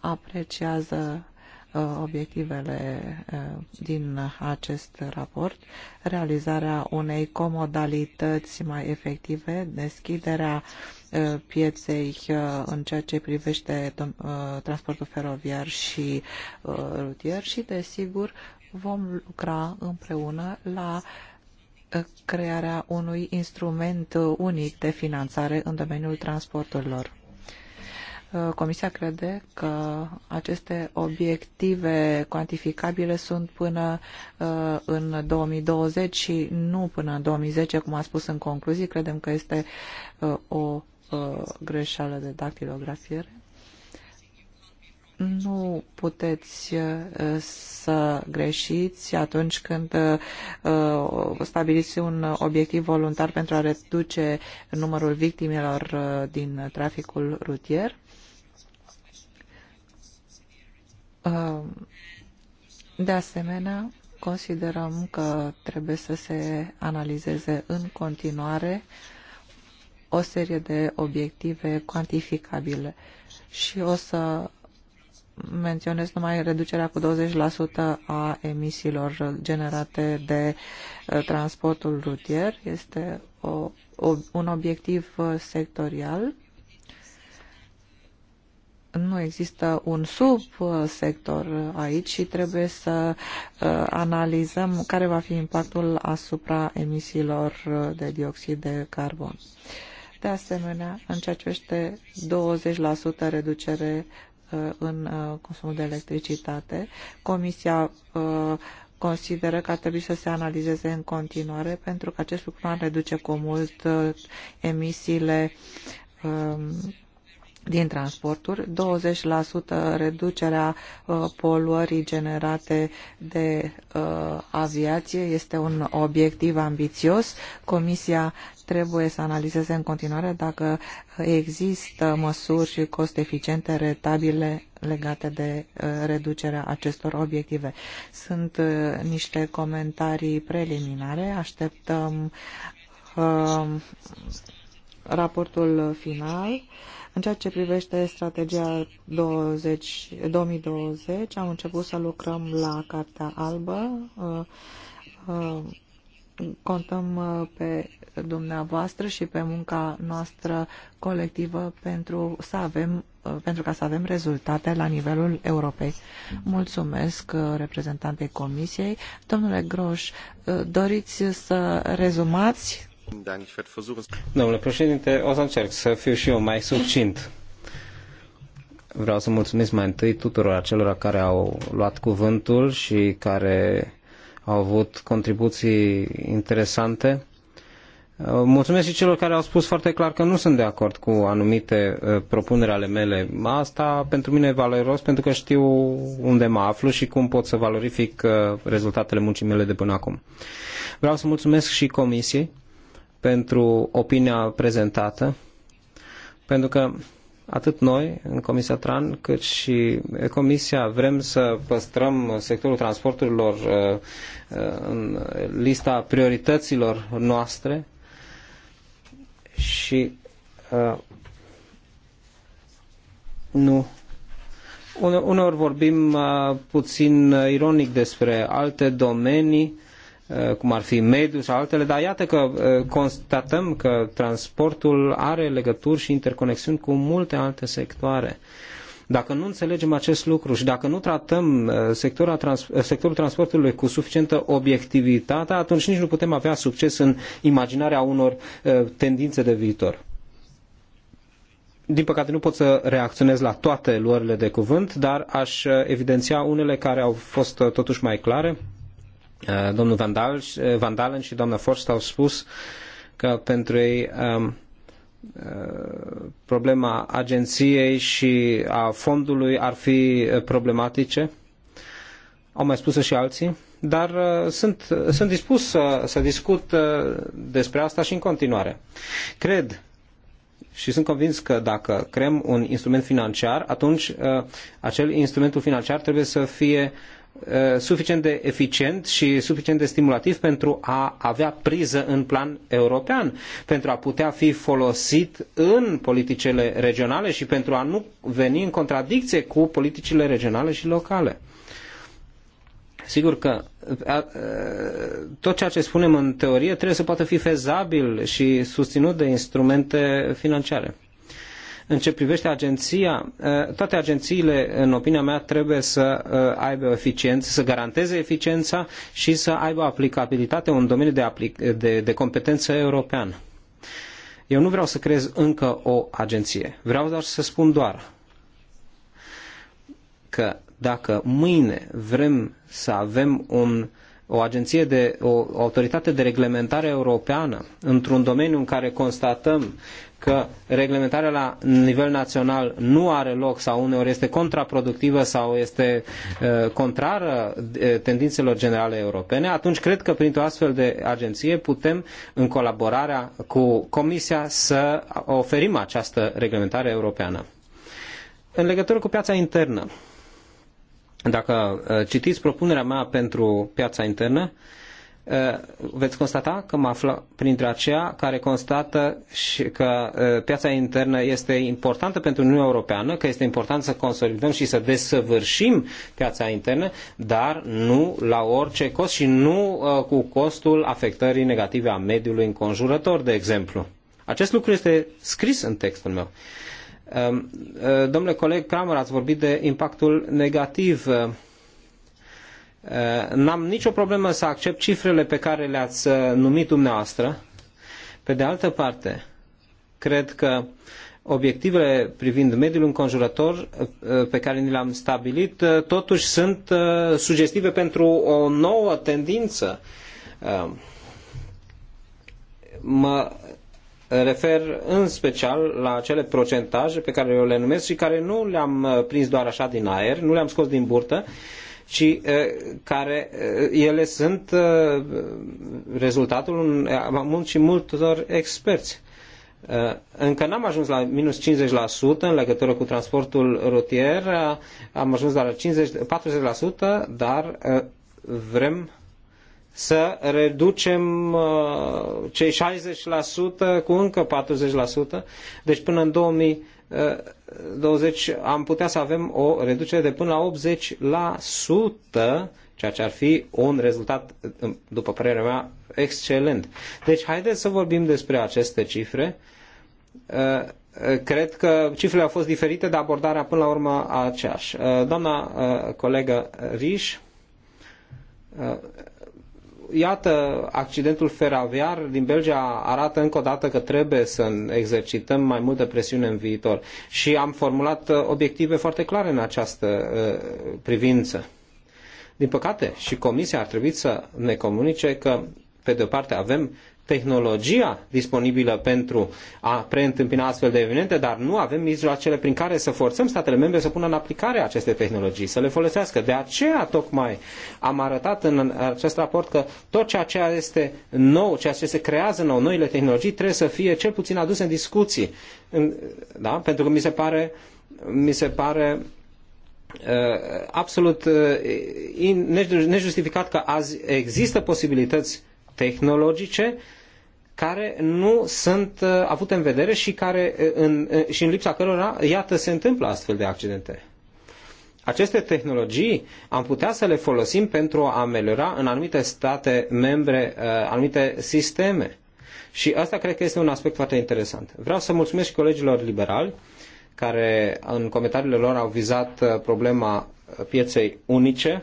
apreciază uh, obiectivele uh, din acest raport, realizarea unei comodalități mai efective, deschiderea uh, pieței în ceea ce privește transportul feroviar și rutier și, desigur, vom lucra împreună la crearea unui instrument unic de finanțare în domeniul transporturilor. Uh, Comisia crede că aceste obiective cuantificabile sunt până uh, în 2020 și nu până în 2010, cum a spus în concluzii. Credem că este uh, o greșeală de dactilografiere. Nu puteți să greșiți atunci când stabiliți un obiectiv voluntar pentru a reduce numărul victimelor din traficul rutier Ehm, de asemenea, considerăm că trebuie să se analizeze în continuare o serie de obiective cuantificabile și o să menționez numai reducerea cu 20% a emisiilor generate de eh, transportul rutier. Este o, o, un obiectiv eh, sectorial nu există un subsector aici și trebuie să uh, analizăm care va fi impactul asupra emisiilor uh, de dioxid de carbon. De asemenea, în ceea ce este 20% reducere uh, în consumul de electricitate, Comisia consideră că ar trebui să se analizeze în continuare pentru că acest lucru ar reduce cu mult emisiile um, din transporturi, 20% reducerea uh, poluării generate de uh, aviație este un obiectiv ambițios. Comisia trebuie să analizeze în continuare dacă există măsuri și cost eficiente, retabile legate de uh, reducerea acestor obiective. Sunt uh, niște comentarii preliminare, așteptăm uh, raportul final. În ceea ce privește strategia 20, 2020, am început să lucrăm la Cartea Albă. Uh, uh, contăm uh, pe dumneavoastră și pe munca noastră colectivă pentru, să avem, pentru ca să avem rezultate la nivelul Europei. Mulțumesc reprezentantei Comisiei. Domnule Groș, doriți să
rezumați Domnule președinte, o să încerc să fiu și eu mai succint. Vreau să mulțumesc mai întâi tuturor acelora care au luat cuvântul și care au avut contribuții interesante. Mulțumesc și celor care au spus foarte clar că nu sunt de acord cu anumite uh, propuneri ale mele. Asta pentru mine e valoros pentru că știu unde mă aflu și cum pot să valorific uh, rezultatele muncii mele de până acum. Vreau să mulțumesc și comisiei pentru opinia prezentată, pentru că atât noi, în Comisia TRAN, cât și Comisia, vrem să păstrăm sectorul transporturilor uh, uh, în lista priorităților noastre și uh, nu. Uneori vorbim puțin ironic despre alte domenii, Uh, cum ar fi mediul sau altele, dar iată că uh, constatăm că transportul are legături și interconexiuni cu multe alte sectoare. Dacă nu înțelegem acest lucru și dacă nu tratăm uh, sectorul transportului cu suficientă obiectivitate, atunci nici nu putem avea succes în imaginarea unor tendințe de viitor. Din păcate nu pot să reacționez la toate luările de cuvânt, dar aș evidenția unele care au fost totuși mai clare Uh, domnul Vandal, uh, Van Dalen și doamna Forst au spus că pentru ei um, uh, problema agenției și a fondului ar fi problematice. Au mai spus-o și alții, dar sunt, sunt dispus să, să discut despre asta și în continuare. Cred și sunt convins că dacă creăm un instrument financiar, atunci acel instrumentul financiar trebuie să fie Uh, suficient de eficient și suficient de stimulativ pentru a avea priză în plan european, pentru a putea fi folosit în politicile regionale și pentru a nu veni în contradicție cu politicile regionale și locale. Sigur că uh, tot ceea ce spunem în teorie trebuie să poată fi fezabil și susținut de instrumente financiare. În ce privește agenția, eh, toate agențiile, în opinia mea, trebuie să eh, aibă eficiență, să garanteze eficiența și să aibă aplicabilitate un domeniu de, aplic- de, de competență europeană. Eu nu vreau să creez încă o agenție. Vreau doar să spun doar că dacă mâine vrem să avem un o agenție de o autoritate de reglementare europeană într-un domeniu în care constatăm că reglementarea la nivel național nu are loc sau uneori este contraproductivă sau este uh, contrară uh, tendințelor generale europene, atunci cred că printr-o astfel de agenție putem, în colaborarea cu Comisia, să oferim această reglementare europeană. În legătură cu piața internă, dacă uh, citiți propunerea mea pentru piața internă, uh, veți constata că mă află printre aceia care constată și că uh, piața internă este importantă pentru Uniunea Europeană, că este important să consolidăm și să desăvârșim piața internă, dar nu la orice cost și nu cu costul afectării negative a mediului înconjurător, de exemplu. Acest lucru este scris în textul meu. Ehm, eh, domnule coleg Kramer, ați vorbit de impactul negativ. Eh, n-am nicio problemă să accept cifrele pe care le-ați eh, numit dumneavoastră. Pe de altă parte, cred că obiectivele privind mediul înconjurător pe care ni le-am stabilit totuși sunt sugestive pentru o nouă tendință. Ehm, mă refer în special la acele procentaje pe care eu le numesc și care nu le-am uh, prins doar așa din aer, nu le-am scos din burtă, ci uh, care uh, ele sunt rezultatul muncii multor experți. Încă n-am ajuns la minus 50% în legătură cu transportul rutier, am ajuns la 50, 40%, dar vrem să reducem uh, cei 60% cu încă 40%, deci până în 2020 uh, am putea să avem o reducere de până la 80%, ceea ce ar fi un rezultat, după părerea mea, excelent. Deci haideți să vorbim despre aceste cifre. Uh, cred că cifrele au fost diferite, dar abordarea până la urmă aceeași. Doamna colegă Riș, iată, accidentul feroviar din Belgia arată încă o dată că trebuie să exercităm mai multă presiune în viitor. Și am formulat uh, obiective foarte clare în această uh, privință. Din păcate, și Comisia ar trebui să ne comunice că, pe de o parte, avem tehnologia disponibilă pentru a preîntâmpina astfel de evenimente, dar nu avem mijloacele prin care să forțăm statele membre să pună în aplicare aceste tehnologii, să le folosească. De aceea, tocmai, am arătat în acest raport că tot ceea ce este nou, ceea ce se creează nou, noile tehnologii, trebuie să fie cel puțin aduse în discuții. Da? Pentru că mi se pare, mi se pare uh, absolut uh, nejustificat că azi există posibilități tehnologice uh, care nu sunt uh, avute în vedere și, care, uh, în, uh, și în lipsa cărora, iată, se întâmplă astfel de accidente. Aceste tehnologii am putea să le folosim pentru a ameliora în anumite state membre anumite sisteme. Și asta cred că este un aspect foarte interesant. Vreau să mulțumesc și colegilor liberali care în comentariile lor au vizat problema pieței unice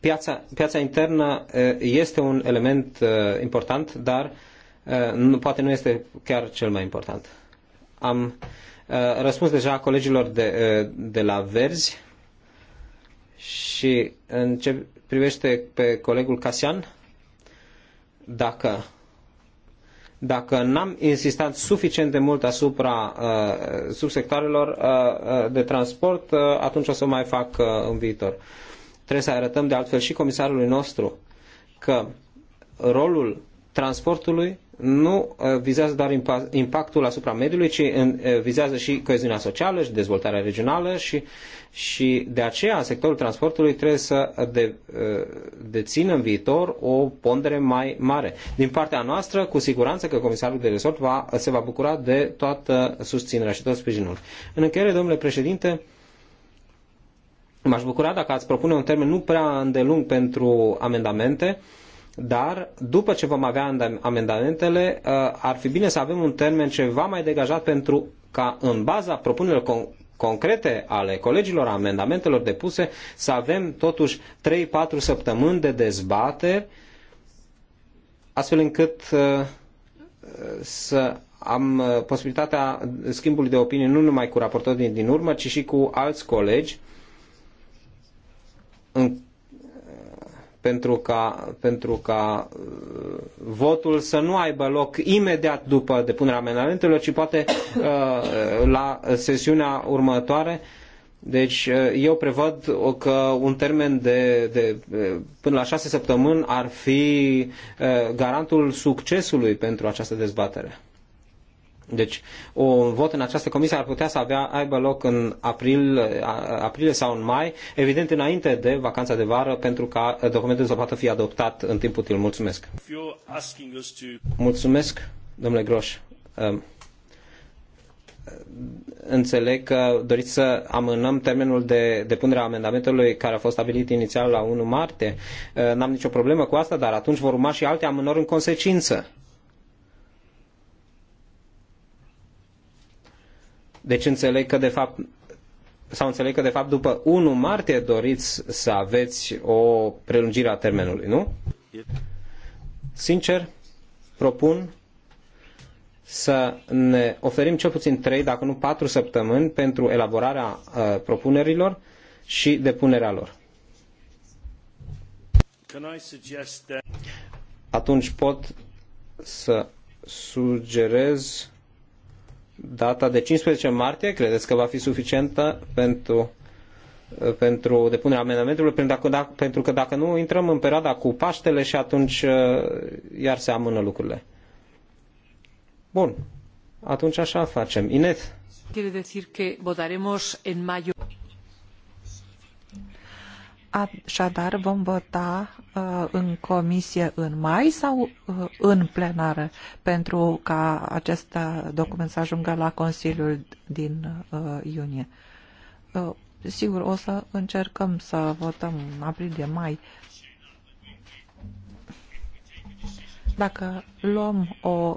piața, piața internă este un element important, dar poate nu este chiar cel mai important. Am răspuns deja colegilor de, de la Verzi și în ce privește pe colegul Casian, dacă dacă n-am insistat suficient de mult asupra uh, subsectoarelor uh, de transport, uh, atunci o să mai fac uh, în viitor. Uh, Trebuie să arătăm de altfel și comisarului nostru că rolul transportului nu uh, vizează doar impactul asupra mediului, ci uh, vizează și coeziunea socială și dezvoltarea regională și, și de aceea sectorul transportului trebuie să de, uh, dețină în viitor o pondere mai mare. Din partea noastră, cu siguranță că comisarul de resort va, se va bucura de toată susținerea și tot sprijinul. În încheiere, domnule președinte, M-aș bucura dacă ați propune un termen nu prea îndelung pentru amendamente, dar după ce vom avea amendamentele, uh, ar fi bine să avem un termen ceva mai degajat pentru ca în baza propunerilor concrete ale colegilor amendamentelor depuse să avem totuși 3-4 săptămâni de dezbateri astfel încât uh, să am uh, posibilitatea schimbului de opinii nu numai cu raportori din, urmă, ci și cu alți colegi în, pentru ca, pentru ca uh, votul să nu aibă loc imediat după depunerea amendamentelor, ci poate uh, la sesiunea următoare. Deci uh, eu prevăd că un termen de, de până la șase săptămâni ar fi uh, garantul succesului pentru această dezbatere. Deci, un vot în această comisie ar putea să avea, aibă loc în april, aprilie sau în mai, evident înainte de vacanța de vară, pentru ca documentul să poată fi adoptat în timp util. Mulțumesc. Mulțumesc, domnule Groș. Înțeleg că doriți să amânăm termenul de depunere a amendamentului care a fost stabilit inițial la 1 martie. N-am nicio problemă cu asta, dar atunci vor urma și alte amânări în consecință Deci înțeleg că de fapt sau înțeleg că de fapt după 1 martie doriți să aveți o prelungire a termenului, nu? Sincer, propun să ne oferim cel puțin 3, dacă nu 4 săptămâni pentru elaborarea uh, propunerilor și depunerea lor. Atunci pot să sugerez data de 15 martie, credeți că va fi suficientă pentru, uh, pentru depunerea amendamentului? Pentru, dacă, pentru că dacă nu, intrăm în perioada cu Paștele și atunci uh, iar se amână lucrurile. Bun. Atunci așa facem. Inet.
Quiere decir que votaremos en mayo. Așadar, vom vota uh, în comisie în mai sau uh, în plenară pentru ca acest uh, document să ajungă la Consiliul din iunie? Sigur, o să încercăm să votăm în aprilie-mai. Dacă luăm o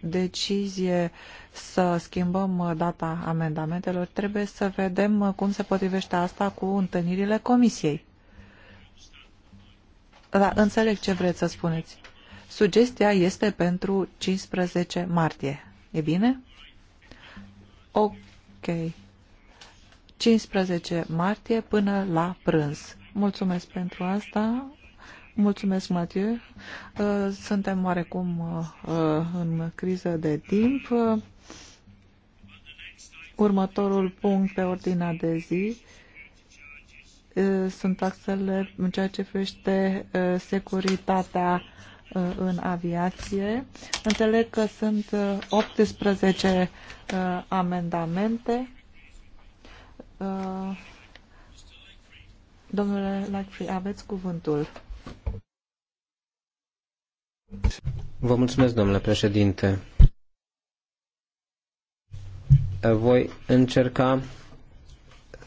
decizie să schimbăm data amendamentelor, trebuie să vedem cum se potrivește asta cu întâlnirile comisiei. Da, înțeleg ce vreți să spuneți. Sugestia este pentru 15 martie. E bine? Ok. 15 martie până la prânz. Mulțumesc pentru asta. Mulțumesc, Mathieu. Uh, suntem oarecum uh, uh, în criză de timp. Următorul punct pe ordinea de zi sunt taxele în ceea ce privește securitatea în aviație. Înțeleg că sunt 18 amendamente. Domnule Lacfri, aveți cuvântul.
Vă mulțumesc, domnule președinte. Voi încerca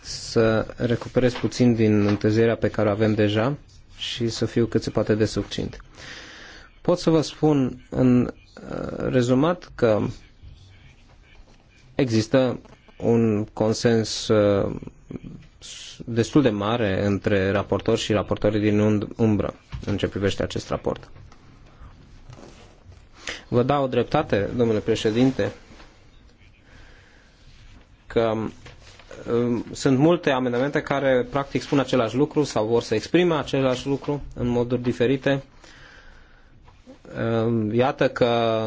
să recuperez puțin din întârzierea pe care o avem deja și să fiu cât se poate de succint. Pot să vă spun în uh, rezumat că există un consens uh, destul de mare între raportori și raportorii din umbră în ce privește acest raport. Vă dau dreptate, domnule președinte, că sunt multe amendamente care practic spun același lucru sau vor să exprime același lucru în moduri diferite. Iată că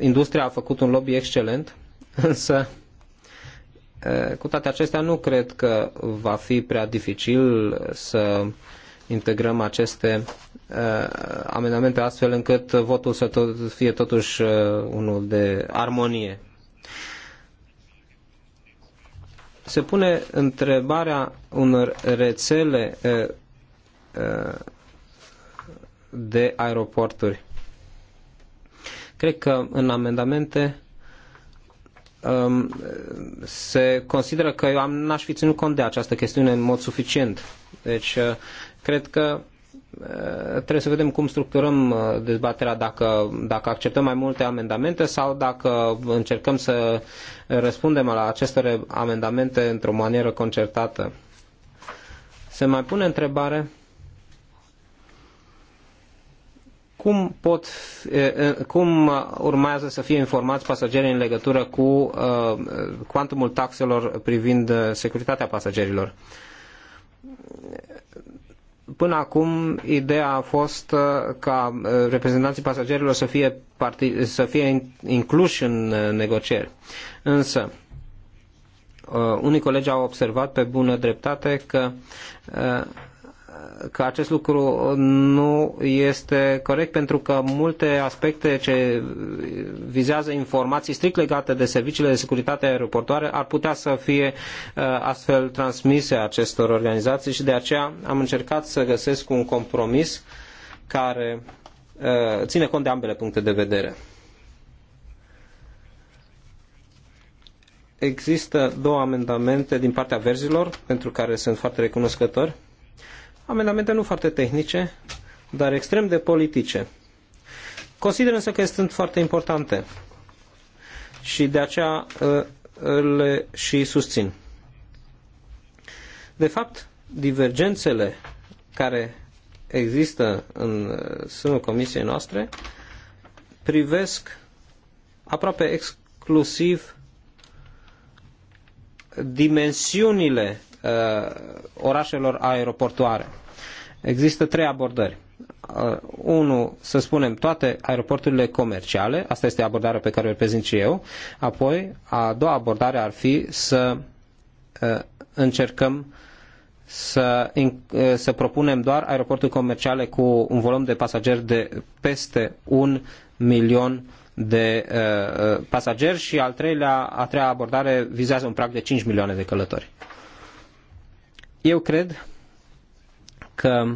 industria a făcut un lobby excelent, însă cu toate acestea nu cred că va fi prea dificil să integrăm aceste amendamente astfel încât votul să tot, fie totuși unul de armonie. se pune întrebarea unor rețele de aeroporturi. Cred că în amendamente um, se consideră că eu am, n-aș fi ținut cont de această chestiune în mod suficient. Deci, uh, cred că Eh, trebuie să vedem cum structurăm eh, dezbaterea, dacă, dacă acceptăm mai multe amendamente sau dacă încercăm să răspundem la aceste amendamente într-o manieră concertată. Se mai pune întrebare cum, pot, eh, cum urmează să fie informați pasagerii în legătură cu cuantumul taxelor privind securitatea pasagerilor Până acum, ideea a fost uh, ca uh, reprezentanții pasagerilor să fie, parti- să fie incluși în uh, negocieri. Însă, unii colegi au observat pe bună dreptate că că acest lucru nu este corect pentru că multe aspecte ce vizează informații strict legate de serviciile de securitate aeroportoare ar putea să fie uh, astfel transmise acestor organizații și de aceea am încercat să găsesc un compromis care uh, ține cont de ambele puncte de vedere. Există două amendamente din partea verzilor pentru care sunt foarte recunoscători Amendamente nu foarte tehnice, dar extrem de politice. Consider însă că sunt foarte importante și de aceea uh, le și susțin. De fapt, divergențele care există în uh, sânul comisiei noastre privesc aproape exclusiv dimensiunile uh, orașelor aeroportuare. Există trei abordări. Uh, Unu, să spunem, toate aeroporturile comerciale, asta este abordarea pe care o reprezint și eu, apoi a doua abordare ar fi să uh, încercăm să, uh, să propunem doar aeroporturi comerciale cu un volum de pasageri de peste un milion de uh, pasageri și al treilea, a treia abordare vizează un prag de 5 milioane de călători. Eu cred că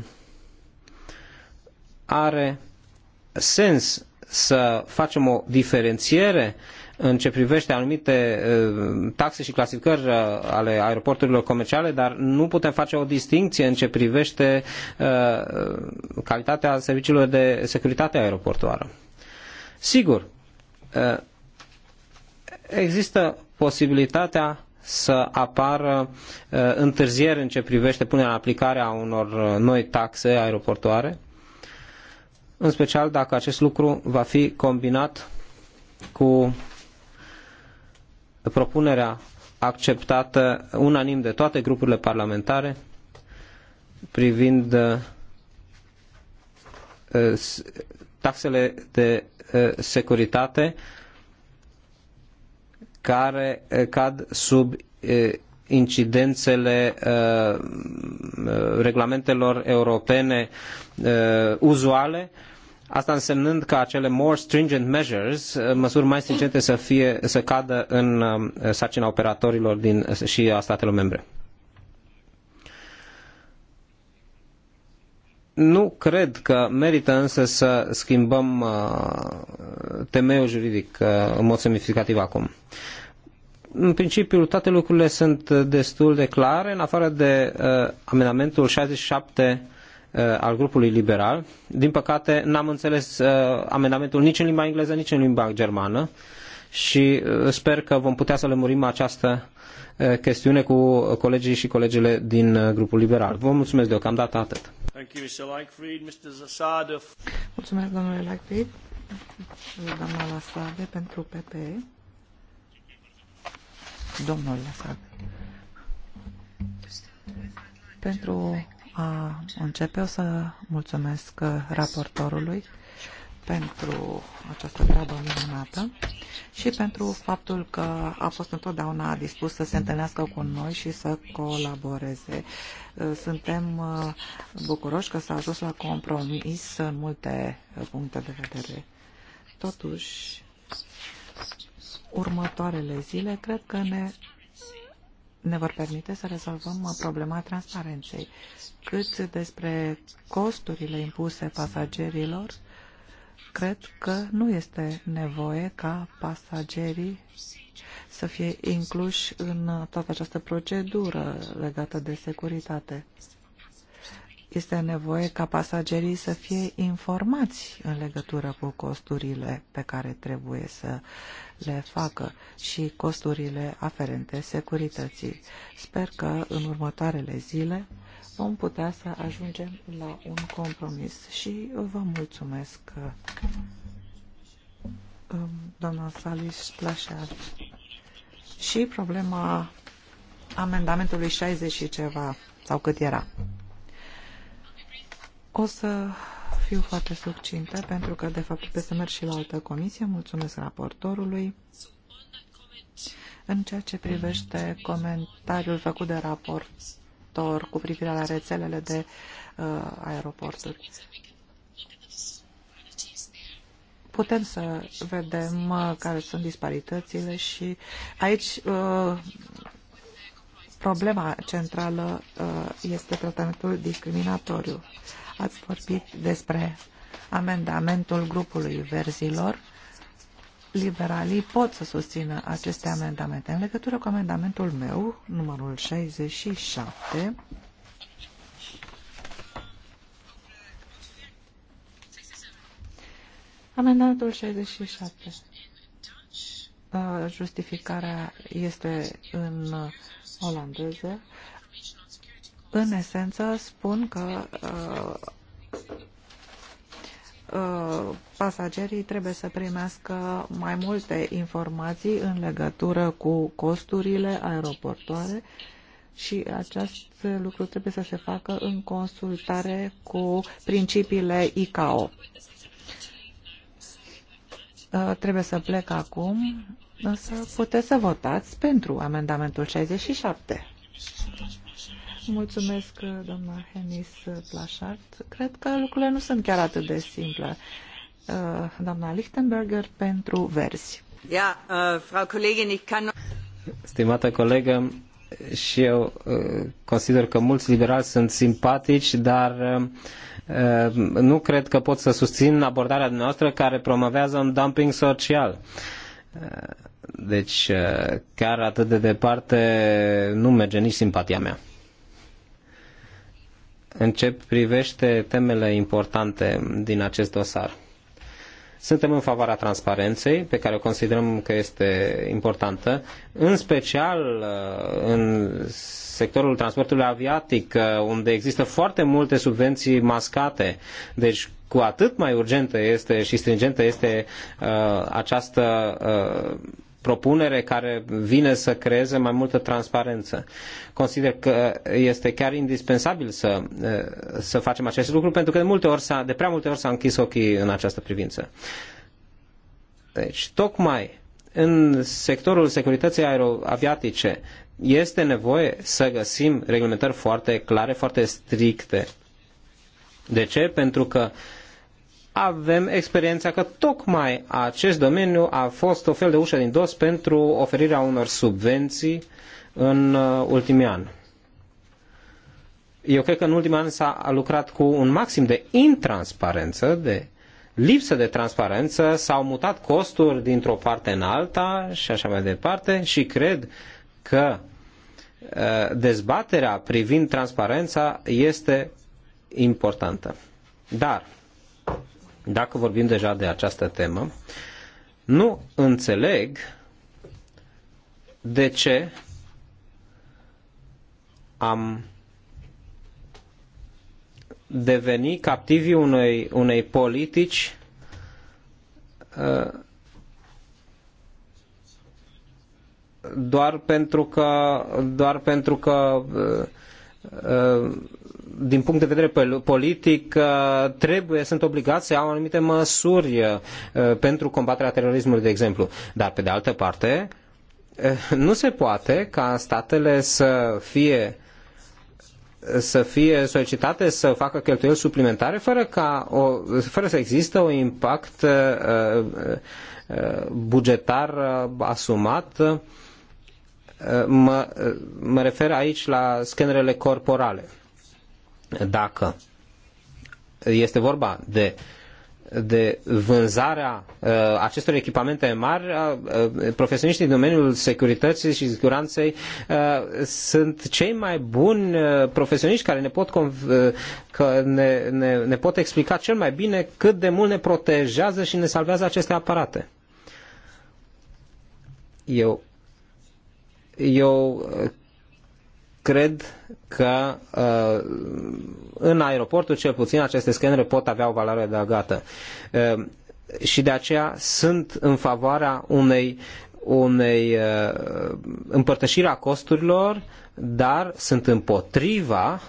are sens să facem o diferențiere în ce privește anumite uh, taxe și clasificări uh, ale aeroporturilor comerciale, dar nu putem face o distinție în ce privește uh, calitatea serviciilor de securitate aeroportuară. Sigur, există posibilitatea să apară uh, întârzieri în ce privește punerea în aplicare a unor uh, noi taxe aeroportoare, în special dacă acest lucru va fi combinat cu propunerea acceptată unanim de toate grupurile parlamentare privind uh, taxele de securitate care eh, cad sub eh, incidențele eh, regulamentelor europene uzuale, asta însemnând că acele more stringent measures, măsuri mai stringente să, fie, să cadă în sarcina operatorilor din, și a statelor membre. Nu cred că merită însă să schimbăm uh, temeiul juridic uh, în mod semnificativ acum. În principiu, toate lucrurile sunt destul de clare, în afară de uh, amendamentul 67 al grupului liberal. Din păcate, n-am înțeles amendamentul nici în limba engleză, nici în limba germană și sper că vom putea să lămurim această Eh, chestiune cu colegii și colegele din eh, grupul liberal. Vă mulțumesc deocamdată atât. Mulțumesc, domnule
doamna
Lasade, pentru PPE. Domnul Lasade. Pentru a începe, o să mulțumesc eh, raportorului pentru această treabă minunată și pentru faptul că a fost întotdeauna dispus să se întâlnească cu noi și să colaboreze. Suntem uh, bucuroși că s-a ajuns la compromis în multe uh, puncte de vedere. Totuși, următoarele zile cred că ne ne vor permite să rezolvăm problema transparenței. Cât despre costurile impuse pasagerilor, cred că nu este nevoie ca pasagerii să fie incluși în toată această procedură legată de securitate. Este nevoie ca pasagerii să fie informați în legătură cu costurile pe care trebuie să le facă și costurile aferente securității. Sper că în următoarele zile vom putea să ajungem la un compromis și vă mulțumesc um, doamna Salis Plașar. Și problema amendamentului 60 și ceva, sau cât era. O să fiu foarte succintă, pentru că, de fapt, trebuie să merg și la altă comisie. Mulțumesc raportorului. În ceea ce privește comentariul făcut de raport, sector cu privire la rețelele de uh, aeroporturi. Putem să vedem uh, care sunt disparitățile și aici uh, problema centrală uh, este tratamentul discriminatoriu. Ați vorbit despre amendamentul grupului verzilor liberalii pot să susțină aceste amendamente. În legătură cu amendamentul meu, numărul 67, Amendamentul 67. Uh, justificarea este în olandeză. În esență, spun că uh, Uh, pasagerii trebuie să primească mai multe informații în legătură cu costurile aeroportoare și acest lucru trebuie să se facă în consultare cu principiile ICAO. Uh, trebuie să plec acum, însă puteți să votați pentru amendamentul 67. Mulțumesc, doamna Henis Plașart. Cred că lucrurile nu sunt chiar atât de simple. Uh, doamna Lichtenberger pentru
verzi. Ja,
uh, Frau Kollegin, ich kann...
Stimată colegă, și eu uh, consider că mulți liberali sunt simpatici, dar uh, nu cred că pot să susțin abordarea noastră care promovează un dumping social. Deci, chiar atât de departe nu merge nici simpatia mea în ce privește temele importante din acest dosar. Suntem în favoarea transparenței, pe care o considerăm că este importantă, în special uh, în sectorul transportului aviatic, uh, unde există foarte multe subvenții mascate. Deci, cu atât mai urgentă este și stringentă este uh, această uh, propunere care vine să creeze mai multă transparență. Consider că este chiar indispensabil să, eh, să facem acest lucru pentru că de, multe ori de prea multe ori s-a închis ochii în această privință. Deci, tocmai în sectorul securității aeroaviatice este nevoie să găsim reglementări foarte clare, foarte stricte. De ce? Pentru că avem experiența că tocmai acest domeniu a fost o fel de ușă din dos pentru oferirea unor subvenții în uh, ultimii ani. Eu cred că în ultimii ani s-a lucrat cu un maxim de intransparență, de lipsă de transparență, s-au mutat costuri dintr-o parte în alta și așa mai departe și cred că uh, dezbaterea privind transparența este importantă. Dar dacă vorbim deja de această temă, nu înțeleg de ce am deveni captivii unei, unei politici uh, doar pentru că doar pentru că uh, uh, din punct de vedere politic, uh, trebuie, sunt obligați să iau anumite măsuri uh, pentru combaterea terorismului, de exemplu. Dar, pe de altă parte, uh, nu se poate ca statele să fie să fie solicitate să facă cheltuieli suplimentare fără, ca o, fără să existe un impact bugetar asumat. Mă, mă refer aici la scanerele corporale dacă este vorba de de vânzarea uh, acestor echipamente mari, uh, uh, profesioniștii din domeniul securității și siguranței uh, sunt cei mai buni uh, profesioniști care ne pot, uh, că ne, ne, ne pot explica cel mai bine cât de mult ne protejează și ne salvează aceste aparate. Eu, eu cred că uh, în aeroportul cel puțin aceste scanere pot avea o valoare adăugată. Uh, și de aceea sunt în favoarea unei unei uh, împărtășiri a costurilor, dar sunt împotriva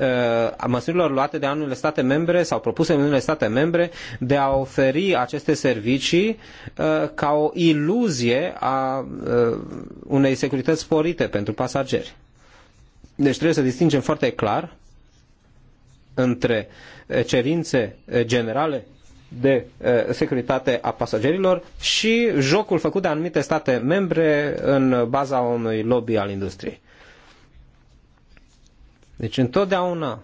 a uh, măsurilor luate de anumite state membre sau propuse de anumite state membre de a oferi aceste servicii uh, ca o iluzie a uh, unei securități sporite pentru pasageri. Deci trebuie să distingem foarte clar între cerințe generale de securitate a pasagerilor și jocul făcut de anumite state membre în baza unui lobby al industriei. Deci întotdeauna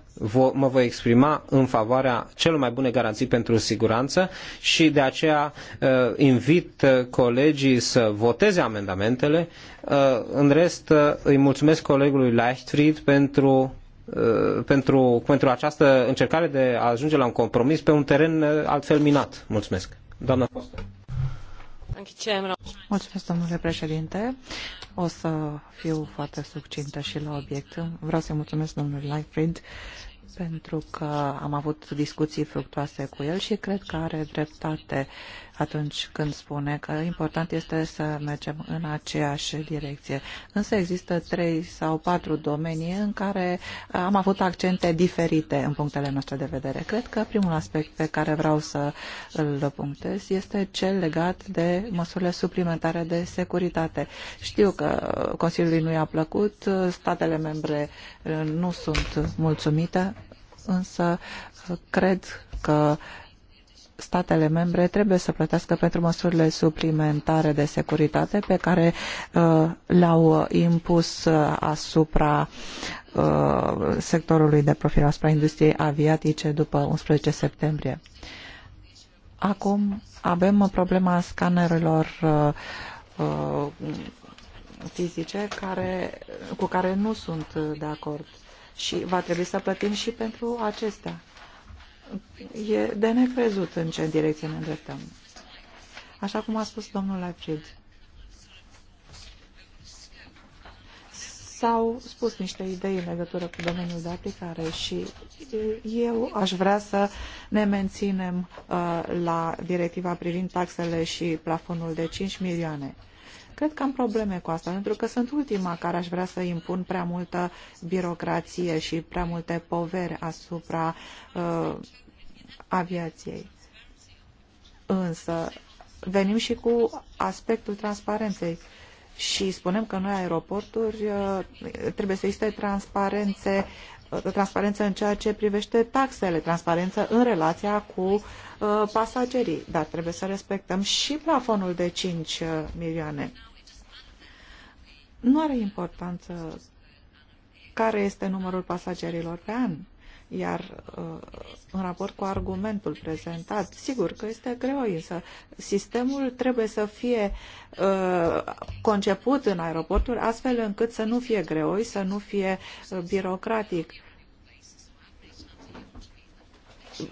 mă voi exprima în favoarea celor mai bune garanții pentru siguranță și de aceea uh, invit uh, colegii să voteze amendamentele. Uh, în rest, îi mulțumesc colegului Leichtfried pentru pentru, pentru această încercare de a ajunge la un compromis pe un teren altfel minat. Mulțumesc. Doamna Foster.
Mulțumesc, domnule președinte. O să fiu foarte succintă și la obiect. Vreau să-i mulțumesc domnului Lightfield pentru că am avut discuții fructoase cu el și cred că are dreptate atunci când spune că important este să mergem în aceeași direcție. Însă există trei sau patru domenii în care am avut accente diferite în punctele noastre de vedere. Cred că primul aspect pe care vreau să îl punctez este cel legat de măsurile suplimentare de securitate. Știu că Consiliului nu i-a plăcut, statele membre uh, nu sunt mulțumite, însă uh, cred că statele membre trebuie să plătească pentru măsurile suplimentare de securitate pe care uh, le-au uh, impus uh, asupra sectorului de profil asupra industriei aviatice după 11 septembrie. Acum avem problema scanerelor fizice care, cu care nu sunt de acord și va trebui să plătim și pentru acestea. E de necrezut în ce direcție ne îndreptăm. Așa cum a spus domnul Leifrid, s-au spus niște idei în legătură cu domeniul de aplicare și eu aș vrea să ne menținem uh, la directiva privind taxele și plafonul de 5 milioane. Cred că am probleme cu asta, pentru că sunt ultima care aș vrea să impun prea multă birocrație și prea multe poveri asupra uh, aviației. Însă, venim și cu aspectul transparenței și spunem că noi aeroporturi uh, trebuie să existe transparențe uh, transparență în ceea ce privește taxele, transparență în relația cu uh, pasagerii, dar trebuie să respectăm și plafonul de 5 milioane. Nu are importanță care este numărul pasagerilor pe an, iar uh, în raport cu argumentul prezentat, sigur că este greu, însă sistemul trebuie să fie uh, conceput în aeroporturi astfel încât să nu fie greu, să nu fie uh, birocratic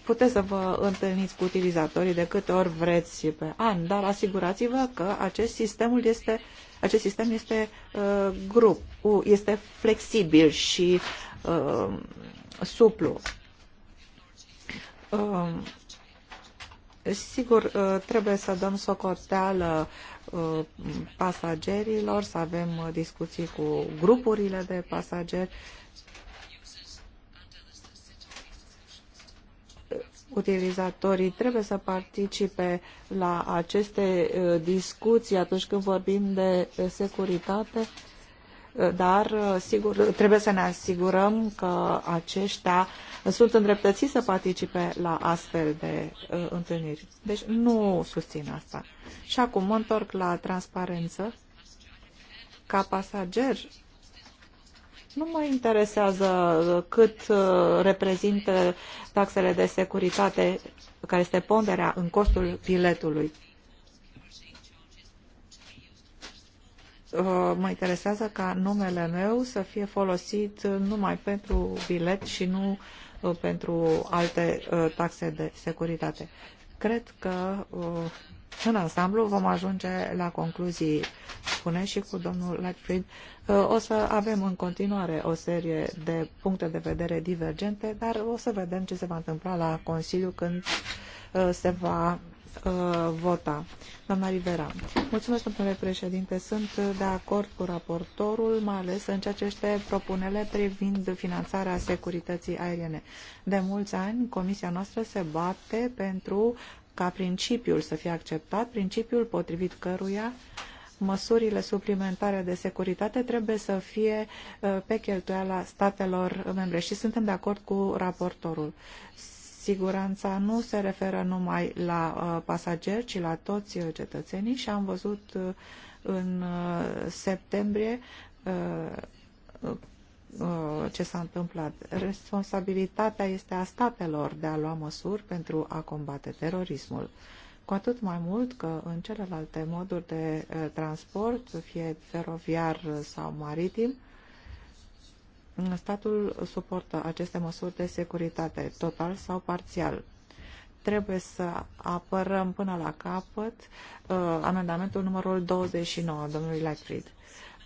puteți să vă întâlniți cu utilizatorii de câte ori vreți pe an, dar asigurați-vă că acest sistemul este acest sistem este uh, grup, este flexibil și uh, suplu. Uh, sigur, uh, trebuie să dăm socoteală uh, pasagerilor, să avem uh, discuții cu grupurile de pasageri utilizatorii trebuie să participe la aceste uh, discuții atunci când vorbim de uh, securitate, uh, dar sigur trebuie să ne asigurăm că aceștia sunt îndreptățiți să participe la astfel de întâlniri. Deci nu susțin asta. Și acum mă întorc la transparență. Ca pasager nu mă interesează uh, cât uh, reprezintă taxele de securitate, care este ponderea în costul biletului. Uh, mă interesează ca numele meu să fie folosit numai pentru bilet și nu pentru alte taxe de securitate. Cred că în ansamblu vom ajunge la concluzii spune și cu domnul Lightfried uh, o să avem în continuare o serie de puncte de vedere divergente, dar o să vedem ce se va întâmpla la Consiliu când uh, se va uh, vota. Doamna Rivera, mulțumesc, domnule președinte. Sunt de acord cu raportorul, mai ales în ceea ce este propunele privind finanțarea securității aeriene. De mulți ani, comisia noastră se bate pentru ca principiul să fie acceptat, principiul potrivit căruia măsurile suplimentare de securitate trebuie să fie uh, pe cheltuiala statelor membre și suntem de acord cu raportorul. Siguranța nu se referă numai la uh, pasageri, ci la toți uh, cetățenii și am văzut în septembrie Uh, ce s-a întâmplat. Responsabilitatea este a statelor de a lua măsuri pentru a combate terorismul. Cu atât mai mult că în celelalte moduri de uh, transport, fie feroviar sau maritim, statul suportă aceste măsuri de securitate, total sau parțial trebuie să apărăm până la capăt uh, amendamentul numărul 29, domnului Lightfried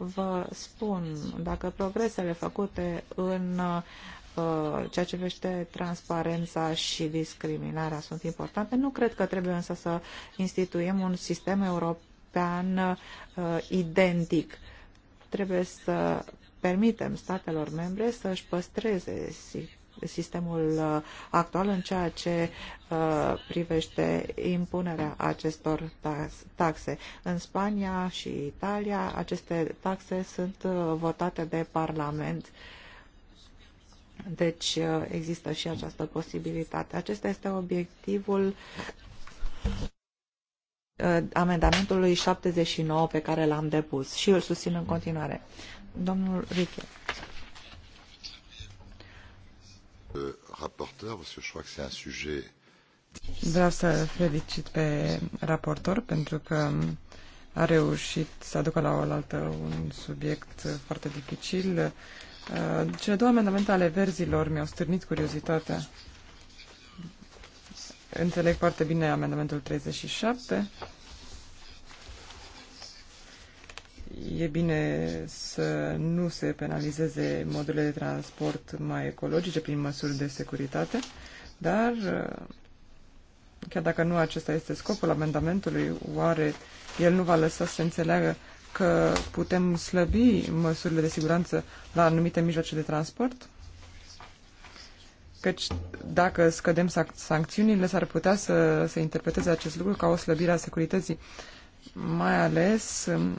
vă spun, dacă progresele făcute în uh, ceea ce vește transparența și discriminarea sunt importante. Nu cred că trebuie însă să instituim un sistem european uh, identic. Trebuie să permitem statelor membre să își păstreze sistemul uh, actual în ceea ce uh, privește impunerea acestor taxe. În Spania și Italia aceste taxe sunt uh, votate de Parlament. Deci există și această posibilitate. Acesta este obiectivul amendamentului 79 pe care l-am depus și îl susțin în continuare. Domnul
Riche. Vreau să felicit pe raportor pentru că a reușit să aducă la oaltă un subiect foarte dificil. Uh, cele două amendamente ale verzilor mi-au stârnit curiozitatea. Înțeleg foarte bine amendamentul 37 e bine să nu se penalizeze modurile de transport mai ecologice prin măsuri de securitate, dar uh, chiar dacă nu acesta este scopul amendamentului, oare el nu va lăsa să se înțeleagă că putem slăbi măsurile de siguranță la anumite mijloace de transport? Căci dacă scădem sanc sancțiunile, s-ar putea să se interpreteze acest lucru ca o slăbire a securității, mai ales um,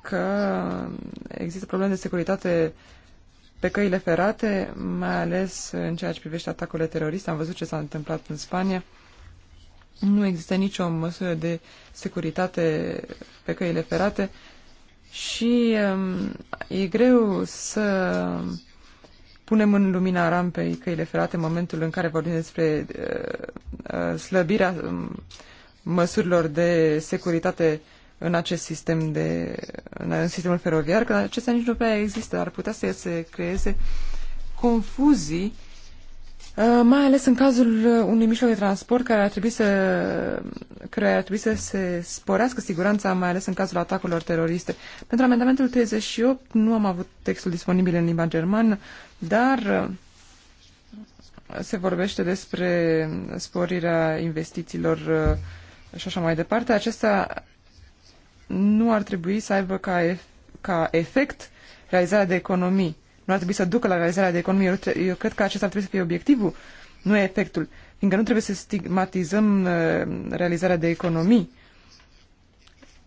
că există probleme de securitate pe căile ferate, mai ales în ceea ce privește atacurile teroriste. Am văzut ce s-a întâmplat în Spania. Nu există nicio măsură de securitate pe căile ferate și um, e greu să punem în lumina rampei căile ferate în momentul în care vorbim despre uh, uh, slăbirea um, măsurilor de securitate în acest sistem de, în sistemul feroviar, că acestea nici nu prea există, ar putea să se creeze confuzii, uh, mai ales în cazul uh, unui mijloc de transport care ar trebui să, care ar trebui să se sporească siguranța, mai ales în cazul atacurilor teroriste. Pentru amendamentul 38 nu am avut textul disponibil în limba germană, dar uh, se vorbește despre sporirea investițiilor și așa mai departe. Acestea nu ar trebui să aibă ca, e, ca efect realizarea de economii. Nu ar trebui să ducă la realizarea de economii. Eu, eu cred că acesta ar trebui să fie obiectivul, nu efectul. Fiindcă nu trebuie să stigmatizăm uh, realizarea de economii.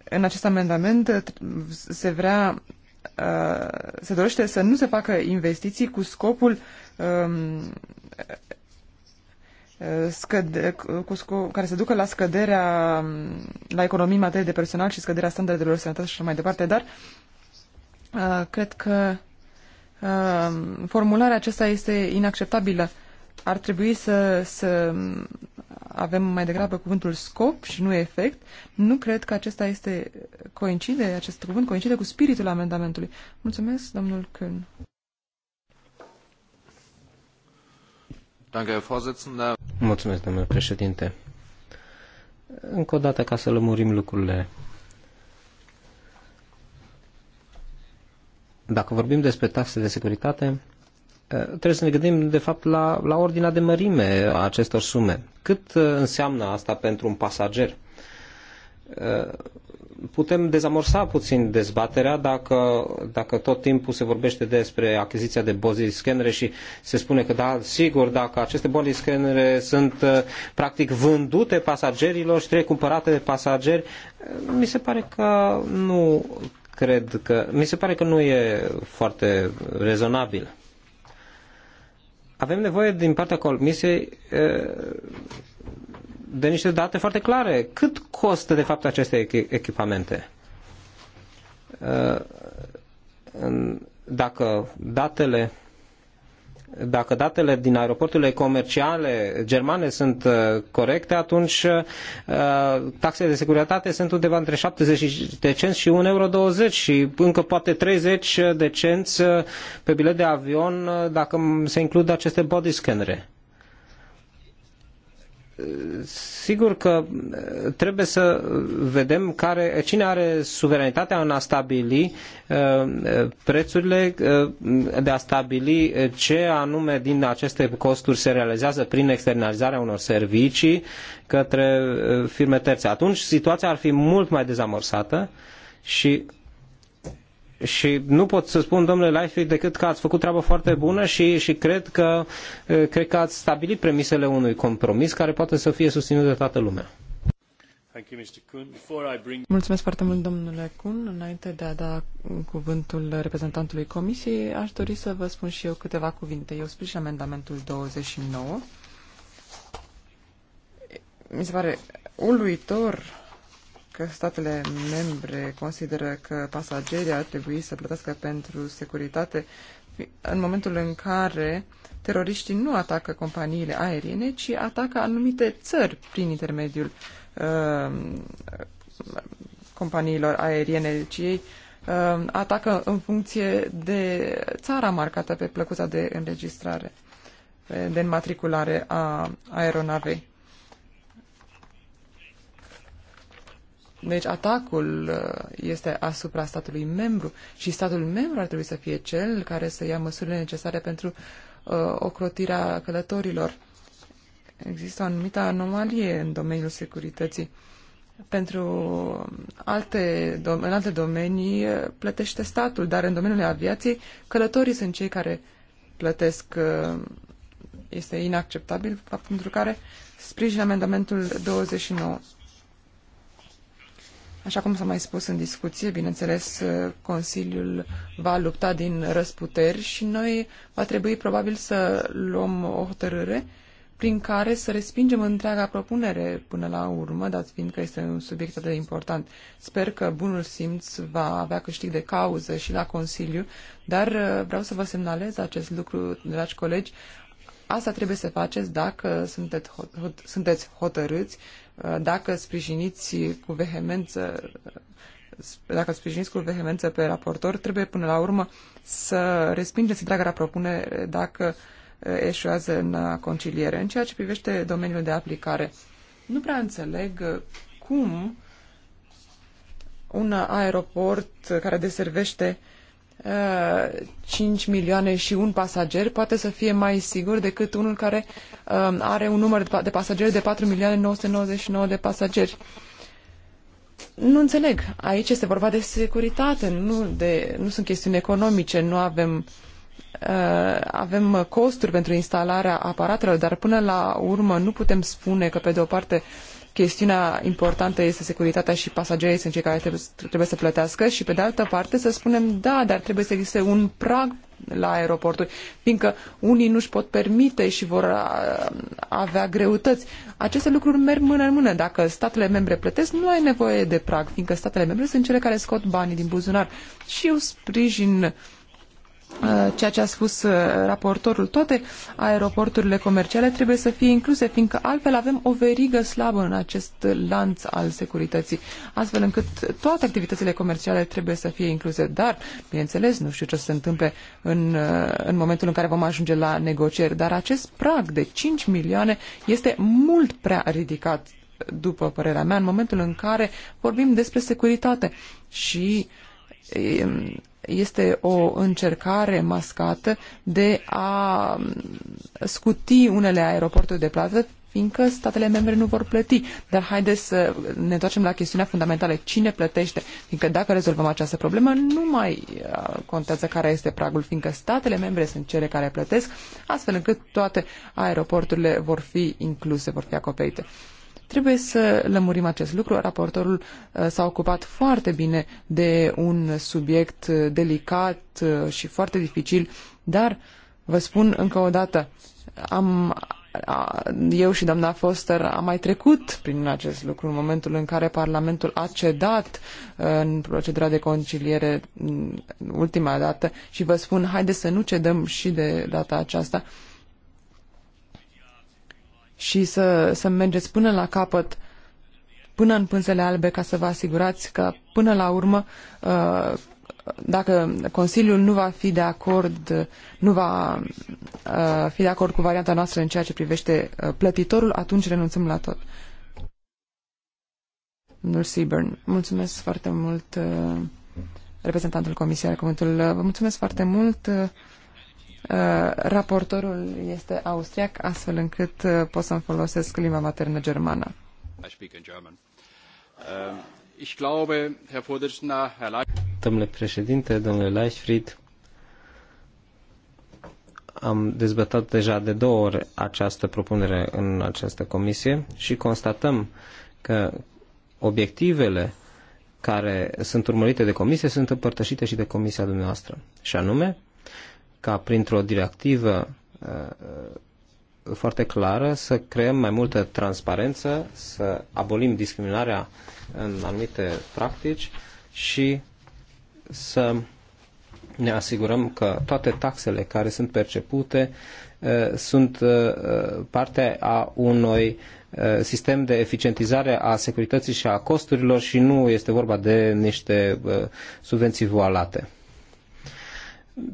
În acest amendament uh, se vrea uh, se dorește să nu se facă investiții cu scopul um, scăde, cu, cu, care se ducă la scăderea la economii în materie de personal și scăderea standardelor sănătate și așa mai departe, dar uh, cred că uh, formularea aceasta este inacceptabilă. Ar trebui să, să avem mai degrabă cuvântul scop și nu efect. Nu cred că acesta este coincide, acest cuvânt coincide cu spiritul amendamentului. Mulțumesc, domnul
Kuhn. Mulțumesc, domnule președinte. Încă o dată, ca să lămurim lucrurile, dacă vorbim despre taxe de securitate, eh, trebuie să ne gândim, de fapt, la, la ordinea de mărime a acestor sume. Cât eh, înseamnă asta pentru un pasager? Eh, putem dezamorsa puțin dezbaterea dacă, dacă tot timpul se vorbește despre achiziția de body scanere și se spune că da, sigur, dacă aceste body scanere sunt uh, practic vândute pasagerilor și trebuie cumpărate de pasageri, uh, mi se pare că nu cred că, mi se pare că nu e foarte rezonabil avem nevoie din partea Comisiei uh, de niște date foarte clare. Cât costă, de fapt, aceste echipamente? Uh, dacă datele dacă datele din aeroporturile comerciale germane sunt uh, corecte, atunci uh, taxele de securitate sunt undeva între 70 de cenți și 1,20 euro și încă poate 30 de cenți pe bilet de avion dacă se includ aceste body scanere sigur că uh, trebuie să vedem care, cine are suveranitatea în a stabili uh, prețurile, uh, de a stabili ce anume din aceste costuri se realizează prin externalizarea unor servicii către firme terțe. Atunci situația ar fi mult mai dezamorsată și și nu pot să spun, domnule Lightfield, decât că ați făcut treabă foarte bună și, și cred, că, cred că ați stabilit premisele unui compromis care poate să fie susținut de toată lumea.
Mulțumesc foarte mult, domnule Kuhn. Înainte de a da cuvântul reprezentantului Comisiei, aș dori să vă spun și eu câteva cuvinte. Eu sprijin amendamentul 29. Mi se pare uluitor că statele membre consideră că pasagerii ar trebui să plătească pentru securitate în momentul în care teroriștii nu atacă companiile aeriene, ci atacă anumite țări prin intermediul uh, companiilor aeriene, ci deci ei uh, atacă în funcție de țara marcată pe plăcuța de înregistrare, de înmatriculare a aeronavei. Deci atacul uh, este asupra statului membru și statul membru ar trebui să fie cel care să ia măsurile necesare pentru uh, ocrotirea călătorilor. Există o anumită anomalie în domeniul securității. Pentru uh, alte, în alte domenii uh, plătește statul, dar în domeniul aviației călătorii sunt cei care plătesc. Este inacceptabil, pentru care sprijin amendamentul 29. Așa cum s-a mai spus în discuție, bineînțeles, Consiliul va lupta din răsputeri și noi va trebui probabil să luăm o hotărâre prin care să respingem întreaga propunere până la urmă, dat fiind că este un subiect atât de important. Sper că bunul simț va avea câștig de cauză și la Consiliu, dar uh, vreau să vă semnalez acest lucru, dragi colegi. Asta trebuie să faceți dacă sunteți, hot, sunteți hotărâți Uh, dacă sprijiniți cu vehemență uh, dacă sprijiniți cu vehemență pe raportor, trebuie până la urmă să respingeți întreaga propunere dacă uh, eșuează în conciliere. În ceea ce privește domeniul de aplicare, nu prea înțeleg cum un aeroport care deservește uh, 5 uh, milioane și un pasager poate să fie mai sigur decât unul care um, are un număr de pasageri de 4 milioane 999 de pasageri. Nu înțeleg. Aici este vorba de securitate, nu, de, nu sunt chestiuni economice, nu avem uh, avem costuri pentru instalarea aparatelor, dar până la urmă nu putem spune că pe de o parte chestiunea importantă este securitatea și pasagerii sunt cei care trebuie, să plătească și pe de altă parte să spunem da, dar trebuie să existe un prag la aeroporturi, fiindcă unii nu își pot permite și vor uh, avea greutăți. Aceste lucruri merg mână în mână. Dacă statele membre plătesc, nu ai nevoie de prag, fiindcă statele membre sunt cele care scot banii din buzunar. Și eu sprijin uh, Eh, ceea ce a spus eh, raportorul, toate aeroporturile comerciale trebuie să fie incluse, fiindcă altfel avem o verigă slabă în acest lanț al securității, astfel încât toate activitățile comerciale trebuie să fie incluse. Dar, bineînțeles, nu știu ce se întâmple în, eh, în momentul în care vom ajunge la negocieri, dar acest prag de 5 milioane este mult prea ridicat, după părerea mea, în momentul în care vorbim despre securitate și este o încercare mascată de a scuti unele aeroporturi de plată fiindcă statele membre nu vor plăti. Dar haideți să ne întoarcem la chestiunea fundamentală. Cine plătește? Fiindcă dacă rezolvăm această problemă, nu mai uh, contează care este pragul, fiindcă statele membre sunt cele care plătesc, astfel încât toate aeroporturile vor fi incluse, vor fi acoperite. Trebuie să lămurim acest lucru. Raportorul uh, s-a ocupat foarte bine de un subiect uh, delicat uh, și foarte dificil, dar vă spun încă o dată, am, eu și doamna Foster am mai trecut prin acest lucru în momentul în care Parlamentul a cedat în procedura de conciliere mm, ultima dată și vă spun, haideți să nu cedăm și de data aceasta și să, să mergeți până la capăt, până în pânzele albe, ca să vă asigurați că până la urmă, uh, dacă Consiliul nu va fi de acord, nu va uh, fi de acord cu varianta noastră în ceea ce privește uh, plătitorul, atunci renunțăm la tot. Domnul Seaburn, mulțumesc foarte mult reprezentantul Comisiei Cuvântul. Vă mulțumesc foarte mult Uh, raportorul este austriac, astfel încât uh, pot să-mi folosesc limba maternă germană.
Domnule președinte, domnule Leichfried, am dezbătat deja de două ori această propunere în această comisie și constatăm că obiectivele care sunt urmărite de comisie sunt împărtășite și de comisia dumneavoastră. Și anume, ca printr-o directivă uh, foarte clară să creăm mai multă transparență, să abolim discriminarea în anumite practici și să ne asigurăm că toate taxele care sunt percepute uh, sunt uh, parte a unui sistem de eficientizare a securității și a costurilor și nu este vorba de niște subvenții voalate.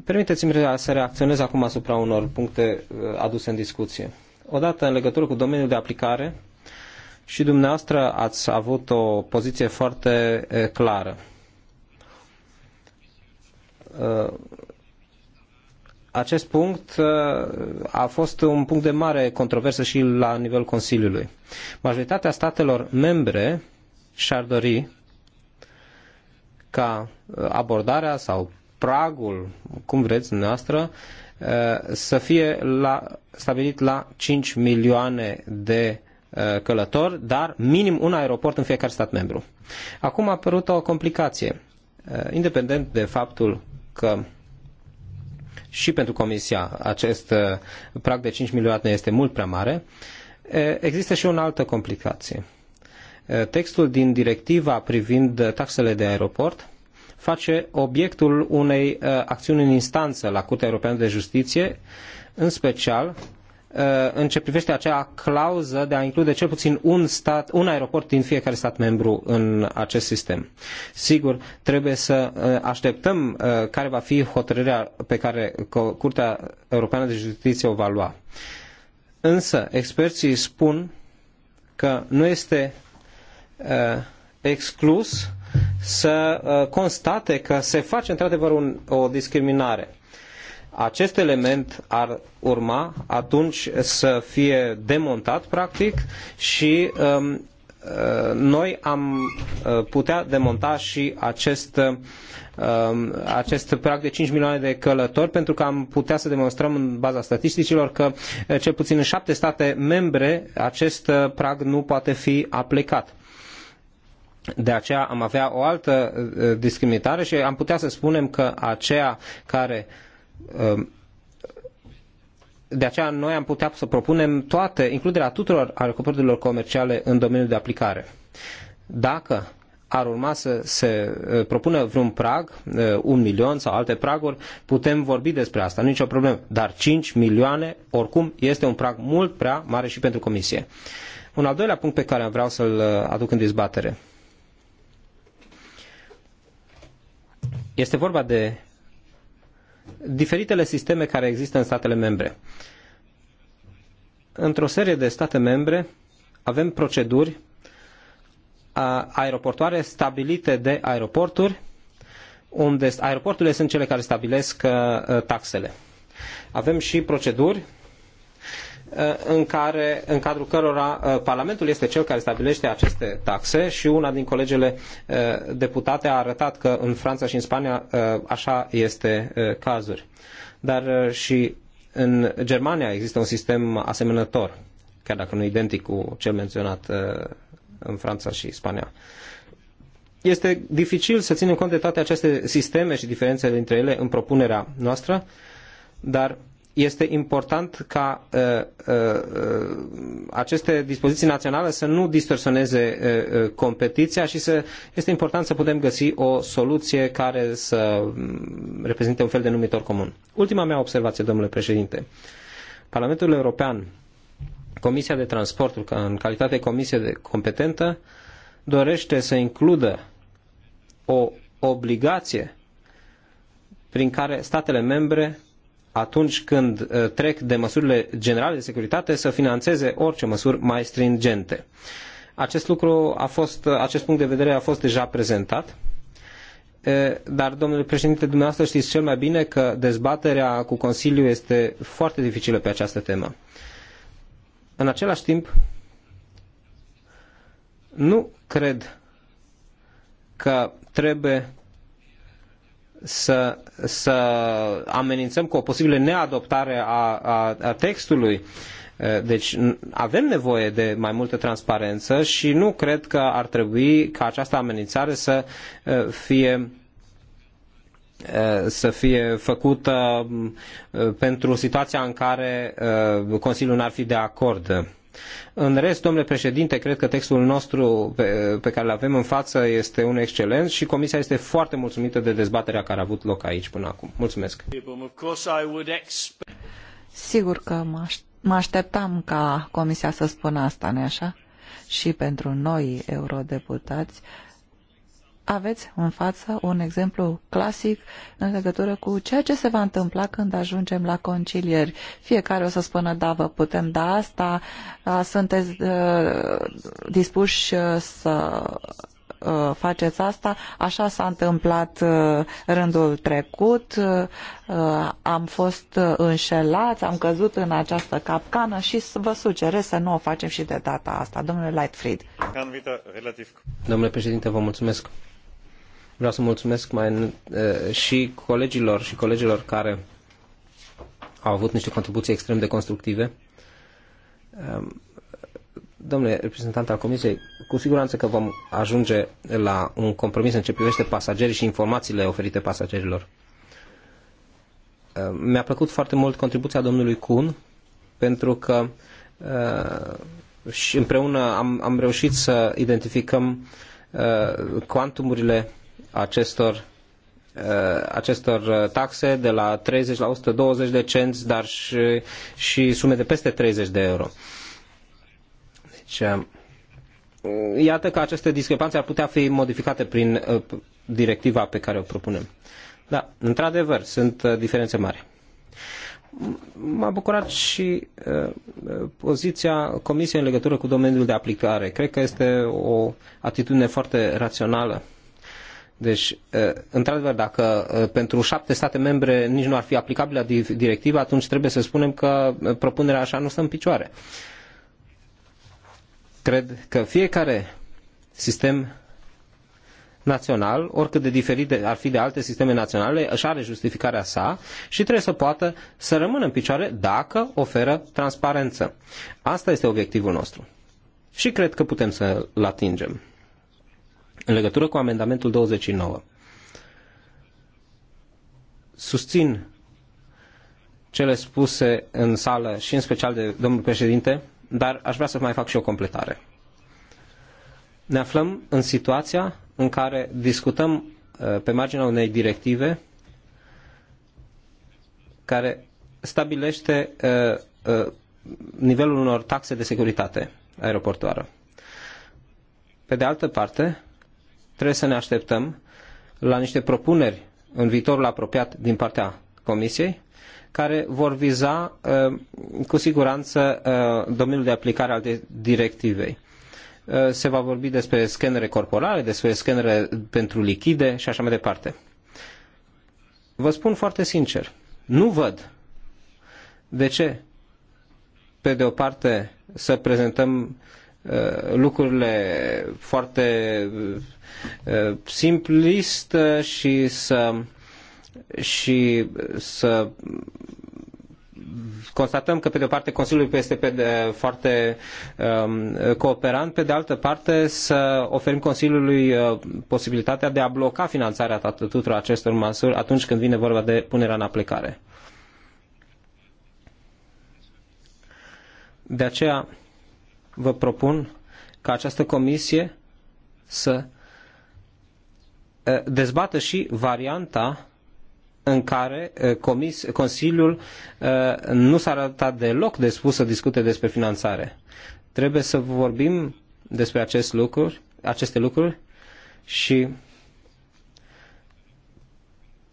Permiteți-mi să reacționez acum asupra unor puncte uh, aduse în discuție. Odată, în legătură cu domeniul de aplicare, și dumneavoastră ați avut o poziție foarte uh, clară. Uh, acest punct a fost un punct de mare controversă și la nivel Consiliului. Majoritatea statelor membre și-ar dori ca abordarea sau pragul, cum vreți dumneavoastră, eh, să fie la, stabilit la 5 milioane de eh, călători, dar minim un aeroport în fiecare stat membru. Acum a apărut o complicație, eh, independent de faptul că și pentru Comisia acest prag de 5 milioane este mult prea mare, există și o altă complicație. Textul din directiva privind taxele de aeroport face obiectul unei uh, acțiuni în instanță la Curtea Europeană de Justiție, în special uh, în ce privește acea clauză de a include cel puțin un, stat, un aeroport din fiecare stat membru în acest sistem. Sigur, trebuie să uh, așteptăm care va fi hotărârea pe care Curtea Europeană de Justiție o va lua. Însă, experții spun că nu este exclus să uh, constate că se face într-adevăr o discriminare. Acest element ar urma atunci să fie demontat practic și um, uh, noi am uh, putea demonta și acest, um, acest prag de 5 milioane de călători pentru că am putea să demonstrăm în baza statisticilor că cel puțin în șapte state membre acest prag nu poate fi aplicat. De aceea am avea o altă uh, uh, discriminare și am putea să spunem că aceea care um, de aceea noi am putea să propunem toate, includerea tuturor aeroporturilor comerciale în domeniul de aplicare. Dacă ar urma să se uh, propună vreun prag, un milion sau alte praguri, putem vorbi despre asta, nicio problemă. Dar 5 milioane, oricum, este un prag mult prea mare și pentru Comisie. Un al doilea punct pe care vreau să-l aduc în dezbatere Este vorba de diferitele sisteme care există în statele membre. Într-o serie de state membre avem proceduri aeroportoare stabilite de aeroporturi, unde aeroporturile sunt cele care stabilesc uh, taxele. Avem și proceduri Uh, în, care, în cadrul cărora uh, Parlamentul este cel care stabilește aceste taxe și una din colegele uh, deputate a arătat că în Franța și în Spania așa este cazul. Dar și în Germania există un sistem asemănător, chiar dacă nu identic cu cel menționat în Franța și Spania. Este dificil să ținem cont de toate aceste sisteme și diferențele dintre ele în propunerea noastră, dar este important ca uh, uh, aceste dispoziții naționale să nu distorsioneze uh, competiția și să, este important să putem găsi o soluție care să mm, reprezinte un fel de numitor comun. Ultima mea observație, domnule președinte. Parlamentul European, Comisia de Transporturi, în calitate de comisie de competentă, dorește să includă o obligație prin care statele membre atunci când uh, trec de măsurile generale de securitate să financeze orice măsuri mai stringente. Acest lucru a fost, uh, acest punct de vedere a fost deja prezentat uh, dar, domnule președinte, dumneavoastră știți cel mai bine că dezbaterea cu Consiliul este foarte dificilă pe această temă. În același timp, nu cred că trebuie să, să amenințăm cu o posibilă neadoptare a, a, a textului. Deci avem nevoie de mai multă transparență și nu cred că ar trebui ca această amenințare să fie să fie făcută pentru situația în care Consiliul n-ar fi de acord. În rest, domnule președinte, cred că textul nostru pe, pe care îl avem în față este unul excelent și Comisia este foarte mulțumită de dezbaterea care a avut loc aici până acum. Mulțumesc!
Sigur că mă așteptam ca Comisia să spună asta, nu așa? Și pentru noi, eurodeputați, aveți în față un exemplu clasic în legătură cu ceea ce se va întâmpla când ajungem la concilieri. Fiecare o să spună, da, vă putem da asta, sunteți uh, dispuși ă, să uh, faceți asta, așa s-a întâmplat uh, rândul trecut, uh, am fost înșelați, am căzut în această capcană și vă sugerez să nu o facem și de data asta. Domnule Lightfried.
Domnule președinte, vă mulțumesc. Vreau să mulțumesc mai și colegilor și colegilor care au avut niște contribuții extrem de constructive. Domnule reprezentant al Comisiei, cu siguranță că vom ajunge la un compromis în ce privește pasagerii și informațiile oferite pasagerilor. Mi-a plăcut foarte mult contribuția domnului Kuhn, pentru că și împreună am, am reușit să identificăm cuantumurile acestor, uh, acestor uh, taxe de la 30 la 120 de cenți, dar și, și sume de peste 30 de euro. Deci, uh, iată că aceste discrepanțe ar putea fi modificate prin directiva pe care o propunem. Da, într-adevăr, sunt diferențe mari. M-a bucurat și poziția Comisiei în legătură cu domeniul de aplicare. Cred că este o atitudine foarte rațională. Deci, uh, într-adevăr, dacă uh, pentru șapte state membre nici nu ar fi aplicabilă directiva, atunci trebuie să spunem că uh, propunerea așa nu stă în picioare. Cred că fiecare sistem național, oricât de diferit ar fi de alte sisteme naționale, își are justificarea sa și trebuie să poată să rămână în picioare dacă oferă transparență. Asta este obiectivul nostru. Și cred că putem să-l atingem. În legătură cu amendamentul 29, susțin cele spuse în sală și în special de domnul președinte, dar aș vrea să mai fac și o completare. Ne aflăm în situația în care discutăm uh, pe marginea unei directive care stabilește uh, uh, nivelul unor taxe de securitate aeroportoară. Pe de altă parte, Trebuie să ne așteptăm la niște propuneri în viitorul apropiat din partea Comisiei, care vor viza uh, cu siguranță uh, domeniul de aplicare al directivei. Uh, se va vorbi despre scanere corporale, despre scanere pentru lichide și așa mai departe. Vă spun foarte sincer, nu văd de ce, pe de o parte, să prezentăm uh, Uh, lucrurile foarte uh, uh, simplist și să și să constatăm că, pe de o parte, Consiliul este pe de, foarte um, cooperant, pe de altă parte, să oferim Consiliului uh, posibilitatea de a bloca finanțarea tuturor acestor măsuri atunci când vine vorba de punerea în aplicare. De aceea, vă propun ca această comisie să dezbată și varianta în care comis, Consiliul nu s-a arătat deloc spus să discute despre finanțare. Trebuie să vorbim despre acest lucru, aceste lucruri și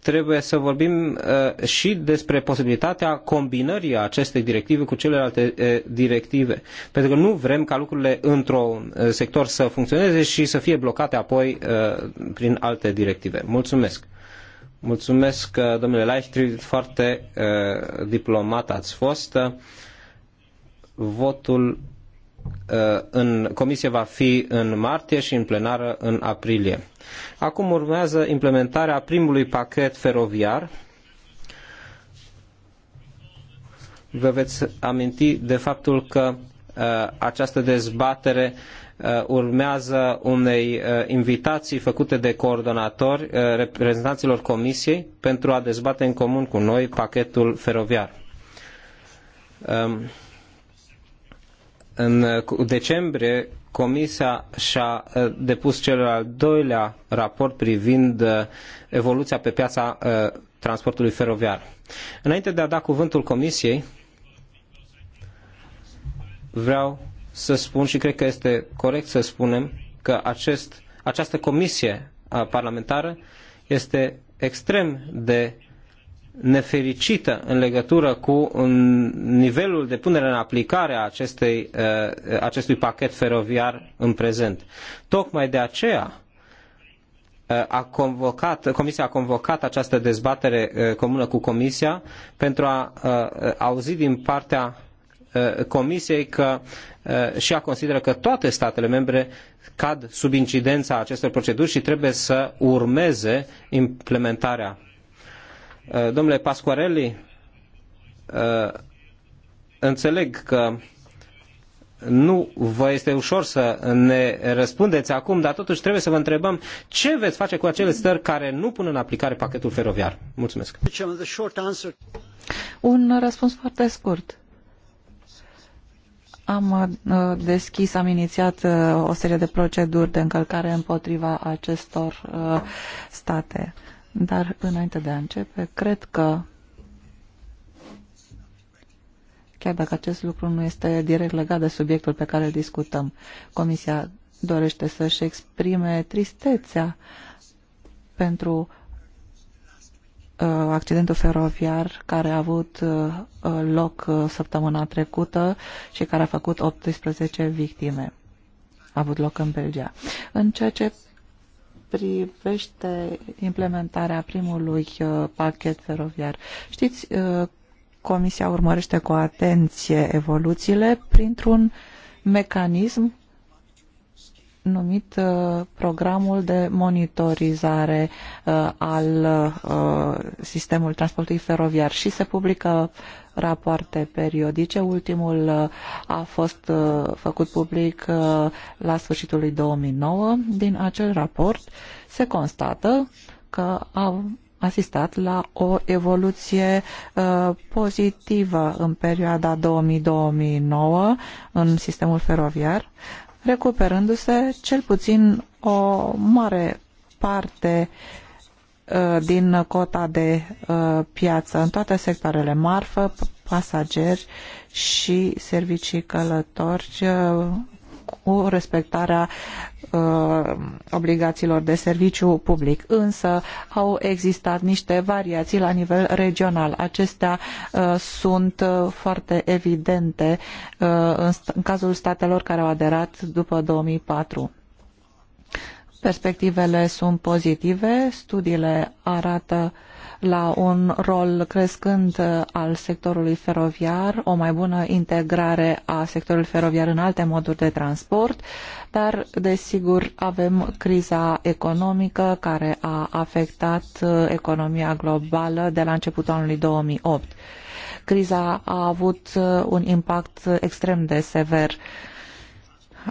trebuie să vorbim uh, și despre posibilitatea combinării acestei directive cu celelalte uh, directive. Pentru că nu vrem ca lucrurile într-un uh, sector să funcționeze și să fie blocate apoi prin alte directive. Mulțumesc! Mulțumesc, domnule Leichtrid, foarte diplomat ați fost. Votul Uh, în comisie va fi în martie și în plenară în aprilie. Acum urmează implementarea primului pachet feroviar. Vă veți aminti de faptul că uh, această dezbatere uh, urmează unei invitații făcute de coordonatori reprezentanților comisiei pentru a dezbate în comun cu noi pachetul feroviar. Um, Uh, în decembrie, Comisia și-a uh, depus cel al doilea raport privind uh, evoluția pe piața transportului feroviar. Înainte de a da cuvântul Comisiei, vreau să spun și cred că este corect să spunem că acest, această comisie parlamentară este extrem de nefericită în legătură cu nivelul de punere în aplicare a acestei, uh, acestui pachet feroviar în prezent. Tocmai de aceea uh, a convocat, Comisia a convocat această dezbatere uh, comună cu Comisia pentru a auzi din partea Comisiei că și ea consideră că toate statele membre cad sub incidența acestor proceduri și trebuie să urmeze implementarea Uh, domnule Pasquarelli, uh, înțeleg că nu vă este ușor să ne răspundeți acum, dar totuși trebuie să vă întrebăm ce veți face cu acele țări care nu pun în aplicare pachetul feroviar. Mulțumesc.
Un răspuns foarte scurt. Am uh, deschis, am inițiat o serie de proceduri de încălcare împotriva acestor state. Dar înainte de a începe, cred că chiar dacă acest lucru nu este direct legat de subiectul pe care îl discutăm, Comisia dorește să-și exprime tristețea pentru uh, accidentul feroviar care a avut uh, loc uh, săptămâna trecută și care a făcut 18 victime. A avut loc în Belgia. În ceea ce privește implementarea primului uh, pachet feroviar. Știți, uh, Comisia urmărește cu atenție evoluțiile printr-un mecanism numit uh, programul de monitorizare uh, al uh, sistemului transportului feroviar și se publică rapoarte periodice. Ultimul a fost făcut public la sfârșitul lui 2009. Din acel raport se constată că au asistat la o evoluție uh, pozitivă în perioada 2000-2009 în sistemul feroviar recuperându-se cel puțin o mare parte uh, din cota de uh, piață în toate sectoarele marfă, pasageri și servicii călători, uh, cu respectarea uh, obligațiilor de serviciu public. Însă au existat niște variații la nivel regional. Acestea uh, sunt uh, foarte evidente uh, în, în cazul statelor care au aderat după 2004. Perspectivele sunt pozitive, studiile arată uh, la un rol crescând uh, al sectorului feroviar, o mai bună integrare a sectorului feroviar în alte moduri de transport, dar desigur avem criza economică care a afectat uh, economia globală de la începutul anului 2008. Criza a avut uh, un impact extrem de sever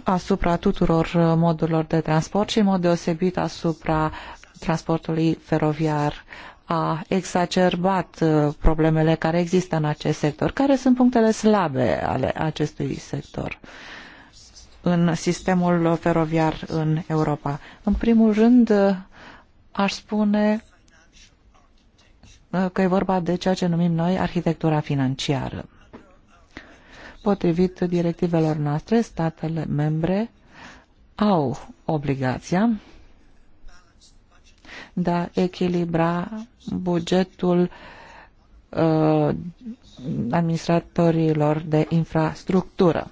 asupra tuturor modurilor de transport și în mod deosebit asupra transportului feroviar a exacerbat uh, problemele care există în acest sector. Care sunt punctele slabe ale acestui sector în sistemul feroviar în Europa? În primul rând, uh, aș spune uh, că e vorba de ceea ce numim noi arhitectura financiară. Potrivit directivelor noastre, statele membre au obligația de a echilibra bugetul uh, administratorilor de infrastructură.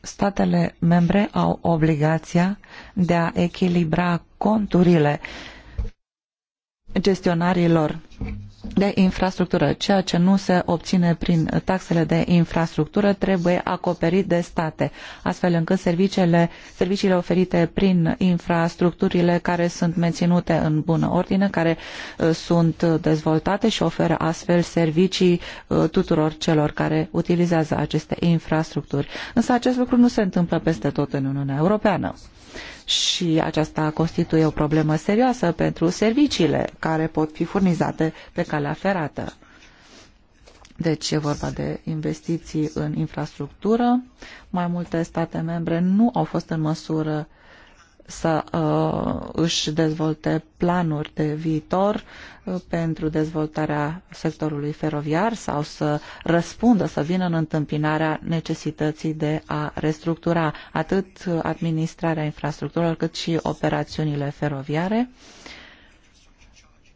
Statele membre au obligația de a echilibra conturile gestionarilor de infrastructură. Ceea ce nu se obține prin taxele de infrastructură trebuie acoperit de state, astfel încât serviciile, serviciile oferite prin infrastructurile care sunt menținute în bună ordine, care uh, sunt dezvoltate și oferă astfel servicii uh, tuturor celor care utilizează aceste infrastructuri. Însă acest lucru nu se întâmplă peste tot în Uniunea Europeană și aceasta constituie o problemă serioasă pentru serviciile care pot fi furnizate pe calea ferată. Deci e vorba de investiții în infrastructură. Mai multe state membre nu au fost în măsură să uh, își dezvolte planuri de viitor uh, pentru dezvoltarea sectorului feroviar sau să răspundă, să vină în întâmpinarea necesității de a restructura atât administrarea infrastructurilor cât și operațiunile feroviare.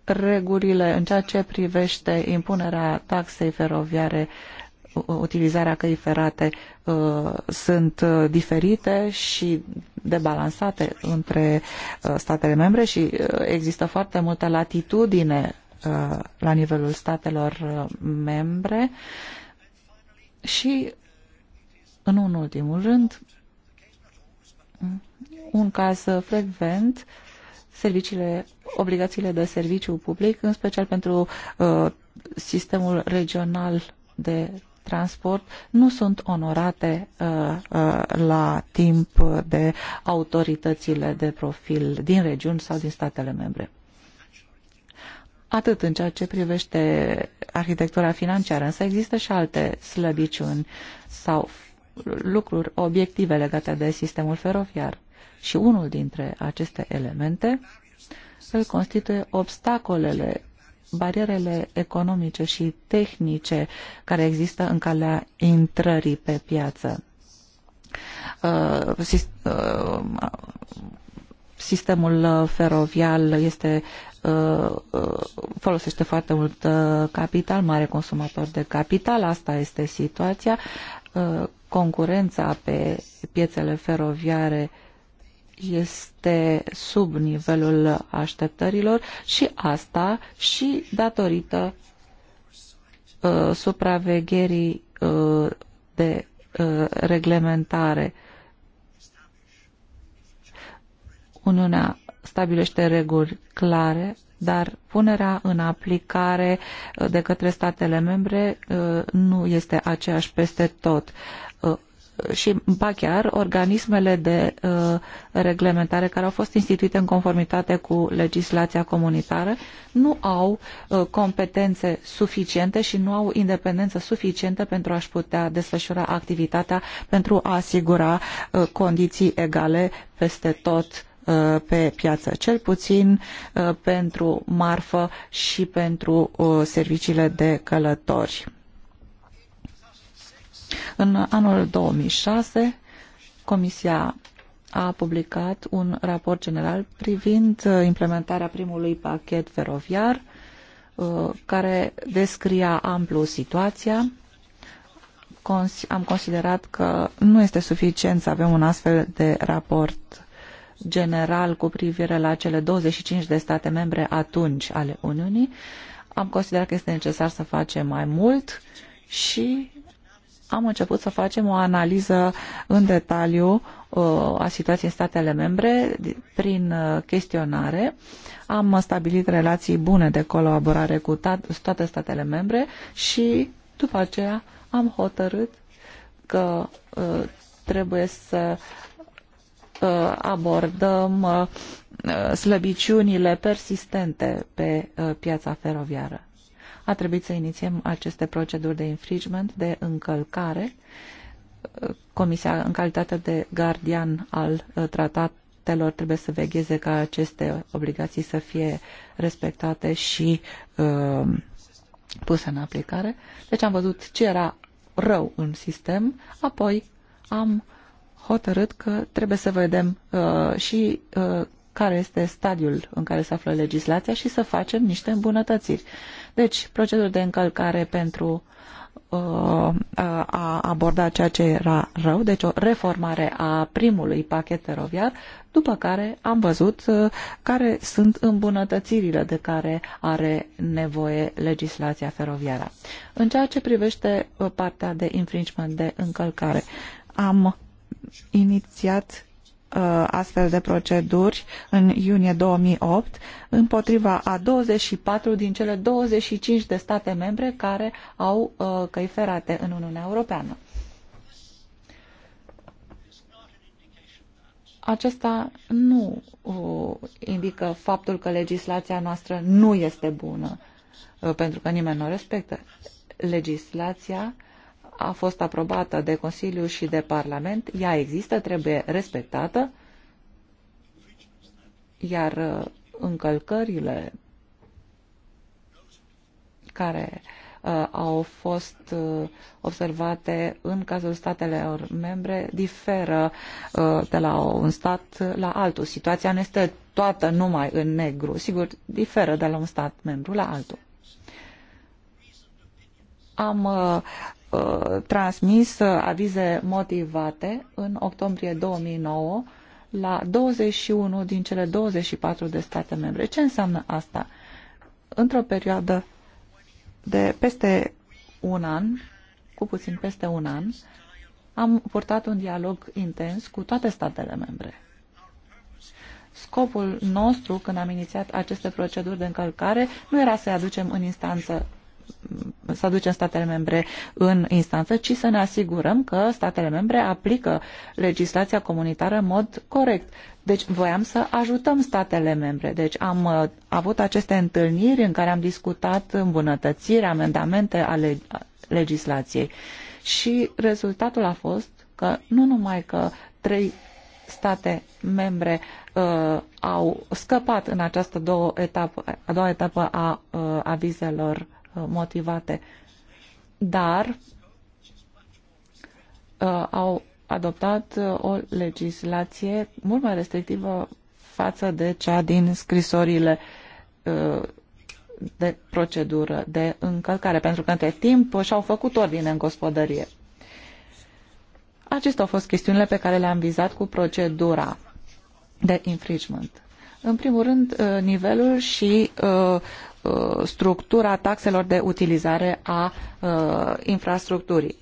Regulile în ceea ce privește impunerea taxei feroviare uh, utilizarea căii ferate uh, sunt uh, diferite și debalansate între uh, statele membre și există foarte multă latitudine la nivelul statelor membre și, în un ultimul rând, un caz frecvent, serviciile, obligațiile de serviciu public, în special pentru uh, sistemul regional de transport nu sunt onorate uh, uh, la timp de autoritățile de profil din regiuni sau din statele membre. Atât în ceea ce privește arhitectura financiară, însă există și alte slăbiciuni sau lucruri obiective legate de sistemul feroviar. Și unul dintre aceste elemente îl constituie obstacolele barierele economice și tehnice care există în calea intrării pe piață. Uh, uh, sistemul feroviar este uh, folosește foarte mult capital, mare consumator de capital, asta este situația. Concurența pe piețele feroviare este sub nivelul așteptărilor și asta și datorită uh, supravegherii uh, de uh, reglementare. Uniunea stabilește reguli clare, dar punerea în aplicare uh, de către statele membre uh, nu este aceeași peste tot și ba chiar organismele de uh, reglementare care au fost instituite în conformitate cu legislația comunitară nu au uh, competențe suficiente și nu au independență suficientă pentru a-și putea desfășura activitatea pentru a asigura uh, condiții egale peste tot pe piață, cel puțin pentru marfă și pentru serviciile de călători în anul 2006, Comisia a publicat un raport general privind uh, implementarea primului pachet feroviar uh, care descria amplu situația. Am considerat că nu este suficient să avem un astfel de raport general cu privire la cele 25 de state membre atunci ale Uniunii. Am considerat că este necesar să facem mai mult și am început să facem o analiză în detaliu uh, a situației în statele membre prin uh, chestionare. Am stabilit relații bune de colaborare cu toate statele membre și după aceea am hotărât că uh, trebuie să abordăm slăbiciunile persistente pe piața feroviară a trebuit să inițiem aceste proceduri de infringement, de încălcare. Comisia, în calitate de gardian al uh, tratatelor, trebuie să vegheze ca aceste obligații să fie respectate și uh, puse în aplicare. Deci am văzut ce era rău în sistem, apoi am hotărât că trebuie să vedem uh, și uh, care este stadiul în care se află legislația și să facem niște îmbunătățiri. Deci, proceduri de încălcare pentru uh, a aborda ceea ce era rău, deci o reformare a primului pachet feroviar, după care am văzut uh, care sunt îmbunătățirile de care are nevoie legislația feroviară. În ceea ce privește uh, partea de infringement, de încălcare, am inițiat Uh, astfel de proceduri în iunie 2008 împotriva a 24 din cele 25 de state membre care au uh, căi ferate în Uniunea Europeană. Acesta nu uh, indică faptul că legislația noastră nu este bună, pentru că nimeni nu o respectă. Legislația a fost aprobată de Consiliu și de Parlament, ea există, trebuie respectată, iar uh, încălcările care uh, au fost uh, observate în cazul statelor membre diferă uh, de la un stat la altul. Situația nu este toată numai în negru, sigur, diferă de la un stat membru la altul. Am uh, Uh, transmis uh, avize motivate în octombrie 2009 la 21 din cele 24 de state membre. Ce înseamnă asta? Într-o perioadă de peste un an, cu puțin peste un an, am purtat un dialog intens cu toate statele membre. Scopul nostru, când am inițiat aceste proceduri de încălcare, nu era să-i aducem în instanță să ducem statele membre în instanță, ci să ne asigurăm că statele membre aplică legislația comunitară în mod corect. Deci voiam să ajutăm statele membre. Deci am uh, avut aceste întâlniri în care am discutat îmbunătățiri, amendamente ale legislației. Și rezultatul a fost că nu numai că trei state membre uh, au scăpat în această două etapă, a doua etapă a uh, avizelor Uh, motivate, dar uh, au adoptat uh, o legislație mult mai restrictivă față de cea din scrisorile de procedură de încălcare, pentru că între timp și-au făcut ordine în gospodărie. Acestea au fost chestiunile pe care le-am vizat cu procedura de infringement. În primul rând, uh, nivelul și uh, uh, structura taxelor de utilizare a infrastructurii.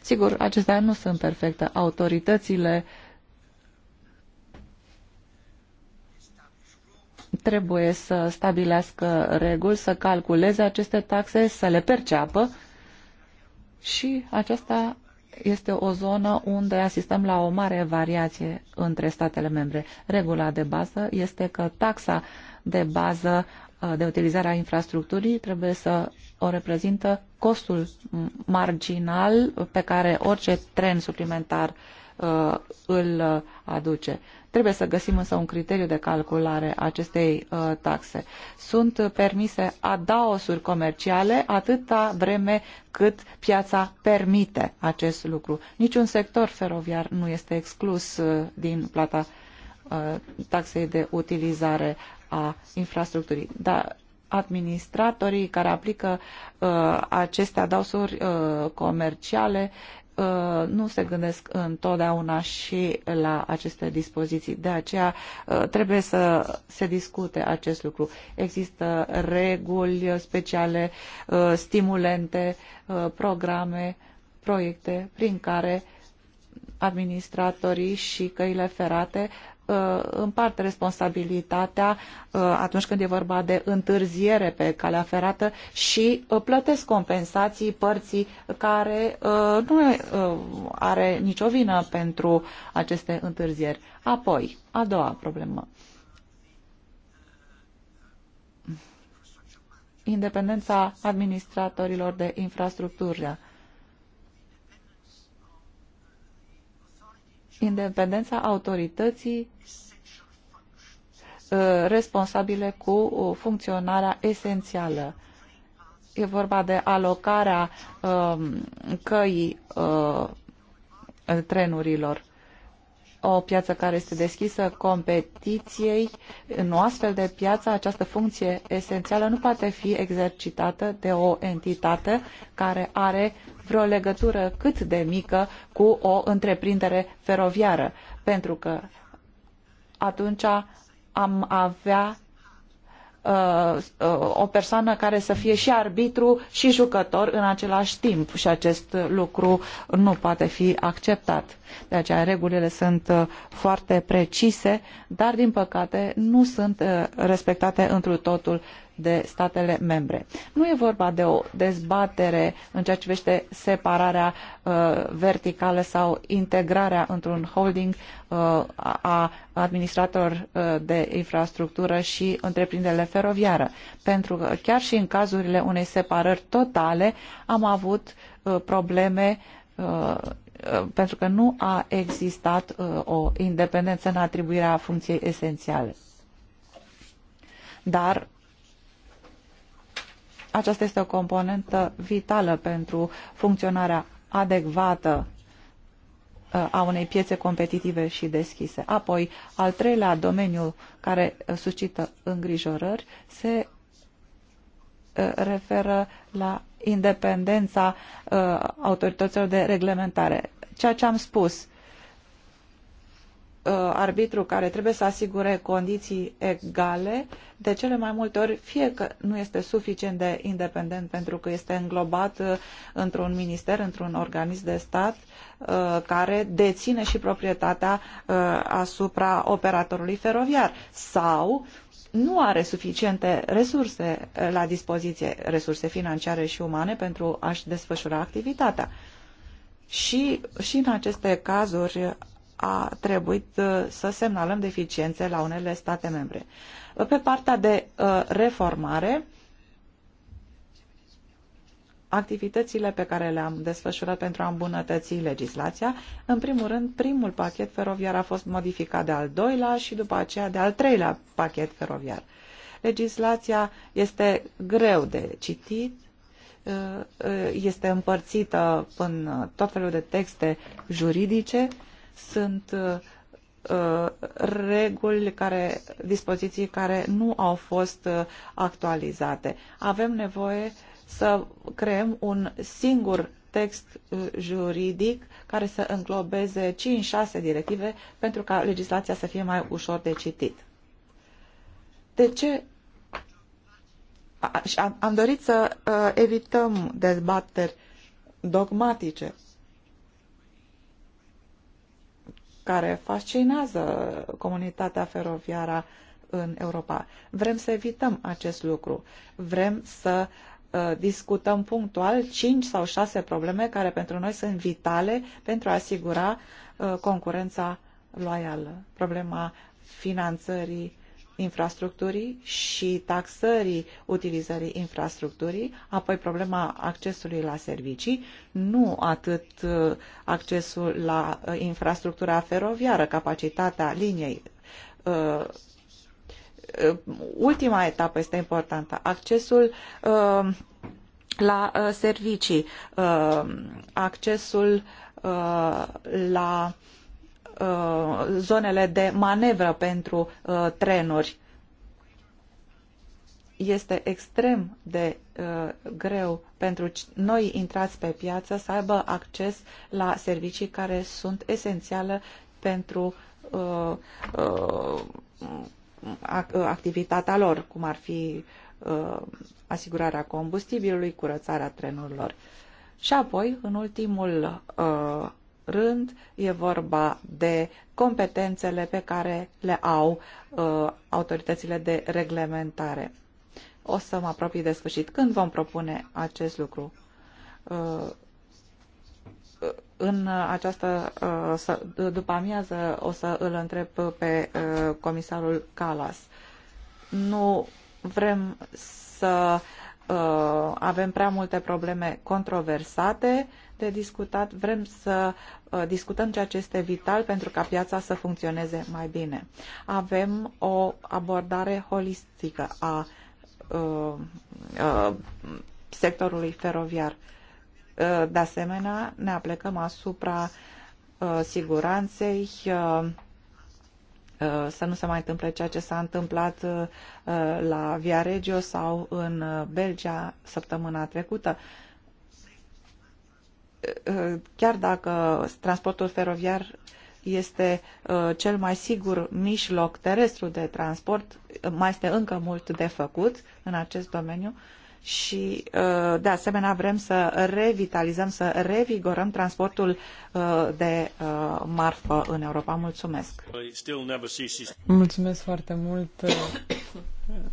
Sigur, acestea nu sunt perfecte. Autoritățile trebuie să stabilească reguli, să calculeze aceste taxe, să le perceapă și aceasta este o zonă unde asistăm la o mare variație între statele membre. Regula de bază este că taxa de bază uh, de utilizare a infrastructurii trebuie să o reprezintă costul marginal pe care orice tren suplimentar uh, îl aduce. Trebuie să găsim însă un criteriu de calculare a acestei uh, taxe. Sunt permise adaosuri comerciale atâta vreme cât piața permite acest lucru. Niciun sector feroviar nu este exclus uh, din plata uh, taxei de utilizare a infrastructurii. Dar administratorii care aplică uh, aceste adaosuri uh, comerciale Uh, nu se gândesc întotdeauna și la aceste dispoziții. De aceea uh, trebuie să se discute acest lucru. Există reguli speciale, uh, stimulente, programe, proiecte prin care administratorii și căile ferate Uh, împart responsabilitatea uh, atunci când e vorba de întârziere pe calea ferată și uh, plătesc compensații părții care nu are nicio vină pentru aceste întârzieri. Apoi, a doua problemă. Independența administratorilor de infrastructură independența autorității uh, responsabile cu uh, funcționarea esențială. E vorba de alocarea um, căii uh, trenurilor o piață care este deschisă competiției, în o astfel de piață, această funcție esențială nu poate fi exercitată de o entitate care are vreo legătură cât de mică cu o întreprindere feroviară, pentru că atunci am avea Uh, uh, o persoană care să fie și arbitru și jucător în același timp și acest lucru nu poate fi acceptat. De aceea regulile sunt uh, foarte precise, dar din păcate nu sunt respectate întru totul de statele membre. Nu e vorba de o dezbatere în ceea ce vește separarea uh, verticală sau integrarea într-un holding uh, a administratorilor uh, de infrastructură și întreprinderile feroviară. Pentru că chiar și în cazurile unei separări totale am avut uh, probleme uh, uh pentru că nu a existat uh, o independență în atribuirea funcției esențiale. Dar aceasta este o componentă vitală pentru funcționarea adecvată uh, a unei piețe competitive și deschise. Apoi, al treilea domeniu care uh, suscită îngrijorări se uh, referă la independența autorităților de reglementare. Ceea ce am spus Uh, arbitru care trebuie să asigure condiții egale, de cele mai multe ori fie că nu este suficient de independent pentru că este înglobat uh, într-un minister, într-un organism de stat uh, care deține și proprietatea asupra operatorului feroviar sau nu are suficiente resurse la dispoziție, resurse financiare și umane pentru a-și desfășura activitatea. Și, și în aceste cazuri a trebuit uh, să semnalăm deficiențe la unele state membre. Uh, pe partea de uh, reformare, activitățile pe care le-am desfășurat pentru a îmbunătăți legislația. În primul rând, primul pachet feroviar a fost modificat de al doilea și după aceea de al treilea pachet feroviar. Legislația este greu de citit, este împărțită în tot felul de texte juridice sunt uh, reguli, care, dispoziții care nu au fost uh, actualizate. Avem nevoie să creăm un singur text uh, juridic care să înglobeze 5-6 directive pentru ca legislația să fie mai ușor de citit. De ce am dorit să uh, evităm dezbateri dogmatice care fascinează comunitatea feroviară în Europa. Vrem să evităm acest lucru. Vrem să uh, discutăm punctual cinci sau 6 probleme care pentru noi sunt vitale pentru a asigura uh, concurența loială. Problema finanțării infrastructurii și taxării utilizării infrastructurii, apoi problema accesului la servicii, nu atât uh, accesul la uh, infrastructura feroviară, capacitatea liniei. Uh, ultima etapă este importantă, accesul la servicii, accesul la Uh, zonele de manevră pentru uh, trenuri. Este extrem de uh, greu pentru noi intrați pe piață să aibă acces la servicii care sunt esențiale pentru activitatea lor, cum ar fi asigurarea combustibilului, curățarea trenurilor. Și apoi, în ultimul uh, rând e vorba de competențele pe care le au uh, autoritățile de reglementare. O să mă apropii de sfârșit. Când vom propune acest lucru? Uh, în această uh, după amiază o să îl întreb pe uh, comisarul Calas. Nu vrem să uh, avem prea multe probleme controversate de discutat, vrem să Uh, discutăm ceea ce este vital pentru ca piața să funcționeze mai bine. Avem o abordare holistică a uh, uh, sectorului feroviar. De asemenea, ne aplecăm asupra siguranței, să nu se mai întâmple ceea ce s-a întâmplat la Via Regio sau în Belgia săptămâna trecută. Uh, chiar dacă transportul feroviar este uh, cel mai sigur mijloc terestru de transport, uh, mai este încă mult de făcut în acest domeniu și de asemenea vrem să revitalizăm, să revigorăm transportul de marfă în Europa. Mulțumesc!
Mulțumesc foarte mult!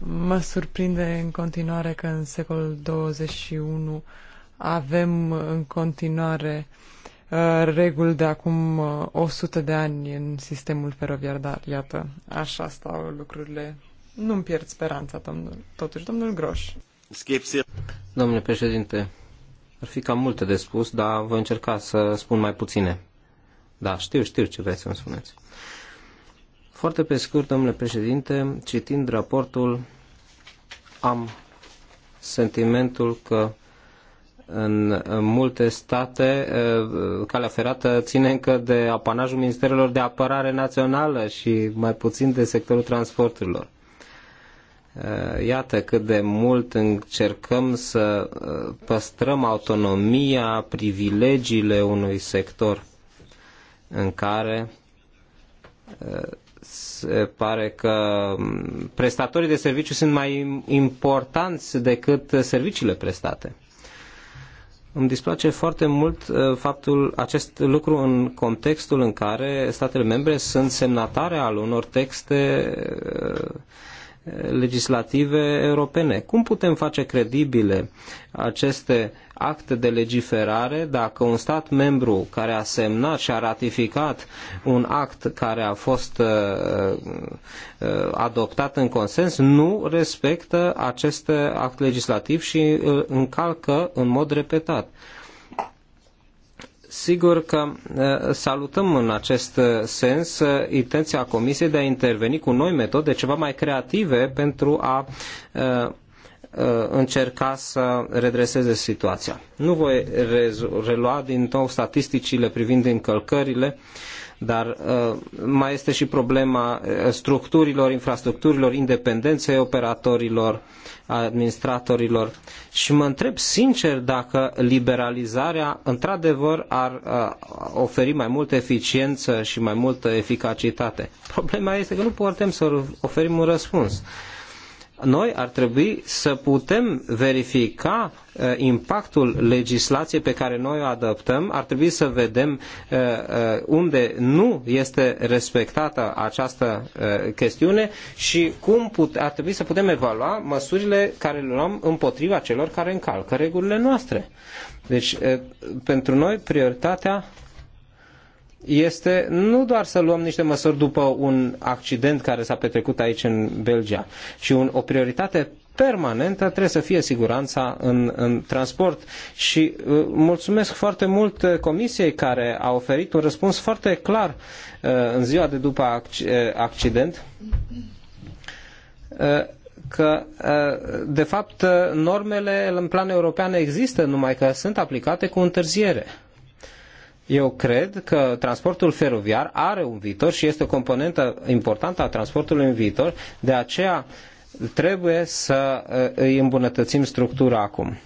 Mă surprinde în continuare că în secolul 21 avem în continuare uh, reguli de acum 100 uh, de ani în sistemul feroviar, dar iată, așa stau lucrurile. Nu-mi pierd speranța, domnul, totuși, domnul Groș.
Domnule președinte, ar fi cam multe de spus, dar voi încerca să spun mai puține. Da, știu, știu ce vreți să-mi spuneți. Foarte pe scurt, domnule președinte, citind raportul, am sentimentul că în multe state calea ferată ține încă de apanajul Ministerelor de Apărare Națională și mai puțin de sectorul transporturilor. Iată cât de mult încercăm să păstrăm autonomia, privilegiile unui sector în care se pare că prestatorii de serviciu sunt mai importanți decât serviciile prestate. Îmi displace foarte mult uh, faptul acest lucru în contextul în care statele membre sunt semnatare al unor texte uh, legislative europene. Cum putem face credibile aceste acte de legiferare dacă un stat membru care a semnat și a ratificat un act care a fost uh, uh, adoptat în consens nu respectă acest act legislativ și îl încalcă în mod repetat? Sigur că salutăm în acest sens intenția Comisiei de a interveni cu noi metode ceva mai creative pentru a încerca să redreseze situația. Nu voi relua din nou statisticile privind încălcările uh, dar uh, mai este și problema uh, structurilor, infrastructurilor, independenței operatorilor, administratorilor. Și mă întreb sincer dacă liberalizarea într-adevăr ar uh, oferi mai multă eficiență și mai multă eficacitate. Problema este că nu putem să oferim un răspuns noi ar trebui să putem verifica uh, impactul legislației pe care noi o adoptăm, ar trebui să vedem uh, uh, unde nu este respectată această chestiune și cum ar trebui să putem evalua măsurile care le luăm împotriva celor care încalcă regulile noastre. Deci, pentru noi, prioritatea este nu doar să luăm niște măsuri după un accident care s-a petrecut aici în Belgia, ci un, o prioritate permanentă trebuie să fie siguranța în, în transport. Și uh, mulțumesc foarte mult uh, comisiei care a oferit un răspuns foarte clar uh, în ziua de după uh, accident. Uh, că, uh, de fapt, normele în plan european există, numai că sunt aplicate cu întârziere. Eu cred că transportul feroviar are un viitor și este o componentă importantă a transportului în viitor, de aceea trebuie să eh, îi îmbunătățim structura acum.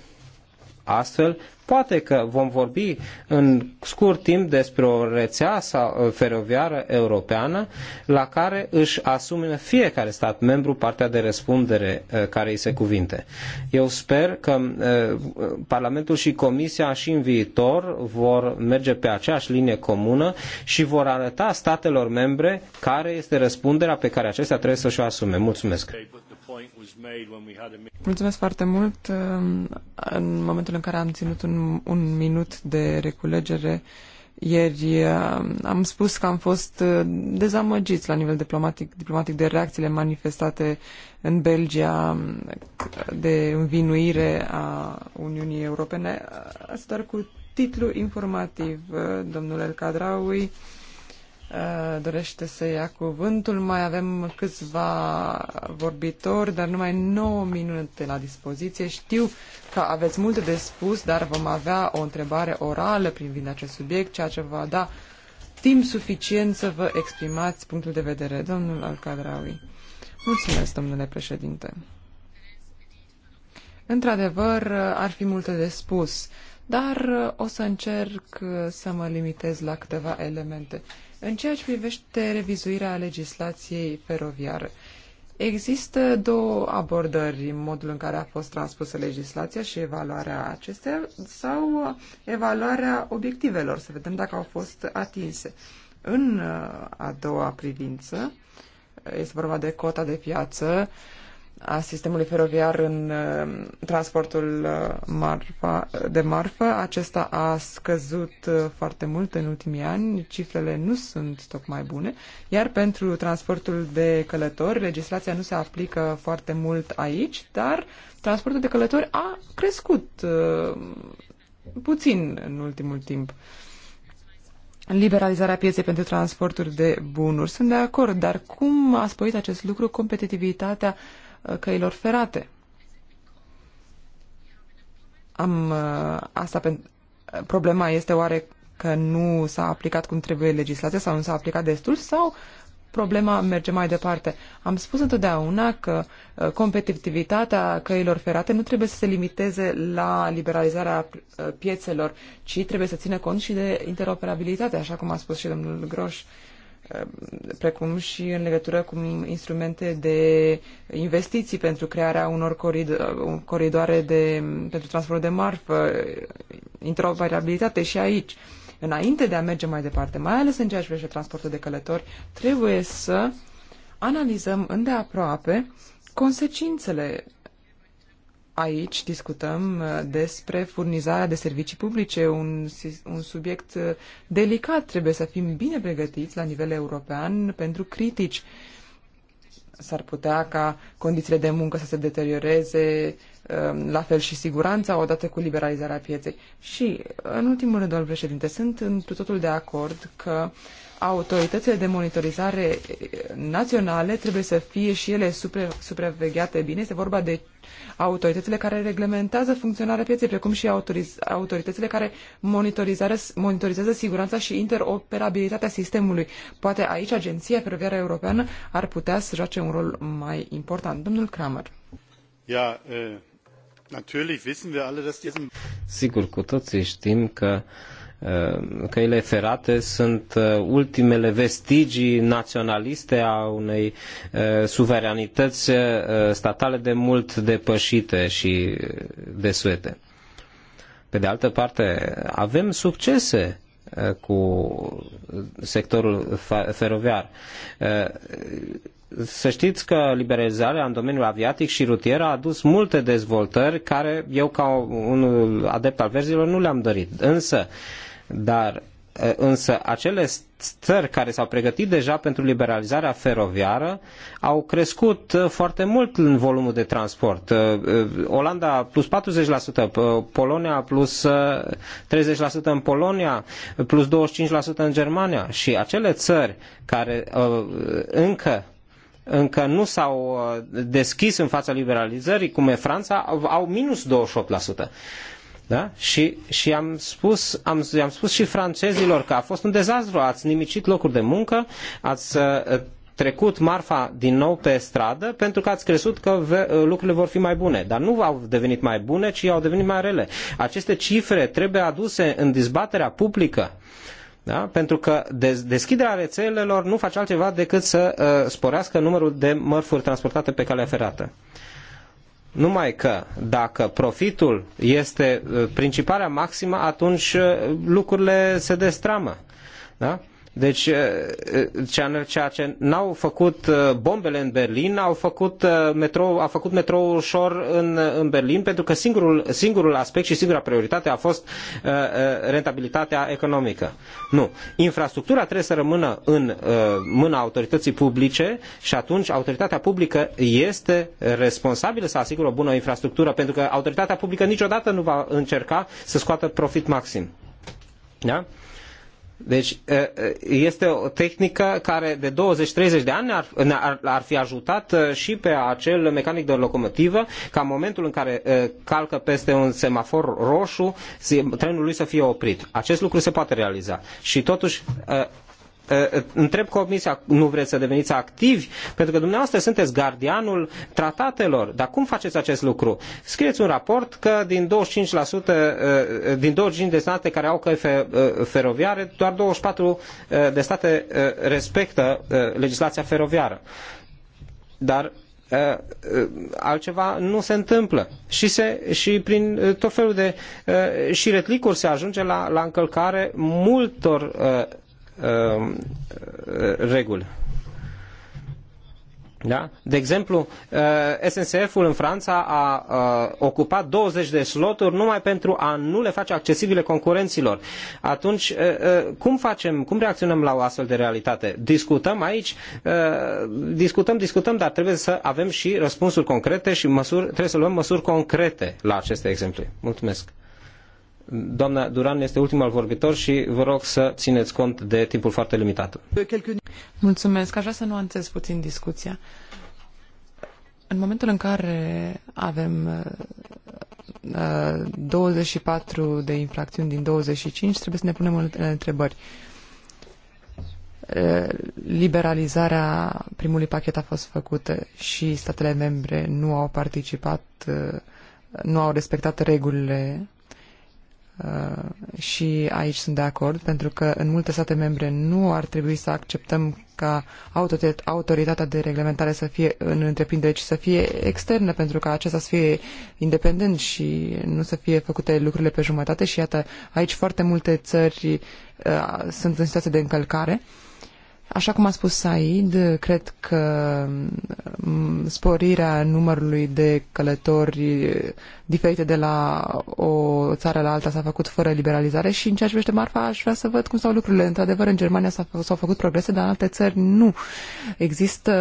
Astfel Poate că vom vorbi în scurt timp despre o rețea uh, feroviară europeană la care își asumă fiecare stat membru partea de răspundere uh, care îi se cuvinte. Eu sper că uh, Parlamentul și Comisia și în viitor vor merge pe aceeași linie comună și vor arăta statelor membre care este răspunderea pe care acestea trebuie să și-o asume. Mulțumesc!
Mulțumesc foarte mult. În momentul în care am ținut un, un minut de reculegere, ieri am spus că am fost dezamăgiți la nivel diplomatic, diplomatic de reacțiile manifestate în Belgia de învinuire a Uniunii Europene. Asta doar cu titlu informativ, domnule El Cadraui Uh, dorește să ia cuvântul. Mai avem câțiva vorbitori, dar numai 9 minute la dispoziție. Știu că aveți multe de spus, dar vom avea o întrebare orală privind acest subiect, ceea ce va da timp suficient să vă exprimați punctul de vedere. Domnul Alcadraui. Mulțumesc, domnule președinte. Într-adevăr, ar fi multe de spus, dar o să încerc să mă limitez la câteva elemente. În ceea ce privește revizuirea legislației feroviare, există două abordări, modul în care a fost transpusă legislația și evaluarea acestea sau evaluarea obiectivelor, să vedem dacă au fost atinse. În uh, a doua privință, este vorba de cota de piață, a sistemului feroviar în uh, transportul uh, marfa, de marfă. Acesta a scăzut uh, foarte mult în ultimii ani, cifrele nu sunt tocmai bune, iar pentru transportul de călători, legislația nu se aplică foarte mult aici, dar transportul de călători a crescut puțin în ultimul timp liberalizarea pieței pentru transporturi de bunuri. Sunt de acord, dar cum a sporit acest lucru competitivitatea uh, Uh, căilor ferate. Am, uh, asta pentru uh, problema este oare că nu s-a aplicat cum trebuie legislația sau nu s-a aplicat destul sau problema merge mai departe. Am spus întotdeauna că competitivitatea căilor ferate nu trebuie să se limiteze la liberalizarea piețelor, ci trebuie să țină cont și de interoperabilitate, așa cum a spus și domnul Groș precum și în legătură cu instrumente de investiții pentru crearea unor coridoare de, pentru transport de marfă, interoperabilitate și aici. Înainte de a merge mai departe, mai ales în ceea ce privește transportul de călători, trebuie să analizăm îndeaproape consecințele Aici discutăm uh, despre furnizarea de servicii publice, un, un subiect uh, delicat. Trebuie să fim bine pregătiți la nivel european pentru critici. S-ar putea ca condițiile de muncă să se deterioreze, um, la fel și siguranța odată cu liberalizarea pieței. Și, în ultimul rând, domnul președinte, sunt într totul de acord că autoritățile de monitorizare eh, naționale trebuie să fie și ele supra, supravegheate bine. Este vorba de autoritățile care reglementează funcționarea pieței, precum și autoritățile care monitorizează, monitorizează siguranța și interoperabilitatea sistemului. Poate aici Agenția Feroviară Europeană ar putea să joace un rol mai important. Domnul Kramer.
Ja, eh, Sigur, cu toții știm că Uh, căile ferate sunt uh, ultimele vestigii naționaliste a unei uh, suveranități statale de mult depășite și desuete. Pe de altă parte, avem succese cu sectorul feroviar. Să știți că liberalizarea în domeniul aviatic și rutier a adus multe dezvoltări care eu ca un adept al verzilor nu le-am dorit. Însă, uh, dar însă acele țări care s-au pregătit deja pentru liberalizarea feroviară au crescut foarte mult în volumul de transport. Olanda plus 40%, Polonia plus 30% în Polonia, plus 25% în Germania și acele țări care încă încă nu s-au deschis în fața liberalizării, cum e Franța, au minus 28%. Da? Și, și am, spus, am, am spus și francezilor că a fost un dezastru, ați nimicit locuri de muncă, ați uh, trecut marfa din nou pe stradă pentru că ați crezut că uh, lucrurile vor fi mai bune. Dar nu au devenit mai bune, ci au devenit mai rele. Aceste cifre trebuie aduse în dezbaterea publică. Da? Pentru că deschiderea rețelelor nu face altceva decât să uh, sporească numărul de mărfuri transportate pe calea ferată. Numai că dacă profitul este uh, principala maximă, atunci uh, lucrurile se destramă. Da? Deci, eh, eh, ceea ce n-au făcut eh, bombele în Berlin, au făcut metrou, a făcut metrou ușor în, în Berlin, pentru că singurul, singurul aspect și singura prioritate a fost rentabilitatea economică. Nu. Infrastructura trebuie să rămână în mâna autorității publice și atunci autoritatea publică este responsabilă să asigure o bună infrastructură, pentru că autoritatea publică niciodată nu va încerca să scoată profit maxim. Da? Deci este o tehnică care de 20-30 de ani ar, ar, ar, fi ajutat și pe acel mecanic de locomotivă ca în momentul în care calcă peste un semafor roșu, trenul lui să fie oprit. Acest lucru se poate realiza. Și totuși Eh, întreb Comisia, nu vreți să deveniți activi? Pentru că dumneavoastră sunteți gardianul tratatelor. Dar cum faceți acest lucru? Scrieți un raport că din 25%, eh, din 25 de state care au căi eh, feroviare, doar 24 de state respectă legislația feroviară. Dar altceva nu se întâmplă. Și, se, și prin tot felul de și retlicuri se ajunge la, la încălcare multor Um, reguli. Da? De exemplu, uh, SNCF-ul în Franța a uh, ocupat 20 de sloturi numai pentru a nu le face accesibile concurenților. Atunci, uh, cum facem, cum reacționăm la o astfel de realitate? Discutăm aici, discutăm, discutăm, dar trebuie să avem și răspunsuri concrete și măsuri, trebuie să luăm măsuri concrete la aceste exemple. Mulțumesc. Doamna Duran este ultimul vorbitor și vă rog să țineți cont de timpul foarte limitat.
Mulțumesc. Aș vrea să nuanțez puțin discuția. În momentul în care avem 24 uh, uh, de infracțiuni din 25, trebuie să ne punem întrebări. Uh, liberalizarea primului pachet a fost făcută și statele membre nu au participat, nu au respectat regulile Uh, și aici sunt de acord, pentru că în multe state membre nu ar trebui să acceptăm ca autoritatea de reglementare să fie în întreprindere, ci să fie externă, pentru ca acesta să fie independent și nu să fie făcute lucrurile pe jumătate. Și iată, aici foarte multe țări uh, sunt în situație de încălcare. Uh, Așa cum a spus Said, cred că sporirea numărului de călători diferite de la o țară la alta s-a făcut fără liberalizare și în ceea ce privește marfa aș vrea să văd cum stau lucrurile. Într-adevăr, în Germania s-au făcut progrese, dar în alte țări nu. Există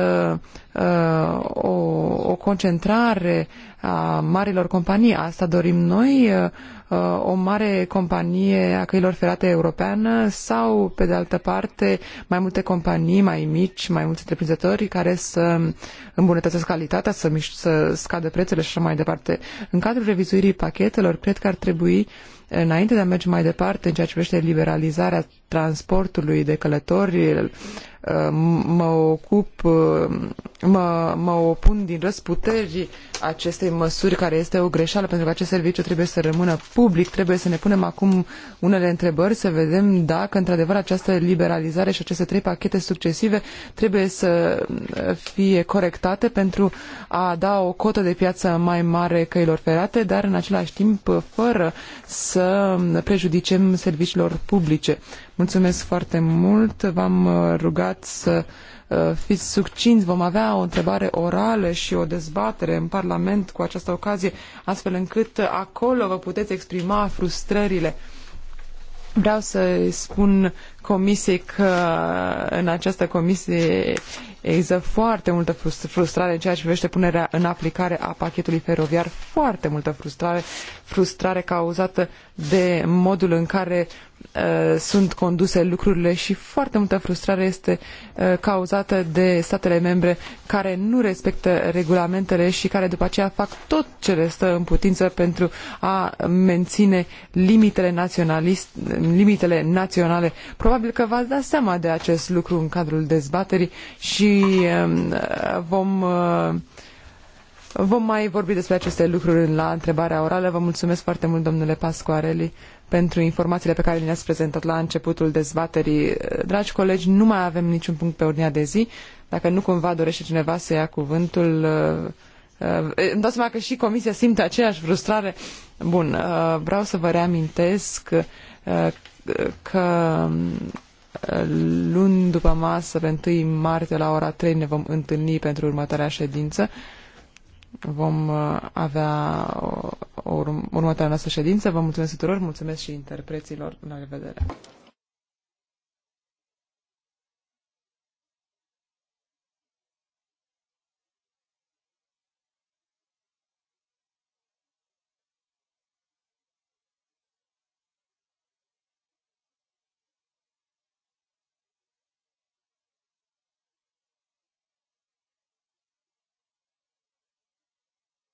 Uh, o, o concentrare a marilor companii. Asta dorim noi, uh, uh, o mare companie a căilor ferate europeană sau, pe de altă parte, mai multe companii mai mici, mai mulți întreprinzători care să îmbunătățesc calitatea, să, miș- să scadă prețele și așa mai departe. În cadrul revizuirii pachetelor, cred că ar trebui înainte de a merge mai departe în ceea ce privește liberalizarea transportului de călători, mă ocup, mă, mă opun din răsputeri acestei măsuri care este o greșeală pentru că acest serviciu trebuie să rămână public, trebuie să ne punem acum unele întrebări, să vedem dacă într-adevăr această liberalizare și aceste trei pachete succesive trebuie să fie corectate pentru a da o cotă de piață mai mare căilor ferate, dar în același timp fără să prejudicem serviciilor publice. Mulțumesc foarte mult. V-am uh, rugat să uh, fiți succinți. Vom avea o întrebare orală și o dezbatere în Parlament cu această ocazie, astfel încât uh, acolo vă puteți exprima frustrările. Vreau să spun comisiei că în această comisie există foarte multă frustrare în ceea ce privește punerea în aplicare a pachetului feroviar, foarte multă frustrare, frustrare cauzată de modul în care Uh, sunt conduse lucrurile și foarte multă frustrare este uh, cauzată de statele membre care nu respectă regulamentele și care după aceea fac tot ce le stă în putință pentru a menține limitele, naționalist, limitele naționale. Probabil că v-ați dat seama de acest lucru în cadrul dezbaterii și um, uh, vom Vom mai vorbi despre aceste lucruri la întrebarea orală. Vă mulțumesc foarte mult, domnule Pascoarelli pentru informațiile pe care le-ați prezentat la începutul dezbaterii. Dragi colegi, nu mai avem niciun punct pe ordinea de zi. Dacă nu cumva dorește cineva să ia cuvântul, uh, uh, îmi dau seama că și Comisia simte aceeași frustrare. Bun, uh, vreau să vă reamintesc că luni după masă, pe 1 martie la ora 3 ne vom întâlni pentru următoarea ședință vom uh, avea următoarea noastră ședință. Vă mulțumesc tuturor, mulțumesc și interpreților. La revedere!